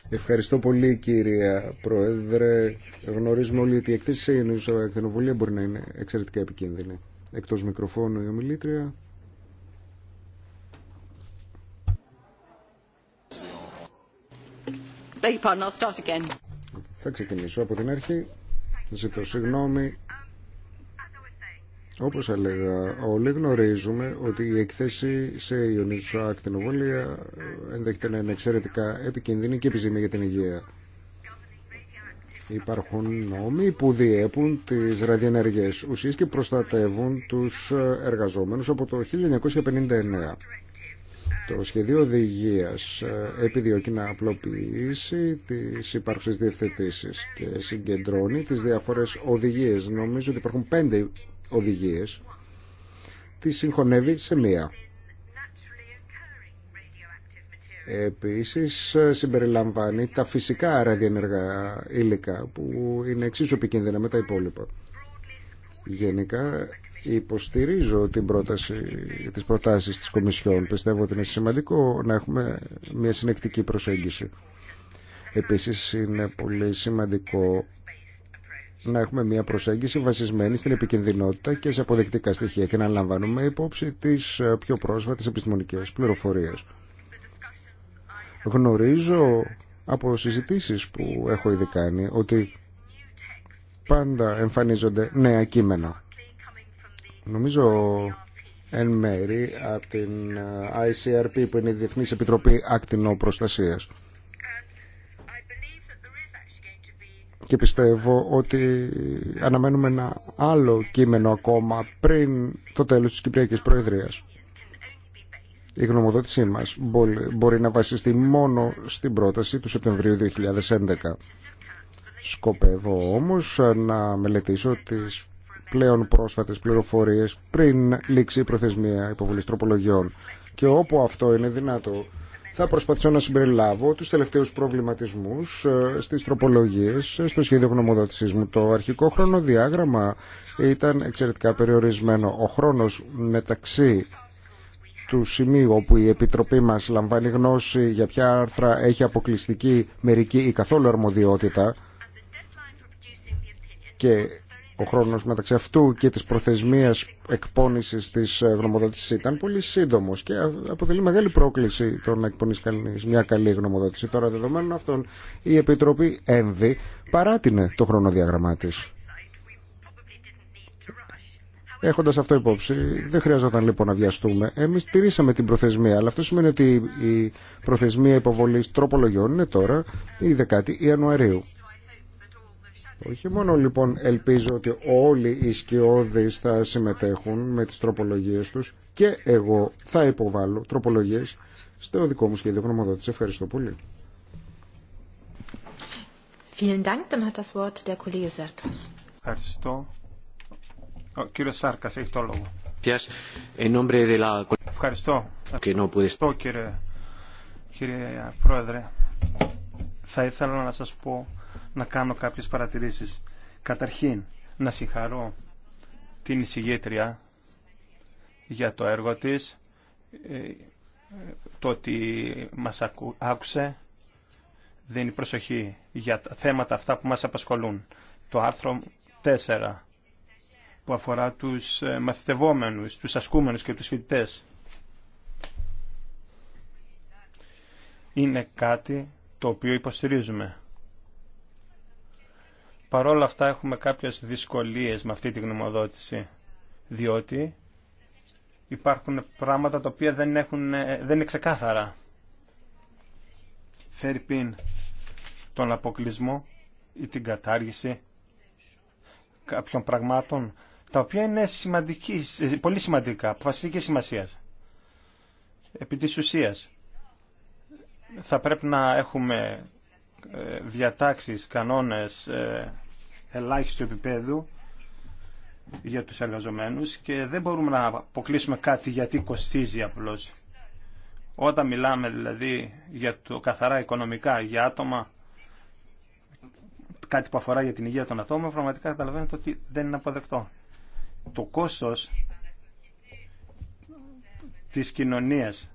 Ευχαριστώ πολύ κύριε Πρόεδρε. Γνωρίζουμε όλοι ότι η εκτίση σε ακτινοβολία ε, μπορεί να είναι εξαιρετικά επικίνδυνη. Εκτός μικροφώνου η ομιλήτρια. Θα ξεκινήσω από την αρχή. Ζητώ συγγνώμη. Όπως έλεγα, όλοι γνωρίζουμε ότι η εκθέση σε ιονίζουσα ακτινοβολία ενδέχεται να είναι εξαιρετικά επικίνδυνη και επιζήμη για την υγεία. Υπάρχουν νόμοι που διέπουν τις ραδιενεργές ουσίες και προστατεύουν τους εργαζόμενους από το 1959. Το σχεδίο οδηγίας επιδιώκει να απλοποιήσει τις υπάρξεις διευθετήσεις και συγκεντρώνει τις διάφορες οδηγίες. Νομίζω ότι υπάρχουν πέντε οδηγίες τη συγχωνεύει σε μία. Επίσης ε, συμπεριλαμβάνει τα φυσικά ραδιενεργά υλικά που είναι εξίσου επικίνδυνα με τα υπόλοιπα. Γενικά υποστηρίζω την πρόταση, τις προτάσεις της Κομισιόν. Πιστεύω ότι είναι σημαντικό να έχουμε μια συνεκτική προσέγγιση. Επίσης είναι πολύ σημαντικό να έχουμε μια προσέγγιση βασισμένη στην επικινδυνότητα και σε αποδεκτικά στοιχεία και να λαμβάνουμε υπόψη τις ε, πιο πρόσφατες επιστημονικές πληροφορίες. Γνωρίζω από συζητήσεις που έχω ήδη κάνει ότι πάντα εμφανίζονται νέα κείμενα. Νομίζω εν μέρη από την ε, ICRP που είναι η Διεθνής Επιτροπή Ακτινοπροστασίας. Προστασίας και πιστεύω ότι αναμένουμε ένα άλλο κείμενο ακόμα πριν το τέλος της Κυπριακής Προεδρίας. Η γνωμοδότησή μας μπορεί να βασιστεί μόνο στην πρόταση του Σεπτεμβρίου 2011. Σκοπεύω όμως να μελετήσω τις πλέον πρόσφατες πληροφορίες πριν λήξει η προθεσμία υποβολής τροπολογιών. Και όπου αυτό είναι δυνατό θα προσπαθήσω να συμπεριλάβω τους τελευταίους προβληματισμούς ε, στις τροπολογίες, ε, στο σχέδιο γνωμοδότησής μου. Το αρχικό χρονοδιάγραμμα ήταν εξαιρετικά περιορισμένο. Ο χρόνος μεταξύ του σημείου όπου η Επιτροπή μας λαμβάνει γνώση για ποια άρθρα έχει αποκλειστική μερική ή καθόλου αρμοδιότητα και ο χρόνος μεταξύ αυτού και της προθεσμίας εκπόνησης της ε, γνωμοδότησης ήταν πολύ σύντομος και αποτελεί μεγάλη πρόκληση το να εκπονήσει κανεί μια καλή γνωμοδότηση. Τώρα δεδομένων αυτών η Επιτροπή ΕΜΒΗ παράτηνε το χρονοδιάγραμμά της. Έχοντας αυτό υπόψη, δεν χρειαζόταν λοιπόν να βιαστούμε. Εμείς τηρήσαμε την προθεσμία, αλλά αυτό σημαίνει ότι η προθεσμία υποβολής τροπολογιών είναι τώρα η 10η Ιανουαρίου. Όχι μόνο λοιπόν ελπίζω ότι όλοι οι σκιώδεις θα συμμετέχουν με τις τροπολογίες τους και εγώ θα υποβάλω τροπολογίες στο δικό μου σχέδιο γνωμοδότηση. Ευχαριστώ πολύ. Ευχαριστώ. Ο κύριος Σάρκας έχει το λόγο. Ευχαριστώ. Ευχαριστώ κύριε, κύριε Πρόεδρε. Θα ήθελα να σας πω να κάνω κάποιες παρατηρήσεις. Καταρχήν, να συγχαρώ την εισηγήτρια για το έργο της, ε, το ότι μας άκουσε, δίνει προσοχή για τα θέματα αυτά που μας απασχολούν. Το άρθρο 4 που αφορά τους ε, μαθητευόμενους, τους ασκούμενους και τους φοιτητές. Είναι κάτι το οποίο υποστηρίζουμε. Παρόλα αυτά έχουμε κάποιες δυσκολίες με αυτή τη γνωμοδότηση, διότι υπάρχουν πράγματα τα οποία δεν, έχουν, ε, δεν είναι ξεκάθαρα. Φέρει πίν τον αποκλεισμό ή την κατάργηση κάποιων πραγμάτων, τα οποία είναι ε, πολύ σημαντικά, αποφασιστική σημασία. Επί της ουσίας, θα πρέπει να έχουμε ε, διατάξεις, κανόνες ε, ελάχιστου επίπεδου για τους εργαζομένους και δεν μπορούμε να αποκλείσουμε κάτι γιατί κοστίζει απλώς. Όταν μιλάμε δηλαδή για το καθαρά οικονομικά, για άτομα, κάτι που αφορά για την υγεία των ατόμων, πραγματικά καταλαβαίνετε ότι δεν είναι αποδεκτό. Το κόστος της κοινωνίας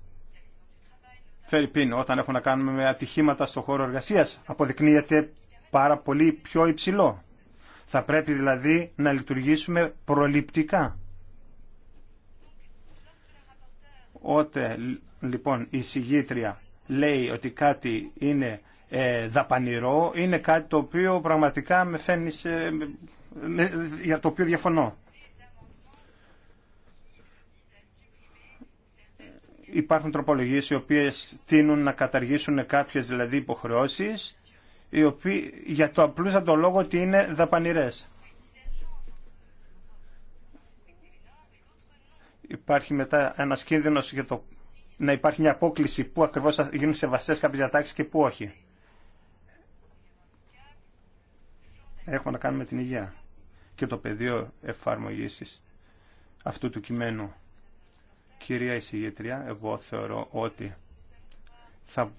Φερρυπίν, όταν έχουν να κάνουμε με ατυχήματα στον χώρο εργασία, αποδεικνύεται πάρα πολύ πιο υψηλό. Θα πρέπει δηλαδή να λειτουργήσουμε προληπτικά. Ότε λοιπόν η συγγήτρια λέει ότι κάτι είναι ε, δαπανηρό, είναι κάτι το οποίο πραγματικά με φαίνει με, για το οποίο διαφωνώ. υπάρχουν τροπολογίες οι οποίες τείνουν να καταργήσουν κάποιες δηλαδή υποχρεώσεις οι οποίοι, για το το λόγο ότι είναι δαπανηρές. Υπάρχει μετά ένα κίνδυνο για το να υπάρχει μια απόκληση που ακριβώς θα γίνουν σεβαστές κάποιες διατάξεις και που όχι. Έχουμε να κάνουμε την υγεία και το πεδίο εφαρμογής αυτού του κειμένου. Κυρία Εισηγήτρια, εγώ θεωρώ ότι θα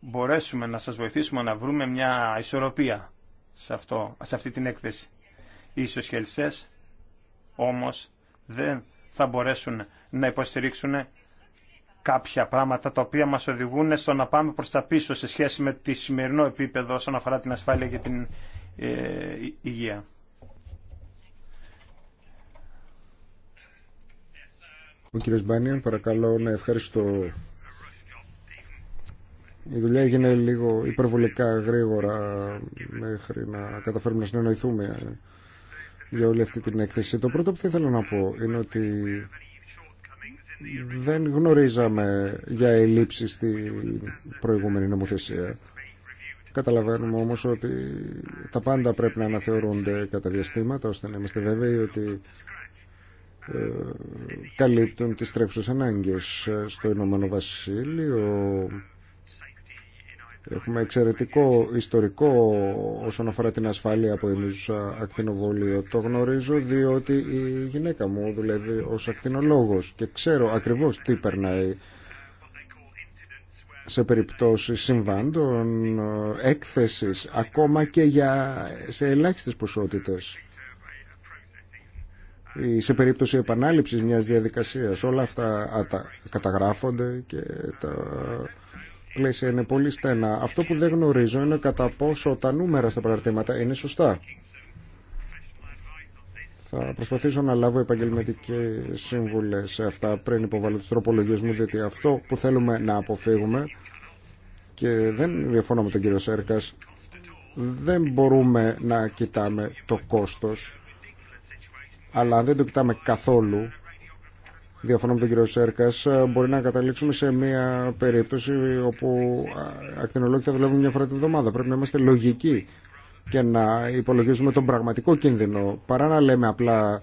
μπορέσουμε να σας βοηθήσουμε να βρούμε μια ισορροπία σε, αυτό, σε αυτή την έκθεση. Οι σοσιαλιστές όμως δεν θα μπορέσουν να υποστηρίξουν κάποια πράγματα τα οποία μας οδηγούν στο να πάμε προς τα πίσω σε σχέση με τη σημερινό επίπεδο όσον αφορά την ασφάλεια και την ε, υγεία. Ο κύριος Μπάνιον, παρακαλώ να ευχαριστώ. Η δουλειά έγινε λίγο υπερβολικά γρήγορα μέχρι να καταφέρουμε να συνεννοηθούμε για όλη αυτή την έκθεση. Το πρώτο που θα ήθελα να πω είναι ότι δεν γνωρίζαμε για ελλείψεις στην προηγούμενη νομοθεσία. Καταλαβαίνουμε όμως ότι τα πάντα πρέπει να αναθεωρούνται κατά διαστήματα ώστε να είμαστε βέβαιοι ότι ε, καλύπτουν τις τρέψεις ανάγκες στο Ηνωμένο Βασίλειο. Έχουμε εξαιρετικό ιστορικό όσον αφορά την ασφάλεια από εμείς ακτινοβολείο. Το γνωρίζω διότι η γυναίκα μου δουλεύει ως ακτινολόγος και ξέρω ακριβώς τι περνάει σε περιπτώσεις συμβάντων, έκθεσης, ακόμα και για, σε ελάχιστες ποσότητες ή σε περίπτωση επανάληψης μιας διαδικασίας. Όλα αυτά καταγράφονται και τα πλαίσια είναι πολύ στενά. Αυτό που δεν γνωρίζω είναι κατά πόσο τα νούμερα στα παραρτήματα είναι σωστά. Θα προσπαθήσω να λάβω επαγγελματικέ σύμβουλε σε αυτά πριν υποβάλω του τροπολογίε μου, διότι αυτό που θέλουμε να αποφύγουμε και δεν διαφωνώ με τον κύριο Σέρκα, δεν μπορούμε να κοιτάμε το κόστος αλλά αν δεν το κοιτάμε καθόλου, διαφωνώ με τον κύριο Σέρκα, ε, μπορεί να καταλήξουμε σε μια περίπτωση όπου ε, ακτινολόγοι θα δουλεύουν μια φορά την εβδομάδα. Πρέπει να είμαστε λογικοί και να υπολογίζουμε τον πραγματικό κίνδυνο παρά να λέμε απλά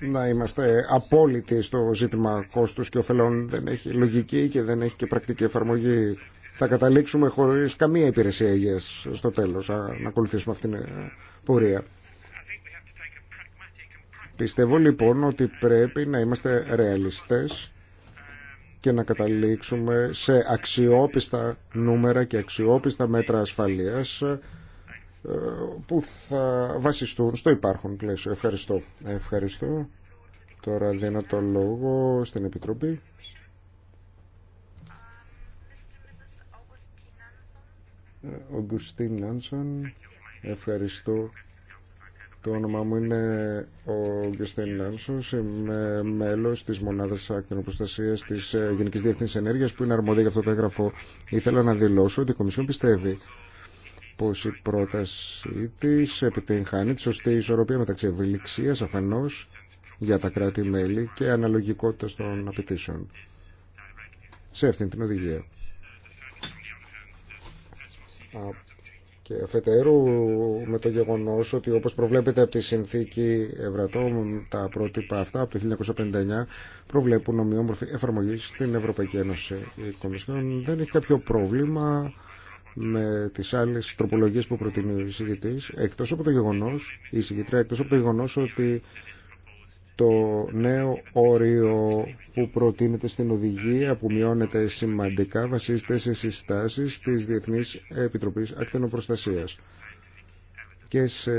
να είμαστε απόλυτοι στο ζήτημα κόστους και ωφελών δεν έχει λογική και δεν έχει και πρακτική εφαρμογή θα καταλήξουμε χωρίς καμία υπηρεσία υγείας στο τέλος να ακολουθήσουμε αυτήν την πορεία Πιστεύω λοιπόν ότι πρέπει να είμαστε ρεαλιστές και να καταλήξουμε σε αξιόπιστα νούμερα και αξιόπιστα μέτρα ασφαλείας ε, που θα βασιστούν στο υπάρχον πλαίσιο. Ευχαριστώ. Ευχαριστώ. Τώρα δίνω το λόγο στην Επιτροπή. Ε, Ογκουστίν Νάνσον. Ευχαριστώ το όνομά μου είναι ο Γκεστέν Λάνσος, είμαι μέλος της Μονάδας Ακτινοπροστασίας της ε, Γενικής Διεθνής Ενέργειας που είναι αρμόδια για αυτό το έγγραφο. Ήθελα να δηλώσω ότι η Κομισιόν πιστεύει πως η πρότασή τη επιτυγχάνει τη σωστή ισορροπία μεταξύ ευελιξία αφενό για τα κράτη-μέλη και αναλογικότητα των απαιτήσεων σε αυτήν την οδηγία και αφετέρου με το γεγονός ότι όπως προβλέπεται από τη συνθήκη Ευρατών τα πρότυπα αυτά από το 1959 προβλέπουν ομοιόμορφη εφαρμογή στην Ευρωπαϊκή Ένωση. Η Κομισιόν δεν έχει κάποιο πρόβλημα με τις άλλες τροπολογίες που προτείνει ο εισηγητής εκτός από το γεγονός, η εκτός από το γεγονός ότι το νέο όριο που προτείνεται στην οδηγία που μειώνεται σημαντικά βασίζεται σε συστάσεις της Διεθνής Επιτροπής Ακτινοπροστασίας και σε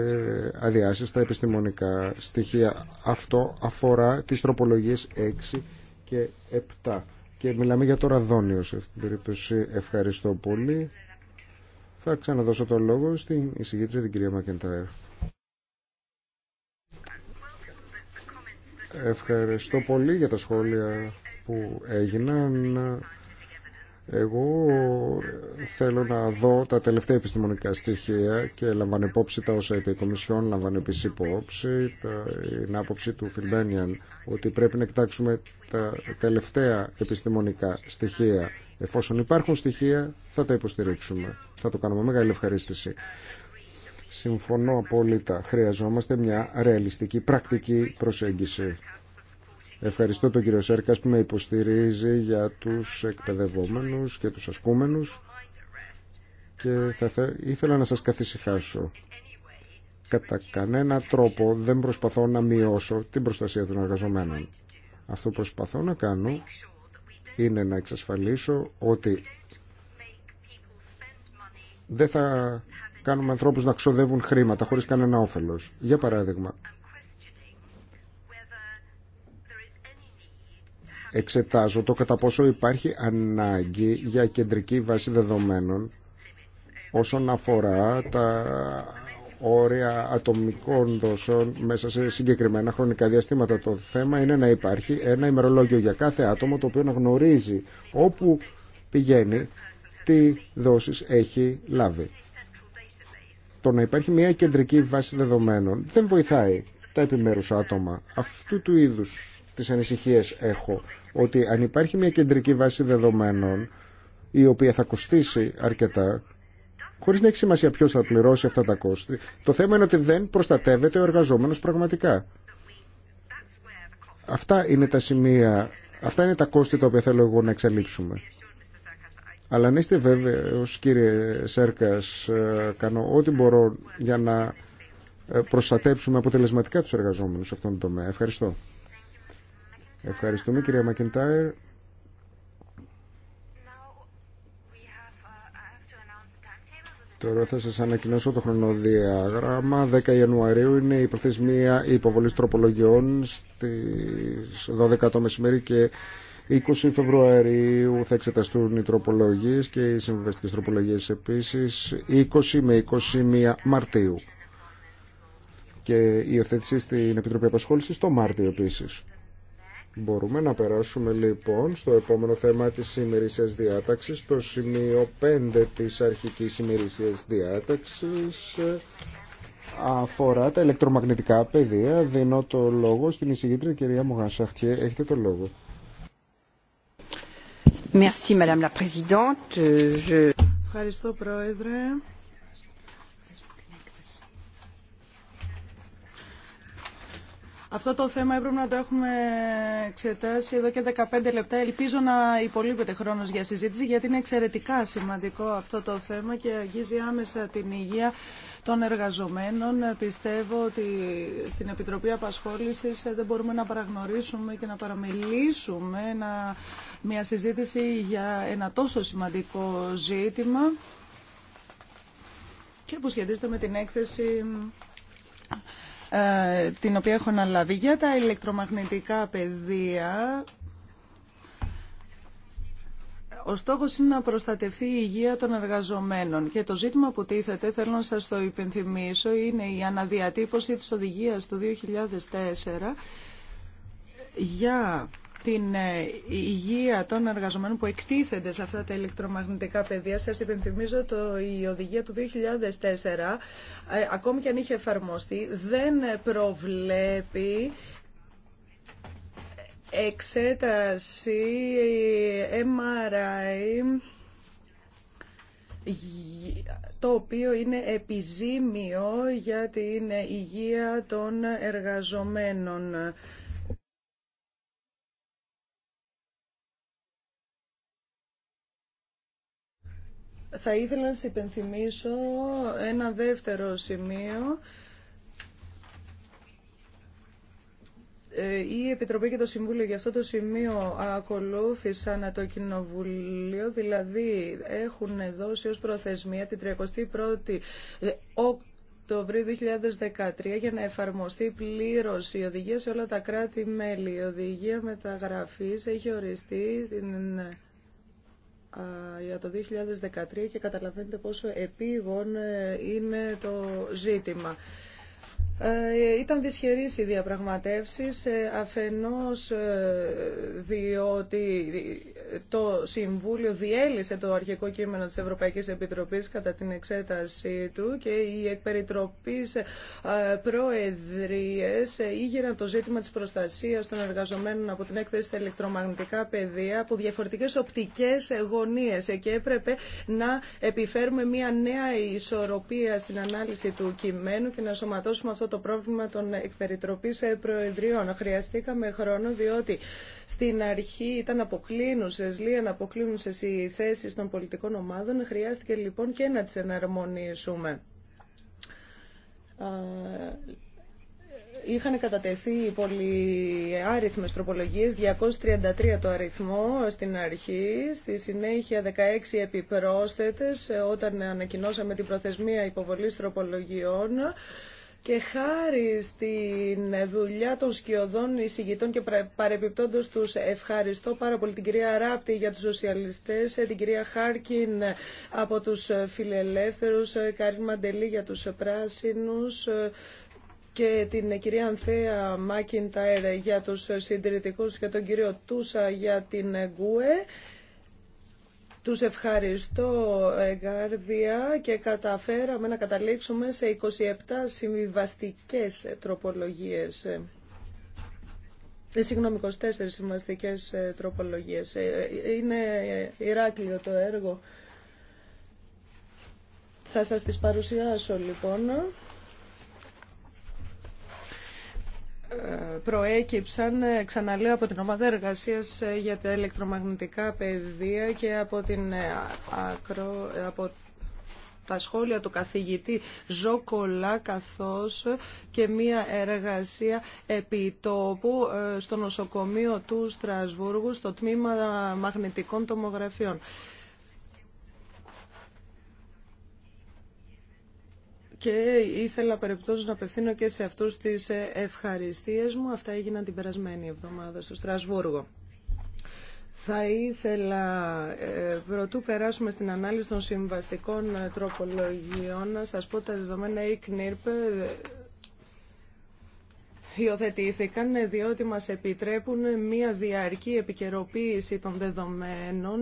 αδειάσεις στα επιστημονικά στοιχεία. Αυτό αφορά τις τροπολογίες 6 και 7. Και μιλάμε για το ραδόνιο σε αυτήν την περίπτωση. Ευχαριστώ πολύ. Θα ξαναδώσω το λόγο στην εισηγήτρια την κυρία Μακεντάερ. Ευχαριστώ πολύ για τα σχόλια που έγιναν. Εγώ θέλω να δω τα τελευταία επιστημονικά στοιχεία και λαμβάνω υπόψη τα όσα είπε η Κομισιόν, λαμβάνω επίσης υπόψη την άποψη του Φιλμπένιαν ότι πρέπει να κοιτάξουμε τα τελευταία επιστημονικά στοιχεία. Εφόσον υπάρχουν στοιχεία θα τα υποστηρίξουμε. Θα το κάνουμε μεγάλη ευχαρίστηση. Συμφωνώ απόλυτα. Χρειαζόμαστε μια ρεαλιστική, πρακτική προσέγγιση. Ευχαριστώ τον κύριο Σέρκας που με υποστηρίζει για τους εκπαιδευόμενους και τους ασκούμενους και θα ήθελα να σας καθησυχάσω. Κατά κανένα τρόπο δεν προσπαθώ να μειώσω την προστασία των εργαζομένων. Αυτό που προσπαθώ να κάνω είναι να εξασφαλίσω ότι δεν θα κάνουμε ανθρώπου να ξοδεύουν χρήματα χωρίς κανένα όφελο. Για παράδειγμα, εξετάζω το κατά πόσο υπάρχει ανάγκη για κεντρική βάση δεδομένων όσον αφορά τα όρια ατομικών δόσεων μέσα σε συγκεκριμένα χρονικά διαστήματα. Το θέμα είναι να υπάρχει ένα ημερολόγιο για κάθε άτομο το οποίο να γνωρίζει όπου πηγαίνει τι δόσεις έχει λάβει το να υπάρχει μια κεντρική βάση δεδομένων δεν βοηθάει τα επιμέρους άτομα. Αυτού του είδους τις ανησυχίες έχω ότι αν υπάρχει μια κεντρική βάση δεδομένων η οποία θα κοστίσει αρκετά χωρίς να έχει σημασία ποιος θα πληρώσει αυτά τα κόστη το θέμα είναι ότι δεν προστατεύεται ο εργαζόμενος πραγματικά. Αυτά είναι τα σημεία, αυτά είναι τα κόστη τα οποία θέλω εγώ να εξαλείψουμε. Αλλά αν είστε βέβαιος κύριε Σέρκας, ε, κάνω ό,τι μπορώ για να ε, προστατέψουμε αποτελεσματικά τους εργαζόμενους σε αυτόν τον τομέα. Ευχαριστώ. Ευχαριστούμε κύριε Μακεντάιρ. Τώρα θα σας ανακοινώσω το χρονοδιάγραμμα. 10 Ιανουαρίου είναι η προθεσμία υποβολή τροπολογιών στις 12 το μεσημέρι και 20 Φεβρουαρίου θα εξεταστούν οι τροπολογίε και οι συμβουλευτικέ τροπολογίε επίσης 20 με 21 Μαρτίου και η υιοθέτηση στην Επιτροπή Απασχόλησης το Μάρτιο επίσης. Μπορούμε να περάσουμε λοιπόν στο επόμενο θέμα της ημερήσιας διάταξης, το σημείο 5 της αρχικής ημερησία διάταξης αφορά τα ηλεκτρομαγνητικά πεδία. Δίνω το λόγο στην εισηγήτρια κυρία Μογανσάχτια. Έχετε το λόγο. Merci, Madame la Présidente. Je... Ευχαριστώ, Πρόεδρε. Αυτό το θέμα έπρεπε να το έχουμε εξετάσει εδώ και 15 λεπτά. Ελπίζω να υπολείπεται χρόνος για συζήτηση, γιατί είναι εξαιρετικά σημαντικό αυτό το θέμα και αγγίζει άμεσα την υγεία των εργαζομένων. Πιστεύω ότι στην Επιτροπή Απασχόλησης ε, δεν μπορούμε να παραγνωρίσουμε και να παραμελήσουμε μια συζήτηση για ένα τόσο σημαντικό ζήτημα και που σχετίζεται με την έκθεση ε, την οποία έχω αναλάβει για τα ηλεκτρομαγνητικά πεδία ο στόχο είναι να προστατευτεί η υγεία των εργαζομένων και το ζήτημα που τίθεται, θέλω να σα το υπενθυμίσω, είναι η αναδιατύπωση της οδηγίας του 2004 για την ε, υγεία των εργαζομένων που εκτίθενται σε αυτά τα ηλεκτρομαγνητικά πεδία. Σας υπενθυμίζω ότι η οδηγία του 2004, ε, ακόμη και αν είχε εφαρμοστεί, δεν προβλέπει εξέταση MRI το οποίο είναι επιζήμιο για την υγεία των εργαζομένων. Θα ήθελα να σας υπενθυμίσω ένα δεύτερο σημείο. Ε, η Επιτροπή και το Συμβούλιο για αυτό το σημείο ακολούθησαν το Κοινοβουλίο, δηλαδή έχουν δώσει ως προθεσμία την 31η ε, Οκτωβρίου 2013 για να εφαρμοστεί πλήρως η οδηγία σε όλα τα κράτη-μέλη. Η οδηγία μεταγραφής έχει οριστεί την για το 2013 και καταλαβαίνετε πόσο επίγον ε, είναι το ζήτημα. Ε, ήταν δυσχερής οι διαπραγματεύσεις ε, αφενός ε, διότι το Συμβούλιο διέλυσε το αρχικό κείμενο της Ευρωπαϊκής Επιτροπής κατά την εξέτασή του και οι εκπεριτροπής ε, προεδρίες ε, ήγεραν το ζήτημα της προστασίας των εργαζομένων από την έκθεση στα ηλεκτρομαγνητικά πεδία από διαφορετικές οπτικές γωνίες και έπρεπε να επιφέρουμε μια νέα ισορροπία στην ανάλυση του κειμένου και να σωματώσουμε αυτό το πρόβλημα των εκπεριτροπής ε, προεδριών. Χρειαστήκαμε χρόνο διότι στην αρχή ήταν αποκλίνω να αποκλίνουν σε οι θέσει των πολιτικών ομάδων, χρειάστηκε λοιπόν και να τις εναρμονίσουμε. Είχαν κατατεθεί πολλοί άριθμες τροπολογίες, 233 το αριθμό στην αρχή, στη συνέχεια 16 επιπρόσθετες όταν ανακοινώσαμε την προθεσμία υποβολής τροπολογιών και χάρη στην δουλειά των σκιωδών εισηγητών και παρεπιπτόντως τους ευχαριστώ πάρα πολύ την κυρία Ράπτη για τους σοσιαλιστές, ε, την κυρία Χάρκιν ε, από τους ε, φιλελεύθερους, Καρίν Μαντελή για τους πράσινους, και την κυρία Ανθέα Μάκινταερ για τους συντηρητικούς και τον κύριο Τούσα για την ΓΚΟΕ. Τους ευχαριστώ εγκάρδια και καταφέραμε να καταλήξουμε σε 27 συμβιβαστικές τροπολογίες. Ε, συγγνώμη, 24 συμβαστικές ε, τροπολογίες. Ε, είναι Ηράκλειο το έργο. Θα σας τις παρουσιάσω λοιπόν. προέκυψαν, ε, ξαναλέω, από την ομάδα εργασίας ε, για τα ηλεκτρομαγνητικά πεδία και από, την, ε, ακρο, από τα σχόλια του καθηγητή Ζοκολά καθώς και μία εργασία επιτόπου στο νοσοκομείο του Στρασβούργου στο τμήμα μαγνητικών τομογραφιών. και ήθελα περιπτώσεις, να απευθύνω και σε αυτούς τις ευχαριστίες μου. Αυτά έγιναν την περασμένη εβδομάδα στο Στρασβούργο. Θα ήθελα, ε, πρωτού περάσουμε στην ανάλυση των συμβαστικών ε, τροπολογιών, να σας πω τα δεδομένα ECNIRP ε, υιοθετήθηκαν διότι μας επιτρέπουν μία διαρκή επικαιροποίηση των δεδομένων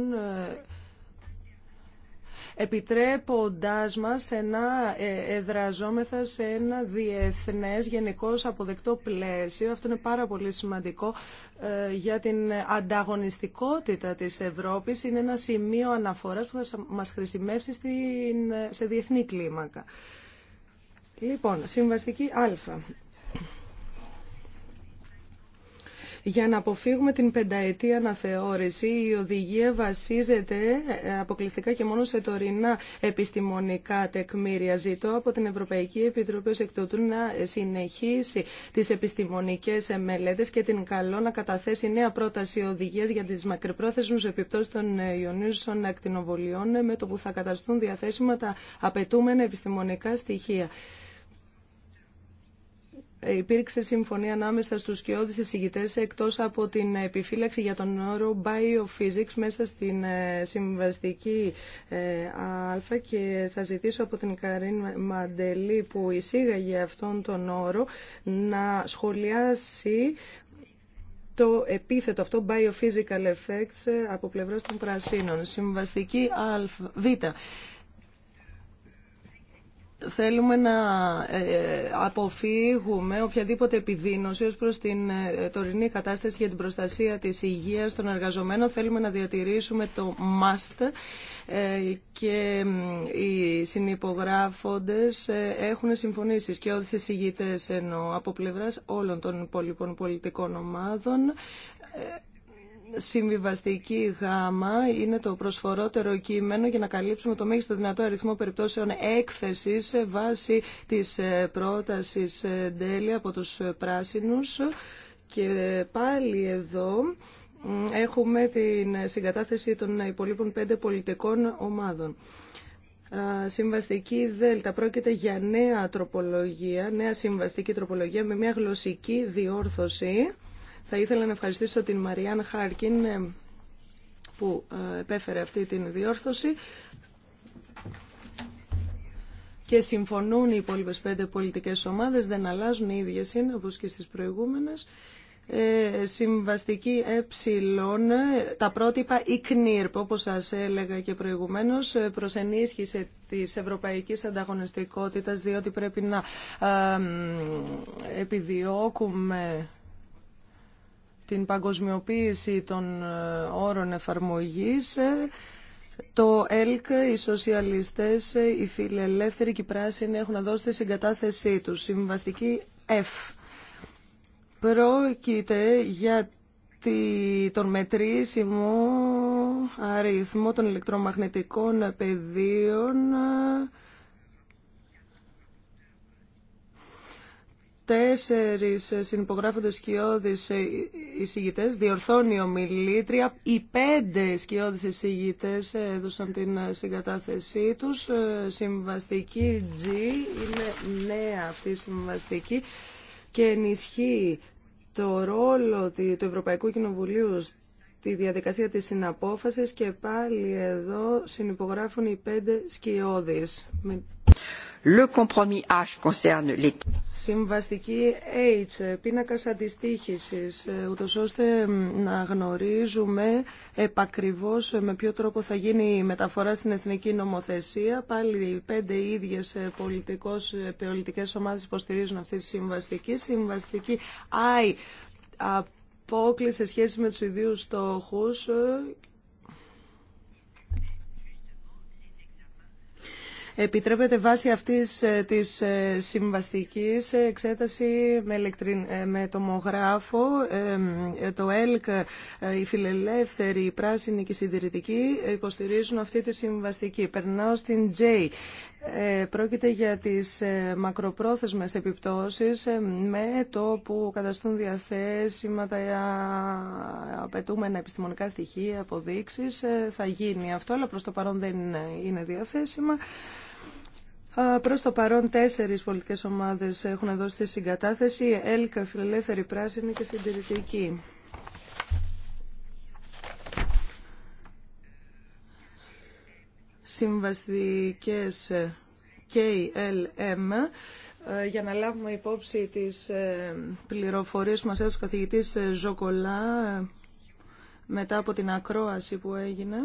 επιτρέποντάς μας να ε, εδραζόμεθα σε ένα διεθνές γενικώς αποδεκτό πλαίσιο. Αυτό είναι πάρα πολύ σημαντικό ε, για την ανταγωνιστικότητα της Ευρώπης. Είναι ένα σημείο αναφοράς που θα μας χρησιμεύσει σε διεθνή κλίμακα. Λοιπόν, συμβαστική Α. Για να αποφύγουμε την πενταετή αναθεώρηση, η οδηγία βασίζεται ε, αποκλειστικά και μόνο σε τωρινά επιστημονικά τεκμήρια. Ζητώ από την Ευρωπαϊκή Επιτροπή ως εκ τούτου να συνεχίσει τις επιστημονικές μελέτες και την καλό να καταθέσει νέα πρόταση οδηγίας για τις μακροπρόθεσμες επιπτώσεις των ε, ιονίζων ακτινοβολιών ε, με το που θα καταστούν διαθέσιμα τα απαιτούμενα επιστημονικά στοιχεία υπήρξε συμφωνία ανάμεσα στους σκιώδεις εισηγητές εκτός από την επιφύλαξη για τον όρο Biophysics μέσα στην ε, συμβαστική ε, Α και θα ζητήσω από την Καρίν Μαντελή που εισήγαγε αυτόν τον όρο να σχολιάσει το επίθετο αυτό biophysical effects από πλευράς των πρασίνων. Συμβαστική α, β. Θέλουμε να ε, ε, αποφύγουμε οποιαδήποτε επιδείνωση ως προς την ε, τωρινή κατάσταση για την προστασία της υγείας των εργαζομένων. Θέλουμε να διατηρήσουμε το must και οι συνυπογράφοντες έχουν συμφωνήσεις και όλες συζητητές ενώ από πλευράς όλων των υπόλοιπων πολιτικών ομάδων συμβιβαστική γάμα είναι το προσφορότερο κείμενο για να καλύψουμε το μέγιστο δυνατό αριθμό περιπτώσεων έκθεσης βάση της ε, πρότασης ε, Ντέλη από τους ε, πράσινους και πάλι εδώ έχουμε την συγκατάθεση των υπολείπων πέντε πολιτικών ομάδων. Συμβαστική Δέλτα πρόκειται για νέα τροπολογία, νέα συμβαστική τροπολογία με μια γλωσσική διόρθωση. Θα ήθελα να ευχαριστήσω την Μαριάν Χάρκιν ε, που ε, επέφερε αυτή την διόρθωση και συμφωνούν οι υπόλοιπες πέντε πολιτικές ομάδες, δεν αλλάζουν, οι ίδιες είναι όπως και στις προηγούμενες. Ε, συμβαστική ε, τα πρότυπα Κνίρπ, όπω σας έλεγα και προηγουμένως, προς ενίσχυση της ευρωπαϊκής ανταγωνιστικότητας, διότι πρέπει να επιδιώκουμε την παγκοσμιοποίηση των ε, όρων εφαρμογής, ε, το ΕΛΚ, οι σοσιαλιστές, ε, οι φιλελεύθεροι και οι πράσινοι έχουν να δώσει τη συγκατάθεσή τους. Συμβαστική F. Πρόκειται για τον μετρήσιμο αριθμό των ηλεκτρομαγνητικών πεδίων τέσσερις συνυπογράφονται σκιώδεις ε, εισηγητές, διορθώνει ο Μιλήτρια, οι πέντε σκιώδεις εισηγητές έδωσαν την συγκατάθεσή τους. Ε, συμβαστική G είναι νέα αυτή η συμβαστική και ενισχύει το ρόλο του Ευρωπαϊκού Κοινοβουλίου τη διαδικασία της συναπόφασης και πάλι εδώ συνυπογράφουν οι πέντε σκιώδεις. Le compromis H concerne les... Συμβαστική H, πίνακας αντιστοίχησης, ε, ούτως ώστε να γνωρίζουμε επακριβώς με ποιο τρόπο θα γίνει η μεταφορά στην εθνική νομοθεσία. Πάλι οι πέντε ίδιες ε, πολιτικός, ε, πολιτικές ομάδες υποστηρίζουν αυτή τη συμβαστική. Συμβαστική I, απόκληση σε σχέση με τους ιδίους στόχου. επιτρέπεται βάσει αυτής ε, της ε, συμβαστικής εξέταση με, ηλεκτρι... Ε, με τομογράφο. Το ΕΛΚ, οι φιλελεύθεροι, οι πράσινοι και οι συντηρητικοί υποστηρίζουν αυτή τη συμβαστική. Περνάω στην J. Πρόκειται για τις μακροπρόθεσμες επιπτώσεις με το που καταστούν διαθέσιμα τα απαιτούμενα επιστημονικά στοιχεία, αποδείξεις. Θα γίνει αυτό, αλλά προς το παρόν δεν είναι διαθέσιμα. Προς το παρόν τέσσερι πολιτικές ομάδες έχουν δώσει τη συγκατάθεση, ΕΛΚΑ, Φιλελεύθερη Πράσινη και Συντηρητική. Συμβαστικές KLM ε, για να λάβουμε υπόψη τις ε, πληροφορίες που μας έδωσε ο καθηγητής Ζοκολά ε, μετά από την ακρόαση που έγινε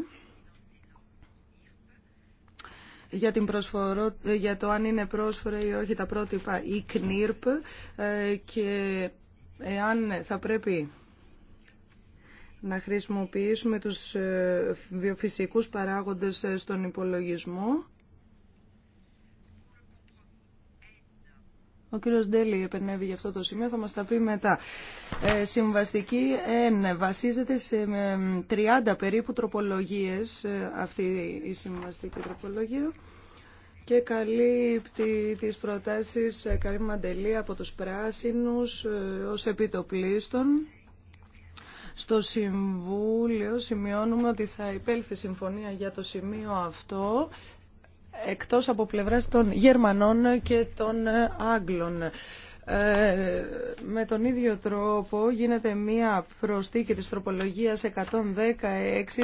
για, την προσφορο... για το αν είναι πρόσφορα ή όχι τα πρότυπα ή ΚΝΙΡΠ ε, και εάν θα πρέπει να χρησιμοποιήσουμε τους ε, βιοφυσικούς παράγοντες ε, στον υπολογισμό Ο κύριο Ντέλη επενεύει για αυτό το σημείο, θα μα τα πει μετά. Ε, συμβαστική εν Βασίζεται σε 30 ε, περίπου τροπολογίες ε, αυτή η συμβαστική τροπολογία και καλύπτει τις προτάσεις Καρή Μαντελή από τους Πράσινους ως επιτοπλίστων. Στο Συμβούλιο σημειώνουμε ότι θα υπέλθει συμφωνία για το σημείο αυτό εκτός από πλευράς των Γερμανών και των Άγγλων. Ε, με τον ίδιο τρόπο γίνεται μία προστίκη της τροπολογίας 116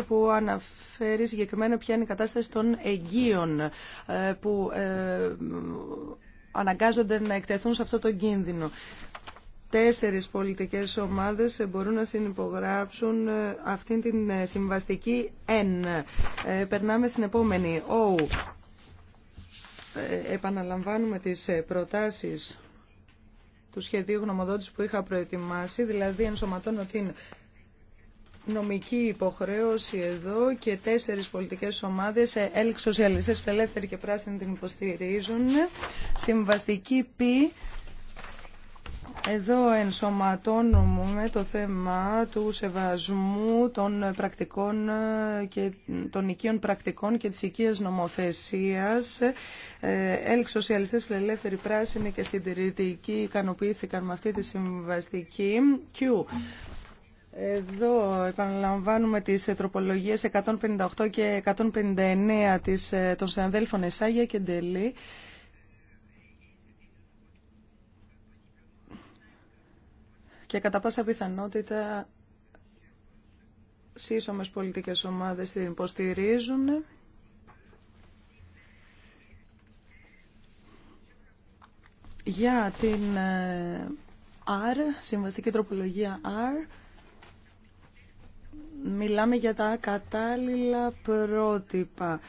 που αναφέρει συγκεκριμένα ποια είναι η κατάσταση των εγγύων ε, που ε, αναγκάζονται να εκτεθούν σε αυτό το κίνδυνο. Τέσσερις πολιτικές ομάδες μπορούν να συνυπογράψουν αυτήν την συμβαστική N. περνάμε στην επόμενη O. Ε, επαναλαμβάνουμε τις ε, προτάσεις του σχεδίου γνωμοδότης που είχα προετοιμάσει, δηλαδή ενσωματώνω την νομική υποχρέωση εδώ και τέσσερις πολιτικές ομάδες, ε, έλξοσιαλιστές σοσιαλιστές, και πράσινοι την υποστηρίζουν. Συμβαστική πι εδώ ενσωματώνουμε το θέμα του σεβασμού των πρακτικών ε, και των οικείων πρακτικών και της οικίας νομοθεσίας. Έλξ ε, σοσιαλιστές, φιλελεύθεροι, πράσινοι και συντηρητικοί ικανοποιήθηκαν με αυτή τη συμβαστική. Q. Εδώ επαναλαμβάνουμε τις ε, τροπολογίες 158 και 159 των συναδέλφων Εσάγια και Ντελή και κατά πάσα πιθανότητα σύσσωμες πολιτικές ομάδες την υποστηρίζουν. Για την ε, R, συμβαστική τροπολογία R, μιλάμε για τα κατάλληλα πρότυπα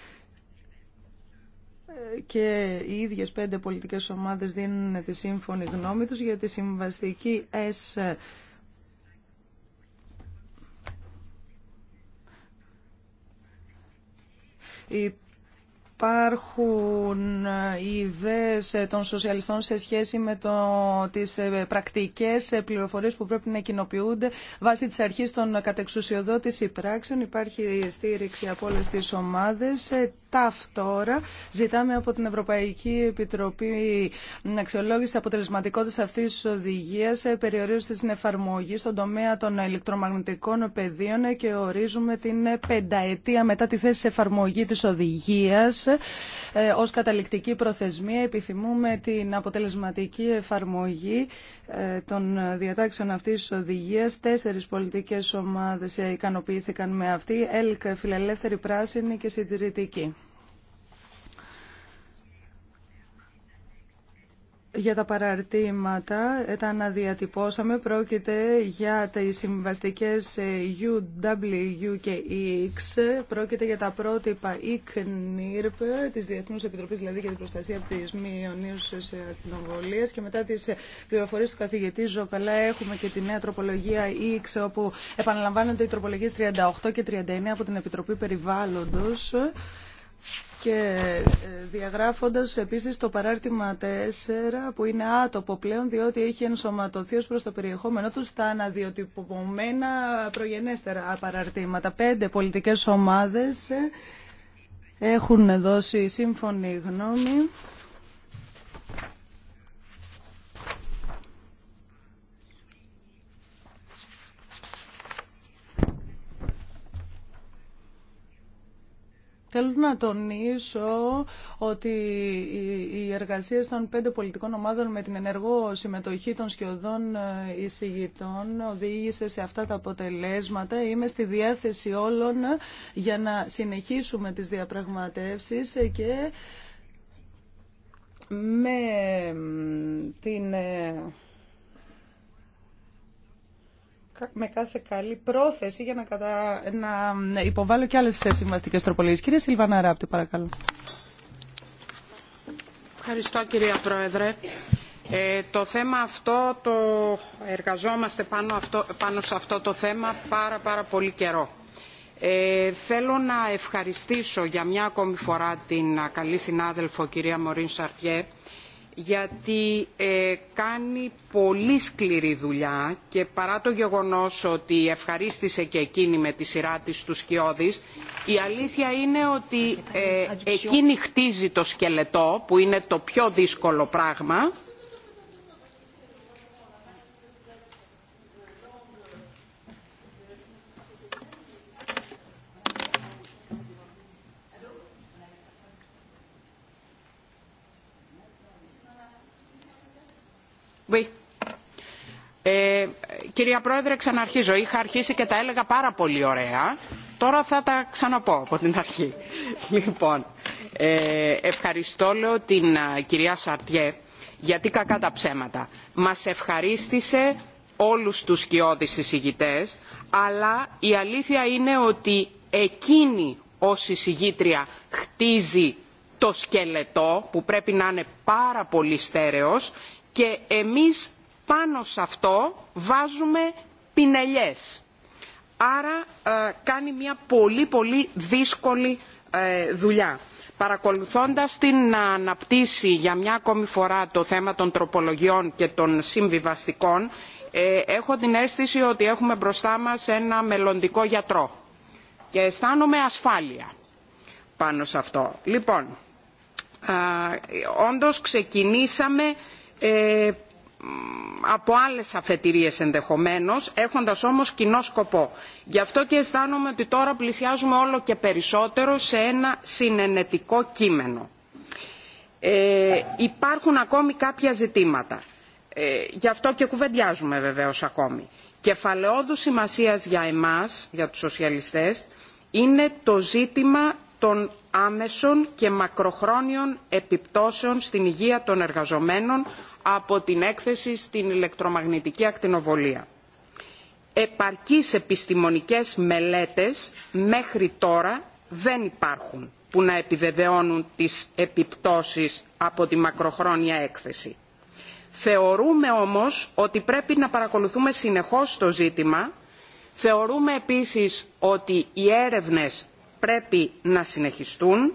και οι ίδιες πέντε πολιτικές ομάδες δίνουν τη σύμφωνη γνώμη τους για τη συμβαστική S υπάρχουν ιδέες των σοσιαλιστών σε σχέση με το, τις ε, πρακτικές πληροφορίες που πρέπει να κοινοποιούνται βάσει της αρχής των κατεξουσιοδότηση πράξεων. Υπάρχει στήριξη από όλες τις ομάδες. Ταυτόρα, Ζητάμε από την Ευρωπαϊκή Επιτροπή αξιολόγηση αποτελεσματικότητα αυτή τη οδηγία, ε, περιορίζοντα την εφαρμογή στον τομέα των ηλεκτρομαγνητικών πεδίων ε, και ορίζουμε την ε, πενταετία μετά τη θέση εφαρμογή τη οδηγία ω καταληκτική προθεσμία. Επιθυμούμε την αποτελεσματική εφαρμογή των διατάξεων αυτή τη οδηγία. Τέσσερι πολιτικέ ομάδε ικανοποιήθηκαν με αυτή. ΕΛΚ, Φιλελεύθερη Πράσινη και Συντηρητική. Για τα παραρτήματα, τα αναδιατυπώσαμε, πρόκειται για τι συμβαστικές ε, UW, και X, πρόκειται για τα πρότυπα ICNIRP, της Διεθνούς Επιτροπής δηλαδή για την προστασία από τις σε ακτινοβολίες και μετά τις ε, πληροφορίες του καθηγητή Ζοπελά έχουμε και τη νέα τροπολογία EX, όπου επαναλαμβάνονται οι τροπολογίες 38 και 39 από την Επιτροπή Περιβάλλοντος και ε, διαγράφοντας επίσης το παράρτημα 4 που είναι άτοπο πλέον διότι έχει ενσωματωθεί ως προς το περιεχόμενό του στα αναδιοτυπωμένα προγενέστερα παραρτήματα. Πέντε πολιτικές ομάδες ε, έχουν δώσει σύμφωνη γνώμη. Θέλω να τονίσω ότι οι εργασίες των πέντε πολιτικών ομάδων με την ενεργό συμμετοχή των σκιωδών ε, εισηγητών οδήγησε σε αυτά τα αποτελέσματα. Είμαι στη διάθεση όλων ε, για να συνεχίσουμε τις διαπραγματεύσεις ε, και με την με κάθε καλή πρόθεση για να, κατα... να υποβάλω και άλλες συμβαστικές τροπολογίες. Κύριε Σιλβάνα Ράπτη, παρακαλώ. Ευχαριστώ κυρία Πρόεδρε. Ε, το θέμα αυτό, το εργαζόμαστε πάνω, αυτό, σε αυτό το θέμα πάρα πάρα πολύ καιρό. Ε, θέλω να ευχαριστήσω για μια ακόμη φορά την καλή συνάδελφο κυρία Μωρίν Σαρτιέ γιατί ε, κάνει πολύ σκληρή δουλειά και παρά το γεγονός ότι ευχαρίστησε και εκείνη με τη σειρά της του Σκιώδης, η αλήθεια είναι ότι ε, εκείνη χτίζει το σκελετό που είναι το πιο δύσκολο πράγμα Ε, κυρία Πρόεδρε, ξαναρχίζω. Είχα αρχίσει και τα έλεγα πάρα πολύ ωραία. Τώρα θα τα ξαναπώ από την αρχή. Λοιπόν, ε, ευχαριστώ, λέω, την κυρία Σαρτιέ, γιατί κακά τα ψέματα. Μας ευχαρίστησε όλους τους σκιώδεις συζητητές, αλλά η αλήθεια είναι ότι εκείνη ως εισηγήτρια χτίζει το σκελετό που πρέπει να είναι πάρα πολύ στέρεος και εμείς πάνω σε αυτό βάζουμε πινελιές. Άρα ε, κάνει μια πολύ πολύ δύσκολη ε, δουλειά. Παρακολουθώντας την να αναπτύσσει για μια ακόμη φορά το θέμα των τροπολογιών και των συμβιβαστικών, ε, έχω την αίσθηση ότι έχουμε μπροστά μας ένα μελλοντικό γιατρό και αισθάνομαι ασφάλεια πάνω σε αυτό. Λοιπόν, όντως ξεκινήσαμε ε, από άλλες αφετηρίες ενδεχομένως, έχοντας όμως κοινό σκοπό. Γι' αυτό και αισθάνομαι ότι τώρα πλησιάζουμε όλο και περισσότερο σε ένα συνενετικό κείμενο. Ε, υπάρχουν ακόμη κάποια ζητήματα. Ε, γι' αυτό και κουβεντιάζουμε βεβαίως ακόμη. Κεφαλαιόδου σημασίας για εμάς, για τους σοσιαλιστές, είναι το ζήτημα των άμεσων και μακροχρόνιων επιπτώσεων στην υγεία των εργαζομένων από την έκθεση στην ηλεκτρομαγνητική ακτινοβολία. Επαρκείς επιστημονικές μελέτες μέχρι τώρα δεν υπάρχουν που να επιβεβαιώνουν τις επιπτώσεις από τη μακροχρόνια έκθεση. Θεωρούμε όμως ότι πρέπει να παρακολουθούμε συνεχώς το ζήτημα. Θεωρούμε επίσης ότι οι έρευνες πρέπει να συνεχιστούν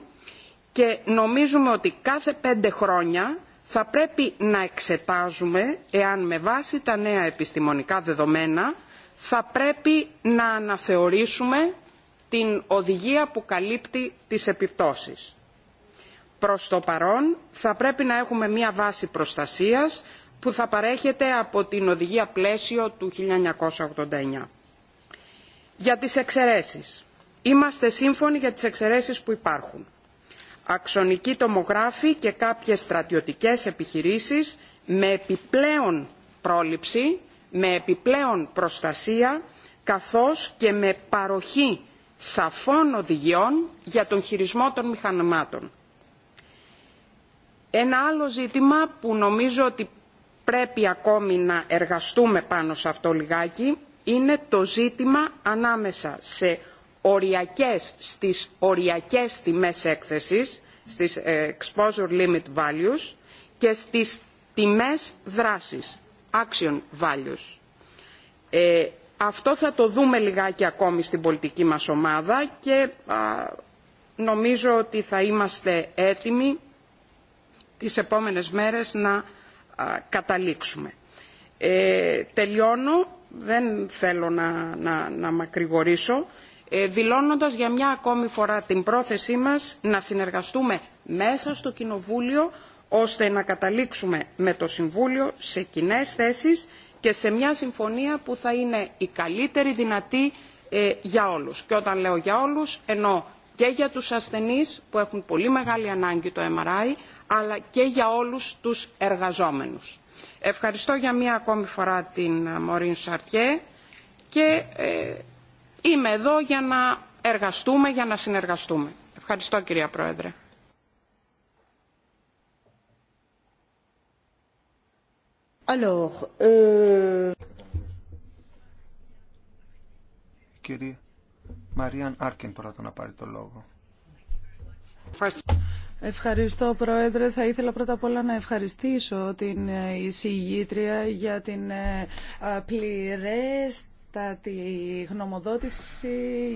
και νομίζουμε ότι κάθε πέντε χρόνια θα πρέπει να εξετάζουμε εάν με βάση τα νέα επιστημονικά δεδομένα θα πρέπει να αναθεωρήσουμε την οδηγία που καλύπτει τις επιπτώσεις. Προς το παρόν θα πρέπει να έχουμε μία βάση προστασίας που θα παρέχεται από την οδηγία πλαίσιο του 1989. Για τις εξαιρέσεις. Είμαστε σύμφωνοι για τις εξαιρέσεις που υπάρχουν Αξονική τομογράφη και κάποιες στρατιωτικές επιχειρήσεις με επιπλέον πρόληψη, με επιπλέον προστασία καθώς και με παροχή σαφών οδηγιών για τον χειρισμό των μηχανημάτων. Ένα άλλο ζήτημα που νομίζω ότι πρέπει ακόμη να εργαστούμε πάνω σε αυτό λιγάκι είναι το ζήτημα ανάμεσα σε οριακές, στις οριακές τιμές έκθεσης, στις ε, exposure limit values και στις τιμές δράσης, action values. Ε, αυτό θα το δούμε λιγάκι ακόμη στην πολιτική μας ομάδα και νομίζω ότι θα είμαστε έτοιμοι τις επόμενες μέρες να καταλήξουμε. Ε, τελειώνω, δεν θέλω να, να, να μακρηγορήσω. Ε, δηλώνοντας για μια ακόμη φορά την πρόθεσή μας να συνεργαστούμε μέσα στο Κοινοβούλιο ώστε να καταλήξουμε με το Συμβούλιο σε κοινέ θέσεις και σε μια συμφωνία που θα είναι η καλύτερη δυνατή ε, για όλους. Και όταν λέω για όλους εννοώ και για τους ασθενείς που έχουν πολύ μεγάλη ανάγκη το MRI αλλά και για όλους τους εργαζόμενους. Ευχαριστώ για μια ακόμη φορά την Μωρίν ε, Σαρτιέ και είμαι εδώ για να εργαστούμε, για να συνεργαστούμε. Ευχαριστώ κυρία Πρόεδρε. Alors, euh... Κυρία Μαριάν Άρκιν πρώτα να πάρει το λόγο. Ευχαριστώ Πρόεδρε. Θα ήθελα πρώτα απ' όλα να ευχαριστήσω την ε, εισηγήτρια για την ε, ε, πληρέστη τη γνωμοδότηση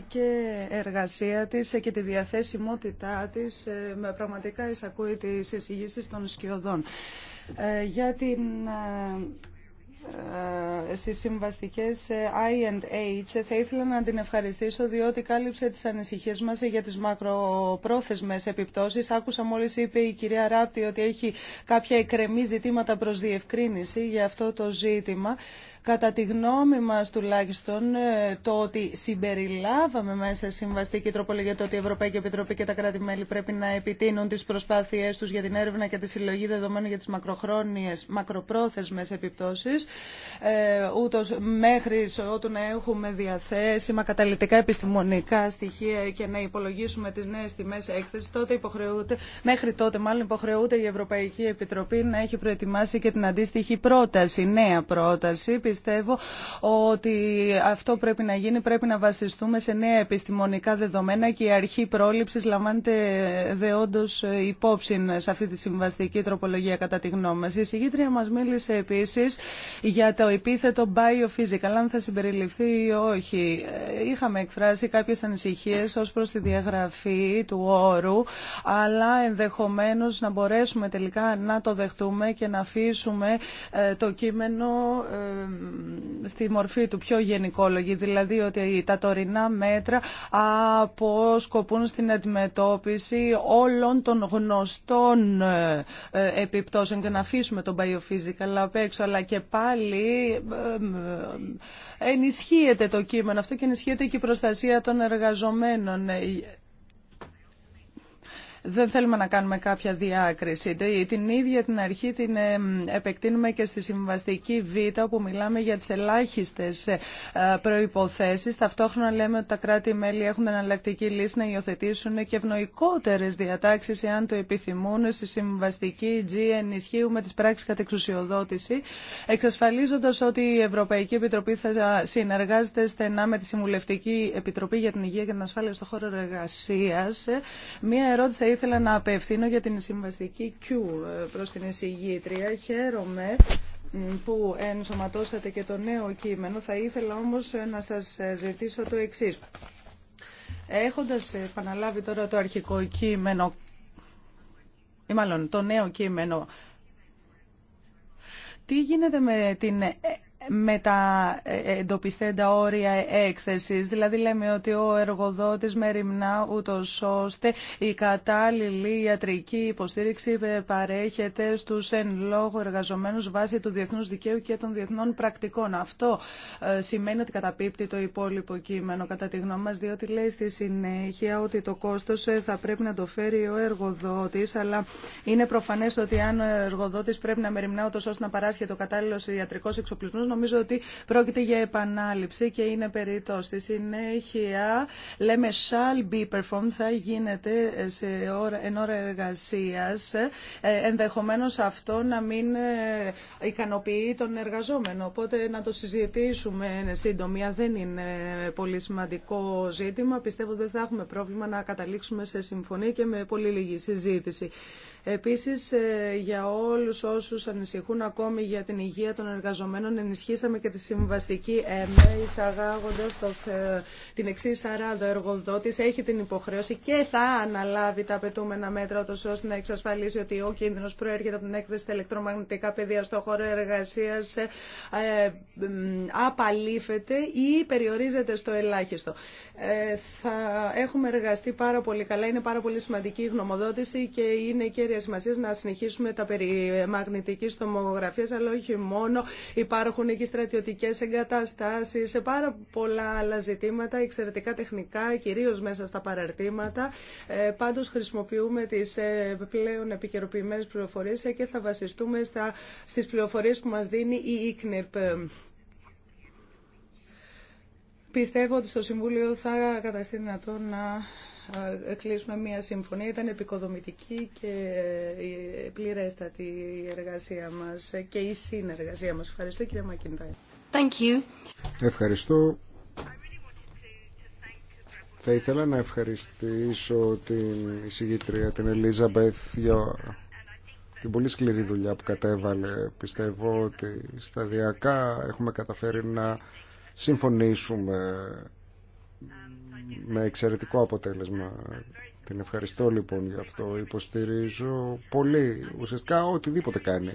και εργασία της και τη διαθέσιμότητά της ε, με πραγματικά εισακούει τις εισηγήσεις των σκιωδών. Ε, για την ε, στις συμβαστικές I and H θα ήθελα να την ευχαριστήσω διότι κάλυψε τις ανησυχίες μας για τις μακροπρόθεσμες επιπτώσεις. Άκουσα μόλις είπε η κυρία Ράπτη ότι έχει κάποια εκκρεμή ζητήματα προς διευκρίνηση για αυτό το ζήτημα. Κατά τη γνώμη μας τουλάχιστον ε, το ότι συμπεριλάβαμε μέσα συμβαστική τροπολογία το ότι η Ευρωπαϊκή Επιτροπή και τα κράτη-μέλη πρέπει να επιτείνουν τις προσπάθειές τους για την έρευνα και τη συλλογή δεδομένων για τις μακροχρόνιες, μακροπρόθεσμες επιπτώσεις, ε, ούτως μέχρι ότου να έχουμε διαθέσιμα καταλητικά επιστημονικά στοιχεία και να υπολογίσουμε τις νέες τιμές έκθεση, τότε υποχρεούται, μέχρι τότε μάλλον υποχρεούται η Ευρωπαϊκή Επιτροπή να έχει προετοιμάσει και την αντίστοιχη πρόταση, νέα πρόταση πιστεύω ότι αυτό πρέπει να γίνει. Πρέπει να βασιστούμε σε νέα επιστημονικά δεδομένα και η αρχή πρόληψη λαμβάνεται δεόντω υπόψη σε αυτή τη συμβαστική τροπολογία, κατά τη γνώμη μα. Η συγγήτρια μα μίλησε επίση για το επίθετο biophysical, αν θα συμπεριληφθεί ή όχι. Είχαμε εκφράσει κάποιε ανησυχίε ω προ τη διαγραφή του όρου, αλλά ενδεχομένω να μπορέσουμε τελικά να το δεχτούμε και να αφήσουμε ε, το κείμενο ε, στη μορφή του πιο γενικόλογη, δηλαδή ότι τα τωρινά μέτρα αποσκοπούν στην αντιμετώπιση όλων των γνωστών ε, επιπτώσεων και να αφήσουμε τον biophysical απ' έξω, αλλά και πάλι ε, ε, ενισχύεται το κείμενο αυτό και ενισχύεται και η προστασία των εργαζομένων. Δεν θέλουμε να κάνουμε κάποια διάκριση. Την ίδια την αρχή την ε, επεκτείνουμε και στη συμβαστική Β, όπου μιλάμε για τι ελάχιστε ε, προποθέσει. Ταυτόχρονα λέμε ότι τα κράτη-μέλη έχουν εναλλακτική λύση να υιοθετήσουν και ευνοικότερε διατάξει εάν το επιθυμούν, στη συμβαστική G ενισχύουμε τις πράξεις εξουσιοδότηση εξασφαλίζοντα ότι η Ευρωπαϊκή Επιτροπή θα συνεργάζεται στενά με τη Συμβουλευτική Επιτροπή για την Υγεία και την Ασφάλεια στον χώρο εργασία. Μία ερώτηση ήθελα να απευθύνω για την συμβαστική Q ε, προς την εισηγήτρια. Χαίρομαι που ενσωματώσατε και το νέο κείμενο. Θα ήθελα όμως ε, να σας ε, ζητήσω το εξής. Έχοντας επαναλάβει τώρα το αρχικό κείμενο, ή μάλλον το νέο κείμενο, τι γίνεται με την με τα ε, ε, εντοπιστέντα όρια έκθεσης. Δηλαδή λέμε ότι ο εργοδότης μεριμνά ούτω ώστε η κατάλληλη ιατρική υποστήριξη ε, παρέχεται στους εν λόγω εργαζομένους βάσει του διεθνούς δικαίου και των διεθνών πρακτικών. Αυτό σημαίνει ότι καταπίπτει το υπόλοιπο κείμενο κατά τη γνώμη μας διότι λέει στη συνέχεια ότι το κόστος θα πρέπει να το φέρει ο εργοδότης αλλά είναι προφανές ότι αν ο εργοδότης πρέπει να μεριμνά ούτως ώστε να παράσχει το κατάλληλο ιατρικό εξοπλισμό νομίζω ότι πρόκειται για επανάληψη και είναι περίτω. Στη συνέχεια λέμε shall be performed, θα γίνεται σε ώρα, εν ώρα εργασίας. Ε, ενδεχομένως αυτό να μην ε, ικανοποιεί τον εργαζόμενο. Οπότε να το συζητήσουμε σύντομα δεν είναι πολύ σημαντικό ζήτημα. Πιστεύω δεν θα έχουμε πρόβλημα να καταλήξουμε σε συμφωνία και με πολύ λίγη συζήτηση. Επίσης, ε, για όλους όσους ανησυχούν ακόμη για την υγεία των εργαζομένων, ενισχύσαμε και τη συμβαστική ΕΜΕ, εισαγάγοντας το, την εξή αράδο εργοδότης, έχει την υποχρέωση και θα αναλάβει τα απαιτούμενα μέτρα, ώστε να εξασφαλίσει ότι ο κίνδυνος προέρχεται από την έκθεση στα ηλεκτρομαγνητικά πεδία στο χώρο εργασίας, ε, απαλήφεται ή περιορίζεται στο ελάχιστο. Ε, θα έχουμε εργαστεί πάρα πολύ καλά, είναι πάρα πολύ σημαντική η γνωμοδότηση και είναι και και σημασία να συνεχίσουμε τα περί μαγνητικής τομογραφίας, αλλά όχι μόνο. Υπάρχουν εκεί στρατιωτικές εγκαταστάσεις, σε πάρα πολλά άλλα ζητήματα, εξαιρετικά τεχνικά, κυρίως μέσα στα παραρτήματα. Ε, πάντως χρησιμοποιούμε τις ε, πλέον επικαιροποιημένες πληροφορίες και θα βασιστούμε στα, στις πληροφορίες που μας δίνει η ΙΚΝΕΡΠ. Πιστεύω ότι στο Συμβούλιο θα καταστεί δυνατόν να ε, κλείσουμε μία συμφωνία. Ήταν επικοδομητική και ε, πληρέστατη η εργασία μας και η συνεργασία μας. Ευχαριστώ κύριε Μακιντάι. Thank you. Ευχαριστώ. Θα ήθελα να ευχαριστήσω την εισηγήτρια, την Ελίζα για την πολύ σκληρή δουλειά που κατέβαλε. Πιστεύω ότι σταδιακά έχουμε καταφέρει να συμφωνήσουμε με εξαιρετικό αποτέλεσμα. Την ευχαριστώ λοιπόν για αυτό. Υποστηρίζω πολύ, ουσιαστικά οτιδήποτε κάνει.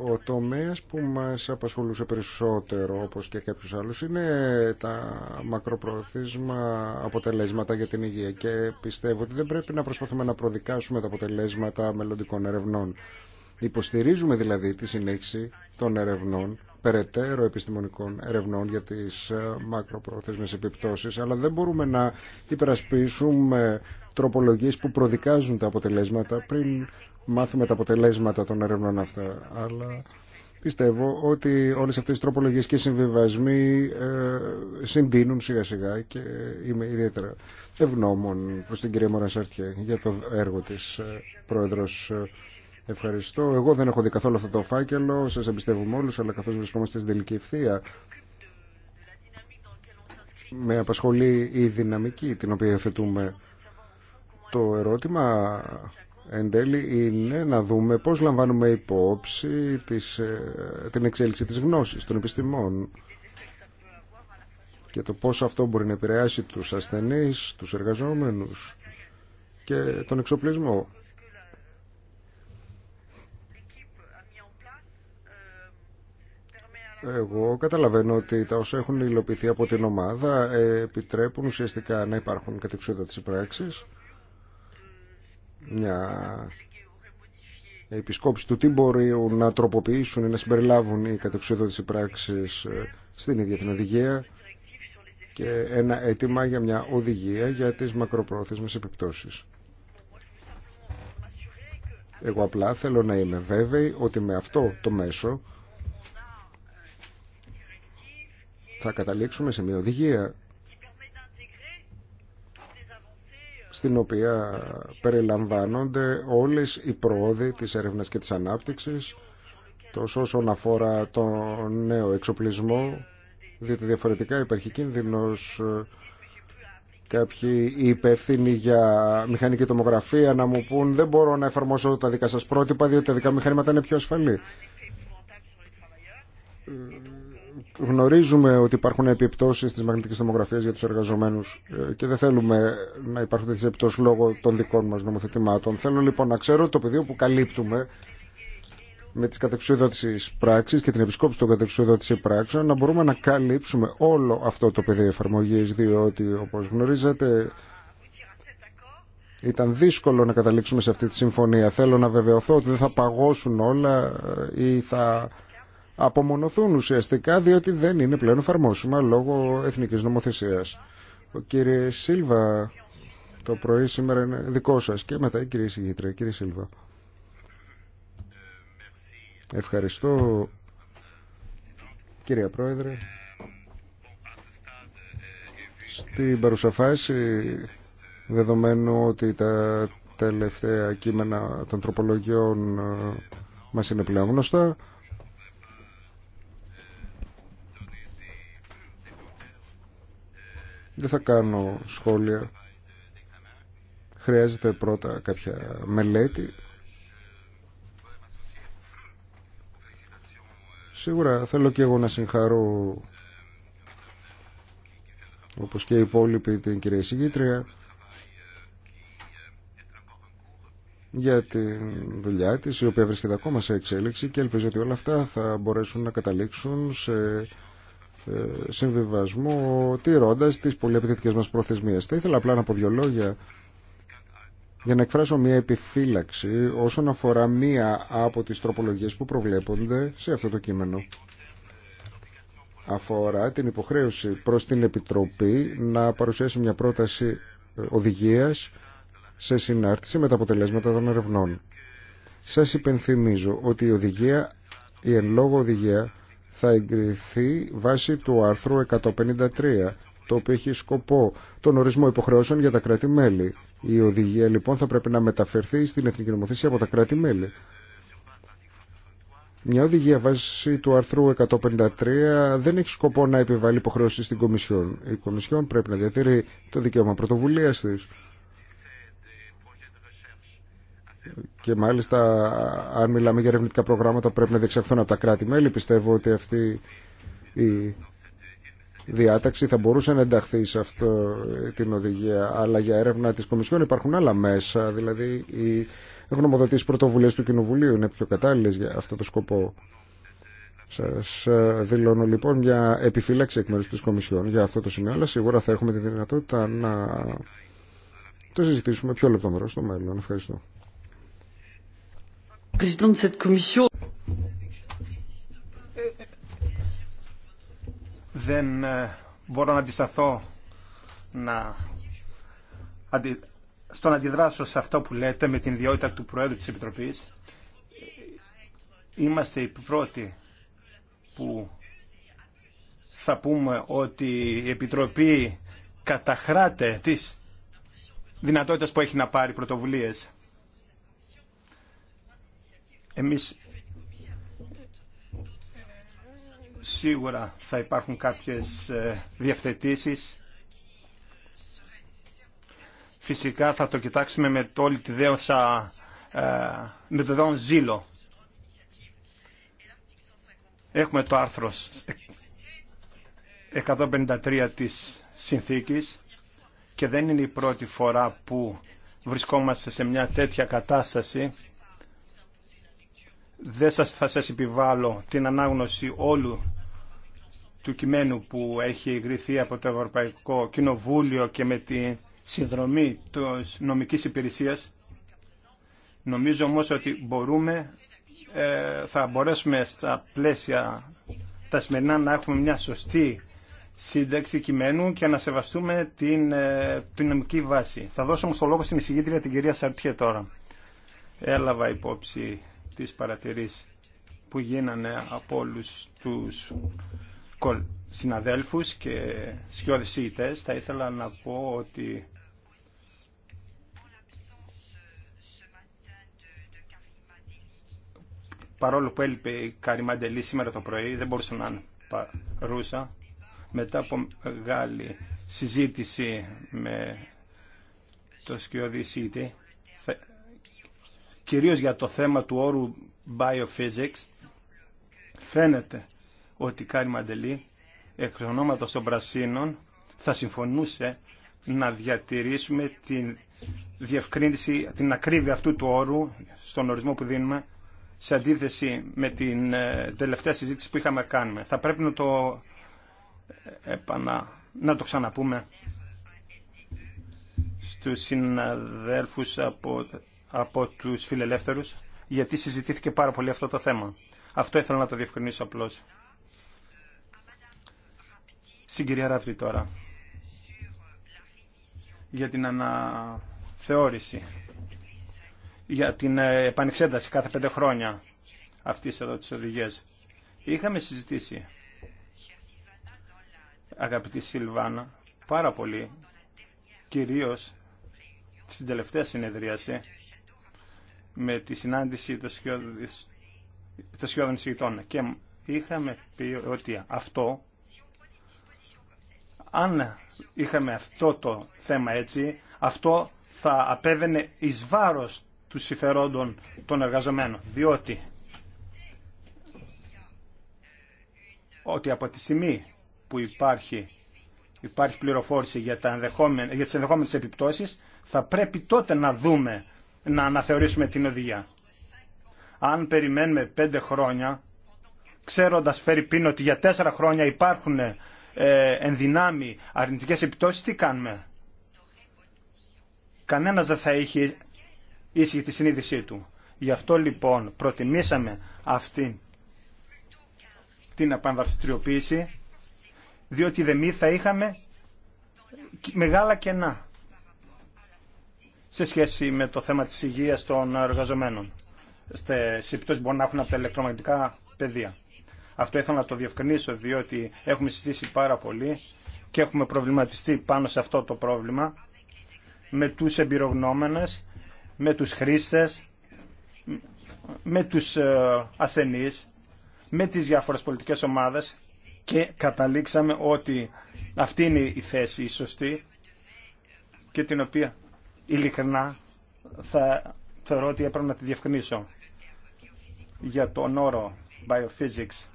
Ο τομέας που μας απασχολούσε περισσότερο, όπως και κάποιους άλλους, είναι τα μακροπροθέσμα αποτελέσματα για την υγεία και πιστεύω ότι δεν πρέπει να προσπαθούμε να προδικάσουμε τα αποτελέσματα μελλοντικών ερευνών. Υποστηρίζουμε δηλαδή τη συνέχιση των ερευνών περαιτέρω επιστημονικών ερευνών για τις ε, μακροπρόθεσμες επιπτώσεις, αλλά δεν μπορούμε να υπερασπίσουμε τροπολογίες που προδικάζουν τα αποτελέσματα πριν μάθουμε τα αποτελέσματα των ερευνών αυτά. Αλλά πιστεύω ότι όλες αυτές οι τροπολογίες και οι συμβιβασμοί ε, συντείνουν σιγά σιγά και είμαι ιδιαίτερα ευγνώμων προς την κυρία Μορασάρτια για το έργο της ε, Πρόεδρος Ευχαριστώ. Εγώ δεν έχω δει καθόλου αυτό το φάκελο. Σας εμπιστεύουμε όλου, αλλά καθώς βρισκόμαστε στην τελική ευθεία, με απασχολεί η δυναμική την οποία θετούμε Το ερώτημα εν τέλει είναι να δούμε πώς λαμβάνουμε υπόψη ε, την εξέλιξη της γνώσης των επιστημών και το πώς αυτό μπορεί να επηρεάσει τους ασθενείς, τους εργαζόμενους και τον εξοπλισμό. Εγώ καταλαβαίνω ότι τα όσα έχουν υλοποιηθεί από την ομάδα ε, επιτρέπουν ουσιαστικά να υπάρχουν κατεξούδα της πράξης. Μια επισκόπηση του τι μπορεί να τροποποιήσουν ή να συμπεριλάβουν οι κατεξούδα της ε, στην ίδια την οδηγία και ένα αίτημα για μια οδηγία για τις μακροπρόθεσμες επιπτώσεις. Εγώ απλά θέλω να είμαι βέβαιη ότι με αυτό το μέσο θα καταλήξουμε σε μια οδηγία στην οποία περιλαμβάνονται όλες οι προόδοι της έρευνας και της ανάπτυξης τόσο όσον αφορά τον νέο εξοπλισμό διότι διαφορετικά υπάρχει κίνδυνος κάποιοι υπεύθυνοι για μηχανική τομογραφία να μου πούν δεν μπορώ να εφαρμόσω τα δικά σας πρότυπα διότι τα δικά μηχανήματα είναι πιο ασφαλή Γνωρίζουμε ότι υπάρχουν επιπτώσεις της μαγνητικής τομογραφίας για τους εργαζομένους ε, και δεν θέλουμε να υπάρχουν τέτοιες επιπτώσεις λόγω των δικών μας νομοθετημάτων. Θέλω λοιπόν να ξέρω το πεδίο που καλύπτουμε με τις κατεξουδότησης πράξεις και την επισκόπηση των κατεξουδότησης πράξεων να μπορούμε να καλύψουμε όλο αυτό το πεδίο εφαρμογής διότι όπως γνωρίζετε ήταν δύσκολο να καταλήξουμε σε αυτή τη συμφωνία. Θέλω να βεβαιωθώ ότι δεν θα παγώσουν όλα ε, ή θα απομονωθούν ουσιαστικά διότι δεν είναι πλέον εφαρμόσιμα λόγω εθνικής νομοθεσίας. Ο κύριε Σίλβα το πρωί σήμερα είναι δικό σας και μετά η κυρία Συγγήτρια. Κύριε Σίλβα. Ευχαριστώ κύριε Πρόεδρε. Στην παρουσιαφάση δεδομένου ότι τα τελευταία κείμενα των τροπολογιών ε, μας είναι πλέον γνωστά Δεν θα κάνω σχόλια. Χρειάζεται πρώτα κάποια μελέτη. Σίγουρα θέλω και εγώ να συγχαρώ όπως και οι υπόλοιποι την κυρία Συγήτρια για την δουλειά της η οποία βρίσκεται ακόμα σε εξέλιξη και ελπίζω ότι όλα αυτά θα μπορέσουν να καταλήξουν σε ε, συμβιβασμού τηρώντα τις πολύ μας προθεσμίες. Θα ήθελα απλά να πω δύο λόγια για να εκφράσω μια επιφύλαξη όσον αφορά μία από τις τροπολογίες που προβλέπονται σε αυτό το κείμενο. Αφορά την υποχρέωση προς την Επιτροπή να παρουσιάσει μια πρόταση ε, οδηγίας σε συνάρτηση με τα αποτελέσματα των ερευνών. Σας υπενθυμίζω ότι η οδηγία, η εν λόγω οδηγία, θα εγκριθεί βάσει του άρθρου 153, το οποίο έχει σκοπό τον ορισμό υποχρεώσεων για τα κράτη-μέλη. Η οδηγία λοιπόν θα πρέπει να μεταφερθεί στην Εθνική Νομοθεσία από τα κράτη-μέλη. Μια οδηγία βάσει του άρθρου 153 δεν έχει σκοπό να επιβάλλει υποχρεώσει στην Κομισιόν. Η Κομισιόν πρέπει να διατηρεί το δικαίωμα πρωτοβουλία τη και μάλιστα αν μιλάμε για ερευνητικά προγράμματα πρέπει να διεξαχθούν από τα κράτη-μέλη. Πιστεύω ότι αυτή η διάταξη θα μπορούσε να ενταχθεί σε αυτό την οδηγία. Αλλά για έρευνα της Κομισιόν υπάρχουν άλλα μέσα. Δηλαδή οι γνωμοδοτήσεις πρωτοβουλίες του Κοινοβουλίου είναι πιο κατάλληλες για αυτό το σκοπό. Σας ε, δηλώνω λοιπόν μια επιφύλαξη εκ μέρους της Κομισιόν για αυτό το σημείο, αλλά σίγουρα θα έχουμε τη δυνατότητα να το συζητήσουμε πιο λεπτομερώς στο μέλλον. Ευχαριστώ. Δεν ε, μπορώ να αντισταθώ να... στον αντιδράσω σε αυτό που λέτε με την ιδιότητα του Προέδρου της Επιτροπής. Είμαστε οι πρώτοι που θα πούμε ότι η Επιτροπή καταχράται τις δυνατότητες που έχει να πάρει πρωτοβουλίες. Εμείς σίγουρα θα υπάρχουν κάποιες ε, διευθετήσεις. Φυσικά θα το κοιτάξουμε με το όλη τη ε, με το δέον ζήλο. Έχουμε το άρθρο 153 της συνθήκης και δεν είναι η πρώτη φορά που βρισκόμαστε σε μια τέτοια κατάσταση δεν θα σας επιβάλλω την ανάγνωση όλου του κειμένου που έχει εγκριθεί από το Ευρωπαϊκό Κοινοβούλιο και με τη συνδρομή της νομικής υπηρεσίας. Νομίζω όμως ότι μπορούμε, ε, θα μπορέσουμε στα πλαίσια τα σημερινά να έχουμε μια σωστή σύνταξη κειμένου και να σεβαστούμε την, ε, την νομική βάση. Θα δώσω όμως το λόγο στην εισηγήτρια την κυρία Σαρτιέ τώρα. Έλαβα υπόψη τις παρατηρήσεις που γίνανε από όλου τους συναδέλφους και σιωδησίτες. Θα ήθελα να πω ότι παρόλο που έλειπε η Καρυμαντελή σήμερα το πρωί, δεν μπορούσα να είναι παρούσα, μετά από μεγάλη συζήτηση με το σκιώδη κυρίως για το θέμα του όρου biophysics, φαίνεται ότι η Κάρη Μαντελή, εκ ονόματος των Πρασίνων, θα συμφωνούσε να διατηρήσουμε την διευκρίνηση, την ακρίβεια αυτού του όρου στον ορισμό που δίνουμε, σε αντίθεση με την ε, τελευταία συζήτηση που είχαμε κάνει. Θα πρέπει να το, ε, επανα, να το ξαναπούμε στους συναδέλφους από από τους φιλελεύθερου, γιατί συζητήθηκε πάρα πολύ αυτό το θέμα. Αυτό ήθελα να το διευκρινίσω απλώς. Συγκυρία Ράπτη τώρα, για την αναθεώρηση, για την ε, επανεξέταση κάθε πέντε χρόνια αυτή εδώ τη οδηγία. Είχαμε συζητήσει, αγαπητή Σιλβάνα, πάρα πολύ, κυρίως στην τελευταία συνεδρίαση με τη συνάντηση των σχεδόν εισηγητών και είχαμε πει ότι αυτό, αν είχαμε αυτό το θέμα έτσι, αυτό θα απέβαινε εις βάρος του συμφερόντων των εργαζομένων, διότι ότι από τη στιγμή που υπάρχει, υπάρχει πληροφόρηση για, τα ενδεχόμενα, για τις ενδεχόμενες επιπτώσεις, θα πρέπει τότε να δούμε να αναθεωρήσουμε την οδηγία. Αν περιμένουμε πέντε χρόνια, ξέροντας φέρει πίνο ότι για τέσσερα χρόνια υπάρχουν ε, ενδυνάμει αρνητικές επιπτώσεις, τι κάνουμε. Κανένας δεν θα είχε ήσυχη τη συνείδησή του. Γι' αυτό λοιπόν προτιμήσαμε αυτή την απανδραστηριοποίηση, διότι δε μη θα είχαμε μεγάλα κενά σε σχέση με το θέμα της υγείας των εργαζομένων σε επιπτώσεις μπορούν να έχουν από τα ηλεκτρομαγνητικά πεδία. Αυτό ήθελα να το διευκρινίσω διότι έχουμε συζητήσει πάρα πολύ και έχουμε προβληματιστεί πάνω σε αυτό το πρόβλημα με τους εμπειρογνώμενες, με τους χρήστες, με τους ε, ασθενείς, με τις διάφορες πολιτικές ομάδες και καταλήξαμε ότι αυτή είναι η θέση η σωστή και την οποία ειλικρινά θα θεωρώ ότι έπρεπε να τη διευκρινίσω για τον όρο Biophysics.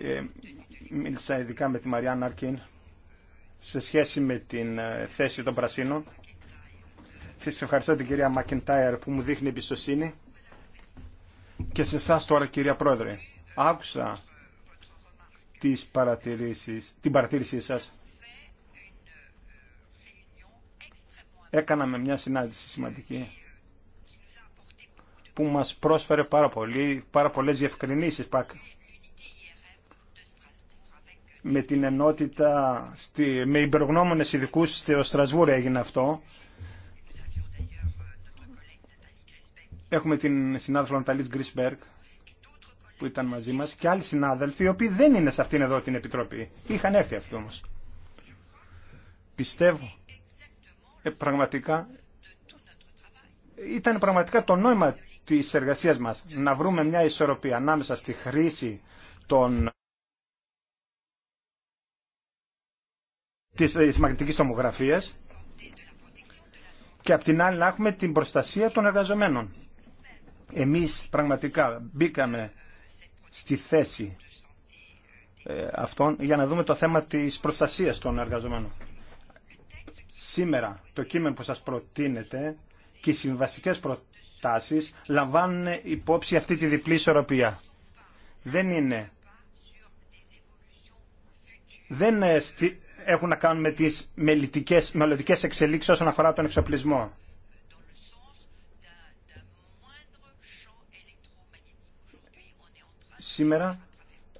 Ε, μίλησα ειδικά με τη Μαριάν Αρκίν σε σχέση με την ε, θέση των Πρασίνων. σας ευχαριστώ την κυρία Μακεντάιρ που μου δείχνει εμπιστοσύνη και σε εσά τώρα κυρία Πρόεδρε. Άκουσα τις παρατηρήσεις, την παρατήρησή σας Έκαναμε μια συνάντηση σημαντική που μας πρόσφερε πάρα, πολύ, πάρα πολλές διευκρινήσεις ΠΑΚ. Με την ενότητα, στη, με υπερογνώμονες ειδικού στο Στρασβούρ έγινε αυτό. Έχουμε την συνάδελφο Ανταλής Γκρισμπεργκ που ήταν μαζί μας και άλλοι συνάδελφοι οι οποίοι δεν είναι σε αυτήν εδώ την Επιτροπή. Είχαν έρθει αυτοί όμως. Πιστεύω ε, πραγματικά ήταν πραγματικά το νόημα της εργασίας μας να βρούμε μια ισορροπία ανάμεσα στη χρήση των της ε, μαγνητικής ομογραφίας και απ' την άλλη να έχουμε την προστασία των εργαζομένων. Εμείς πραγματικά μπήκαμε στη θέση ε, αυτών για να δούμε το θέμα της προστασίας των εργαζομένων. Σήμερα το κείμενο που σας προτείνεται και οι συμβαστικές προτάσεις λαμβάνουν υπόψη αυτή τη διπλή ισορροπία. Δεν είναι... Δεν ε, έχουν να κάνουν με τις μελλοντικές, μελλοντικές εξελίξεις όσον αφορά τον εξοπλισμό. Σήμερα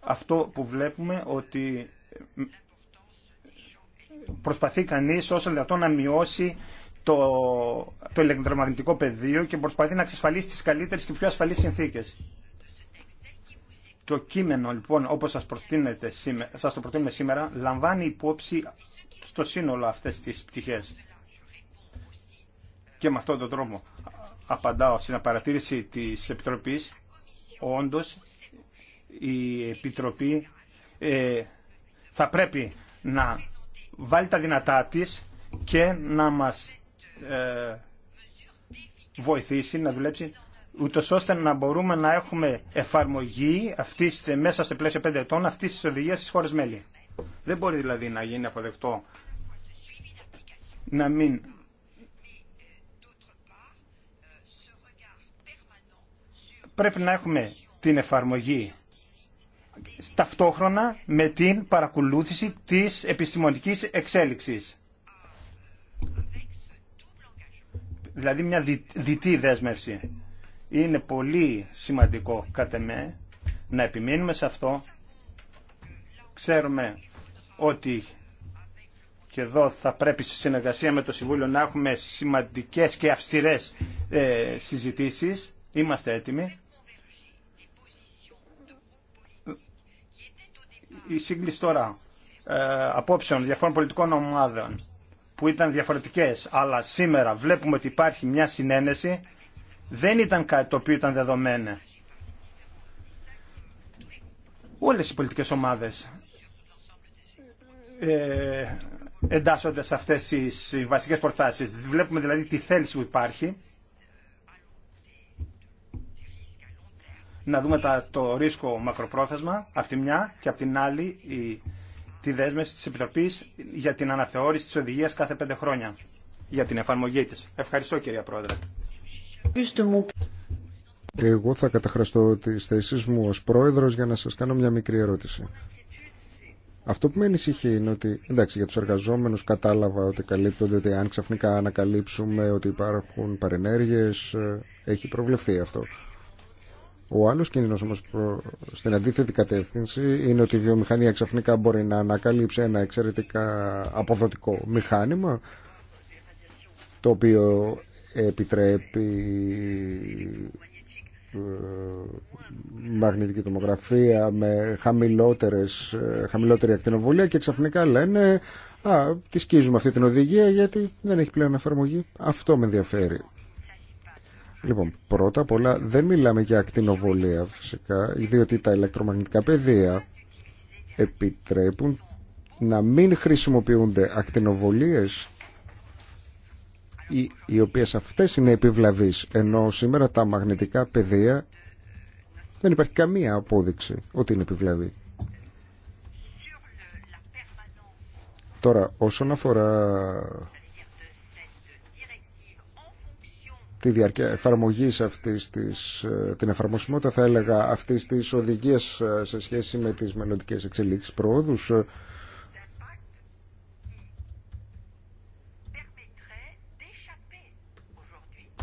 αυτό που βλέπουμε ότι προσπαθεί κανείς όσο δυνατόν να μειώσει το, το ηλεκτρομαγνητικό πεδίο και προσπαθεί να εξασφαλίσει τις καλύτερες και πιο ασφαλείς συνθήκες. Το κείμενο λοιπόν όπως σας, προτείνετε σας το προτείνουμε σήμερα λαμβάνει υπόψη στο σύνολο αυτές τις πτυχές. Και με αυτόν τον τρόπο απαντάω στην παρατήρηση τη Επιτροπής. Όντως η Επιτροπή ε, θα πρέπει να βάλει τα δυνατά της και να μας ε, βοηθήσει να δουλέψει ούτω ώστε να μπορούμε να έχουμε εφαρμογή αυτής, μέσα σε πλαίσιο 5 ετών αυτής της οδηγίας στις χώρες μέλη. Δεν μπορεί δηλαδή να γίνει αποδεκτό να μην πρέπει να έχουμε την εφαρμογή ταυτόχρονα με την παρακολούθηση της επιστημονικής εξέλιξης. Δηλαδή μια διτή δέσμευση. Είναι πολύ σημαντικό κατά με να επιμείνουμε σε αυτό. Ξέρουμε ότι και εδώ θα πρέπει στη συνεργασία με το Συμβούλιο να έχουμε σημαντικές και αυστηρές ε, συζητήσεις. Είμαστε έτοιμοι. η σύγκληση τώρα ε, απόψεων διαφόρων πολιτικών ομάδων που ήταν διαφορετικές αλλά σήμερα βλέπουμε ότι υπάρχει μια συνένεση δεν ήταν κάτι το οποίο ήταν δεδομένο. Όλες οι πολιτικές ομάδες ε, εντάσσονται σε αυτές τις βασικές προτάσεις. Βλέπουμε δηλαδή τη θέληση που υπάρχει να δούμε τα, το ρίσκο μακροπρόθεσμα από τη μια και από την άλλη η, τη δέσμευση της Επιτροπής για την αναθεώρηση της οδηγίας κάθε πέντε χρόνια για την εφαρμογή της. Ευχαριστώ κυρία Πρόεδρε. Εγώ θα καταχραστώ τις θέσεις μου ως πρόεδρος για να σας κάνω μια μικρή ερώτηση. Αυτό που με ανησυχεί είναι ότι, εντάξει, για τους εργαζόμενους κατάλαβα ότι καλύπτονται, ότι αν ξαφνικά ανακαλύψουμε ότι υπάρχουν παρενέργειες, ε, έχει προβλεφθεί αυτό. Ο άλλο κίνδυνος όμως στην αντίθετη κατεύθυνση είναι ότι η βιομηχανία ξαφνικά μπορεί να ανακαλύψει ένα εξαιρετικά αποδοτικό μηχάνημα το οποίο επιτρέπει ε, μαγνητική τομογραφία με χαμηλότερες, ε, χαμηλότερη ακτινοβολία και ξαφνικά λένε α, τη σκίζουμε αυτή την οδηγία γιατί δεν έχει πλέον εφαρμογή. Αυτό με ενδιαφέρει. Λοιπόν, πρώτα απ' όλα δεν μιλάμε για ακτινοβολία φυσικά, διότι τα ηλεκτρομαγνητικά πεδία επιτρέπουν να μην χρησιμοποιούνται ακτινοβολίες οι, οποίες αυτές είναι επιβλαβείς, ενώ σήμερα τα μαγνητικά πεδία δεν υπάρχει καμία απόδειξη ότι είναι επιβλαβή. Τώρα, όσον αφορά τη διάρκεια εφαρμογής αυτής της, ε, την εφαρμοσιμότητα θα έλεγα αυτής της οδηγίας ε, σε σχέση με τις μελλοντικές εξελίξεις προόδους ε.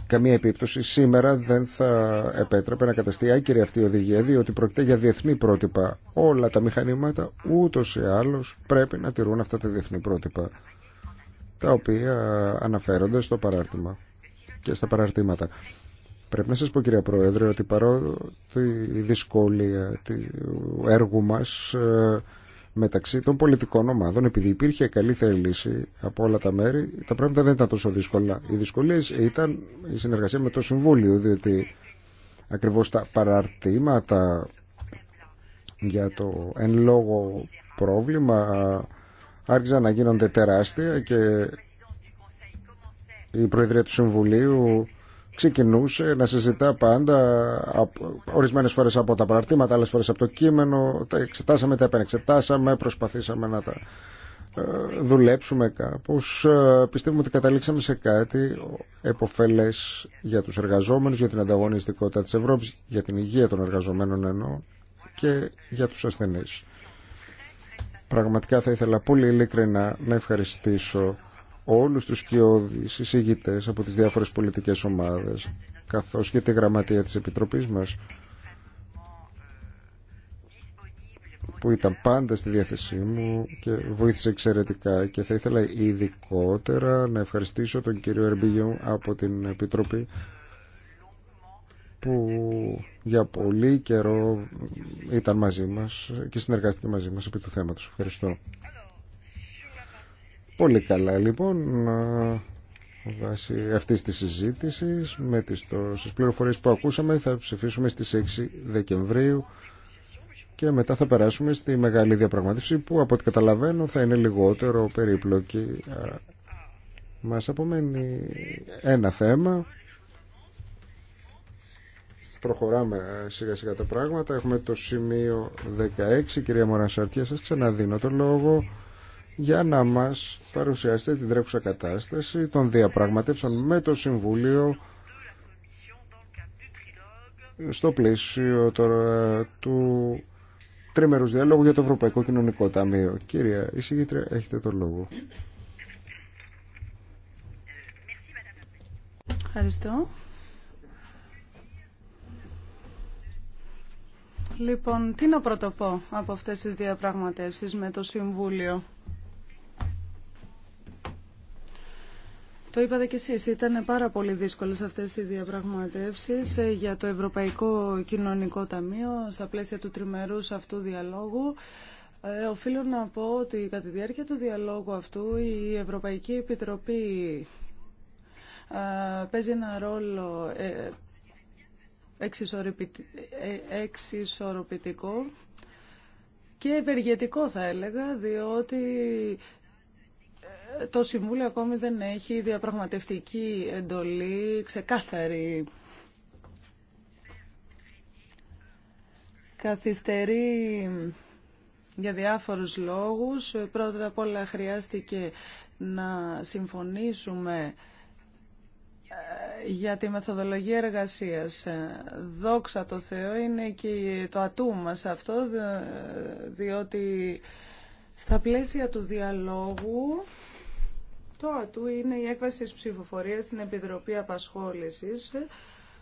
καμία επίπτωση σήμερα δεν θα επέτρεπε να καταστεί άκυρη αυτή η οδηγία διότι πρόκειται για διεθνή πρότυπα. Όλα τα μηχανήματα ούτως ή άλλως πρέπει να τηρούν αυτά τα διεθνή πρότυπα τα οποία αναφέρονται στο παράρτημα και στα παραρτήματα. Πρέπει να σας πω κυρία Πρόεδρε ότι παρότι η δυσκολία του έργου μας ε, μεταξύ των πολιτικών ομάδων, επειδή υπήρχε καλή θέληση από όλα τα μέρη, τα πράγματα δεν ήταν τόσο δύσκολα. Οι δυσκολίες ήταν η συνεργασία με το Συμβούλιο, διότι ακριβώς τα παραρτήματα για το εν λόγω πρόβλημα ε, άρχισαν να γίνονται τεράστια και η Προεδρία του Συμβουλίου ξεκινούσε να συζητά πάντα ορισμένες φορές από τα παραρτήματα, άλλες φορές από το κείμενο, τα εξετάσαμε, τα επανεξετάσαμε, προσπαθήσαμε να τα ε, δουλέψουμε κάπως. Ε, πιστεύουμε ότι καταλήξαμε σε κάτι εποφελές για τους εργαζόμενους, για την ανταγωνιστικότητα της Ευρώπης, για την υγεία των εργαζομένων ενώ και για τους ασθενείς. Πραγματικά θα ήθελα πολύ ειλικρινά να ευχαριστήσω όλους τους κοιόδης εισηγητές από τις διάφορες πολιτικές ομάδες καθώς και τη γραμματεία της Επιτροπής μας που ήταν πάντα στη διάθεσή μου και βοήθησε εξαιρετικά και θα ήθελα ειδικότερα να ευχαριστήσω τον κύριο Ερμπίγιου από την Επιτροπή που για πολύ καιρό ήταν μαζί μας και συνεργάστηκε μαζί μας επί του θέματος. Ευχαριστώ. Πολύ καλά λοιπόν βάσει αυτής της συζήτησης με τις τόσες πληροφορίες που ακούσαμε θα ψηφίσουμε στις 6 Δεκεμβρίου και μετά θα περάσουμε στη μεγάλη διαπραγμάτευση που από ό,τι καταλαβαίνω θα είναι λιγότερο περίπλοκη. Μας απομένει ένα θέμα. Προχωράμε σιγά σιγά τα πράγματα. Έχουμε το σημείο 16. Κυρία Μωρανσαρτία, σας ξαναδίνω το λόγο για να μας παρουσιάσετε την τρέχουσα κατάσταση των διαπραγματεύσεων με το Συμβούλιο στο πλαίσιο του τριμερούς διάλογου για το Ευρωπαϊκό Κοινωνικό Ταμείο. Κυρία Ισηγήτρια, έχετε το λόγο. Ευχαριστώ. Λοιπόν, τι να πρωτοπώ από αυτές τις διαπραγματεύσεις με το Συμβούλιο. Το είπατε κι εσείς, ήταν πάρα πολύ δύσκολες αυτές οι διαπραγματεύσεις ε, για το Ευρωπαϊκό Κοινωνικό Ταμείο στα πλαίσια του τριμερούς αυτού διαλόγου. Ε, οφείλω να πω ότι κατά τη διάρκεια του διαλόγου αυτού η Ευρωπαϊκή Επιτροπή παίζει ένα ρόλο ε, εξισορροπητικό και ευεργετικό θα έλεγα, διότι το Συμβούλιο ακόμη δεν έχει διαπραγματευτική εντολή ξεκάθαρη. Καθυστερεί για διάφορους λόγους. Πρώτα απ' όλα χρειάστηκε να συμφωνήσουμε ε, για τη μεθοδολογία εργασίας. Δόξα το Θεό είναι και το ατού μας αυτό, διότι στα πλαίσια του διαλόγου αυτό ατού είναι η έκβαση της ψηφοφορίας στην Επιτροπή Απασχόλησης,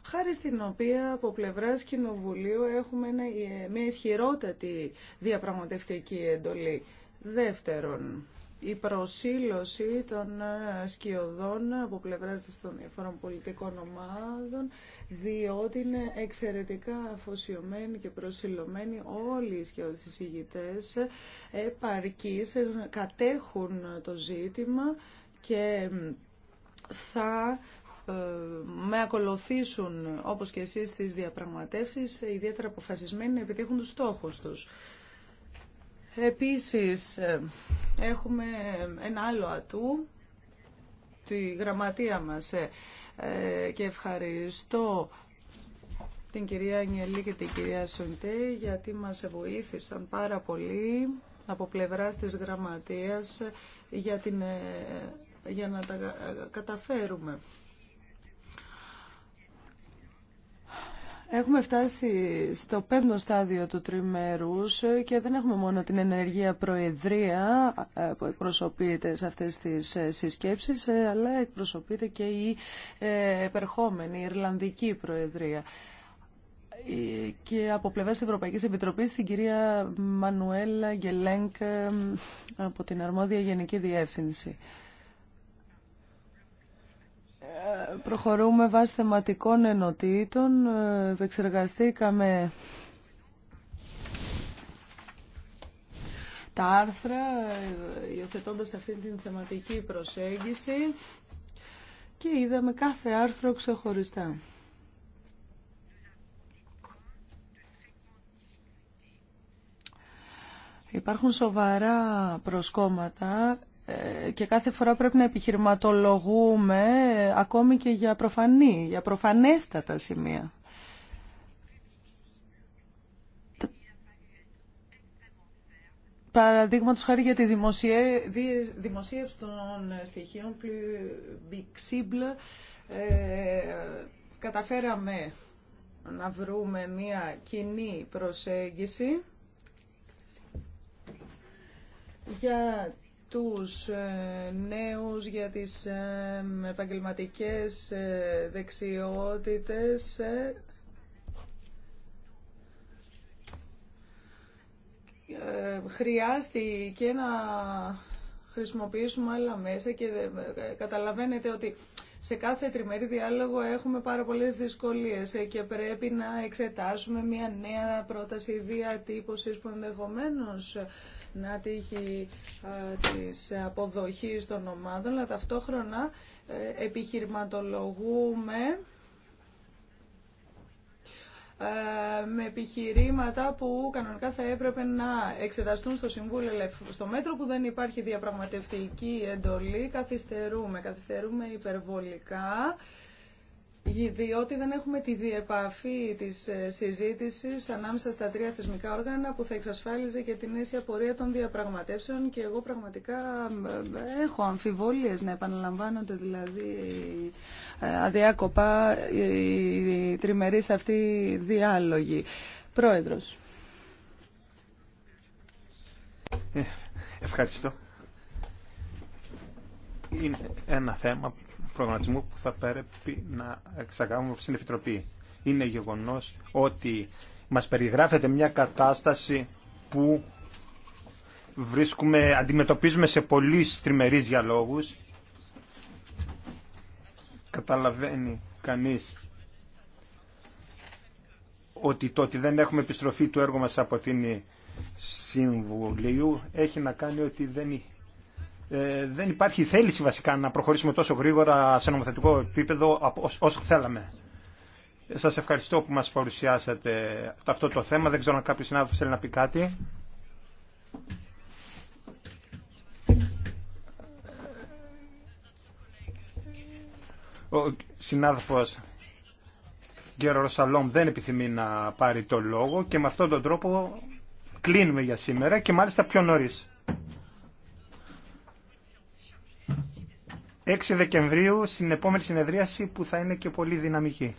χάρη στην οποία από πλευράς Κοινοβουλίου έχουμε ε, μια ισχυρότατη διαπραγματευτική εντολή. Δεύτερον, η προσήλωση των ε, σκιωδών από πλευράς των διαφορών πολιτικών ομάδων, διότι είναι εξαιρετικά αφοσιωμένοι και προσιλωμένοι όλοι οι σκιώδες επαρκείς, κατέχουν το ζήτημα και θα ε, με ακολουθήσουν όπως και εσείς στις διαπραγματεύσεις ιδιαίτερα αποφασισμένοι να επιτύχουν τους στόχους τους. Επίσης ε, έχουμε ένα άλλο ατού τη γραμματεία μας ε, και ευχαριστώ την κυρία Νιελή και την κυρία Σοντέ γιατί μας βοήθησαν πάρα πολύ από πλευράς της γραμματείας για την για να τα καταφέρουμε. Έχουμε φτάσει στο πέμπτο στάδιο του τριμερούς και δεν έχουμε μόνο την ενεργεία προεδρία ε, που εκπροσωπείται σε αυτές τις ε, συσκέψεις, ε, αλλά εκπροσωπείται και η επερχόμενη Ιρλανδική προεδρία. Και από πλευράς της Ευρωπαϊκής Επιτροπής την κυρία Μανουέλα Γκελέγκ από την Αρμόδια Γενική Διεύθυνση προχωρούμε βάσει θεματικών ενωτήτων. Ε, επεξεργαστήκαμε τα άρθρα, ε, υιοθετώντα αυτή την θεματική προσέγγιση και είδαμε κάθε άρθρο ξεχωριστά. Υπάρχουν σοβαρά προσκόμματα ε, και κάθε φορά πρέπει να επιχειρηματολογούμε ε, ακόμη και για προφανή, για προφανέστατα σημεία. Παραδείγματο χάρη για τη δημοσίευση των ε, στοιχείων Bixible, ε, καταφέραμε να βρούμε μία κοινή προσέγγιση για τους ε, νέους για τις ε, επαγγελματικές ε, δεξιότητες χρειάστηκε να χρησιμοποιήσουμε άλλα μέσα και καταλαβαίνετε ότι σε κάθε τριμερή διάλογο έχουμε πάρα πολλές δυσκολίες και πρέπει να εξετάσουμε μια νέα πρόταση διατύπωσης που ενδεχομένως να τύχει της αποδοχής των ομάδων, αλλά ταυτόχρονα ε, επιχειρηματολογούμε ε, με επιχειρήματα που κανονικά θα έπρεπε να εξεταστούν στο Συμβούλιο Στο μέτρο που δεν υπάρχει διαπραγματευτική εντολή, καθυστερούμε. Καθυστερούμε υπερβολικά διότι δεν έχουμε τη διεπαφή της ε, συζήτησης ανάμεσα στα τρία θεσμικά όργανα που θα εξασφάλιζε και την αίσια πορεία των διαπραγματεύσεων και εγώ πραγματικά έχω αμφιβόλειες να επαναλαμβάνονται δηλαδή ε, αδιάκοπα οι τριμερείς αυτοί διάλογοι. Πρόεδρος. Ε, ευχαριστώ. Είναι ένα θέμα προγραμματισμού που θα πρέπει να εξαγάγουμε στην Επιτροπή. Είναι γεγονός ότι μας περιγράφεται μια κατάσταση που βρίσκουμε, αντιμετωπίζουμε σε πολλοί στριμερείς διαλόγους. Καταλαβαίνει κανείς ότι το ότι δεν έχουμε επιστροφή του έργου μας από την Συμβουλίου έχει να κάνει ότι δεν ε, δεν υπάρχει θέληση βασικά να προχωρήσουμε τόσο γρήγορα σε νομοθετικό επίπεδο όσο θέλαμε. Σας ευχαριστώ που μας παρουσιάσατε αυτό το θέμα. Δεν ξέρω αν κάποιος συνάδελφο θέλει να πει κάτι. Ο συνάδελφος Γκέρο Ροσαλόμ δεν επιθυμεί να πάρει το λόγο και με αυτόν τον τρόπο κλείνουμε για σήμερα και μάλιστα πιο νωρίς. 6 Δεκεμβρίου στην επόμενη συνεδρίαση που θα είναι και πολύ δυναμική.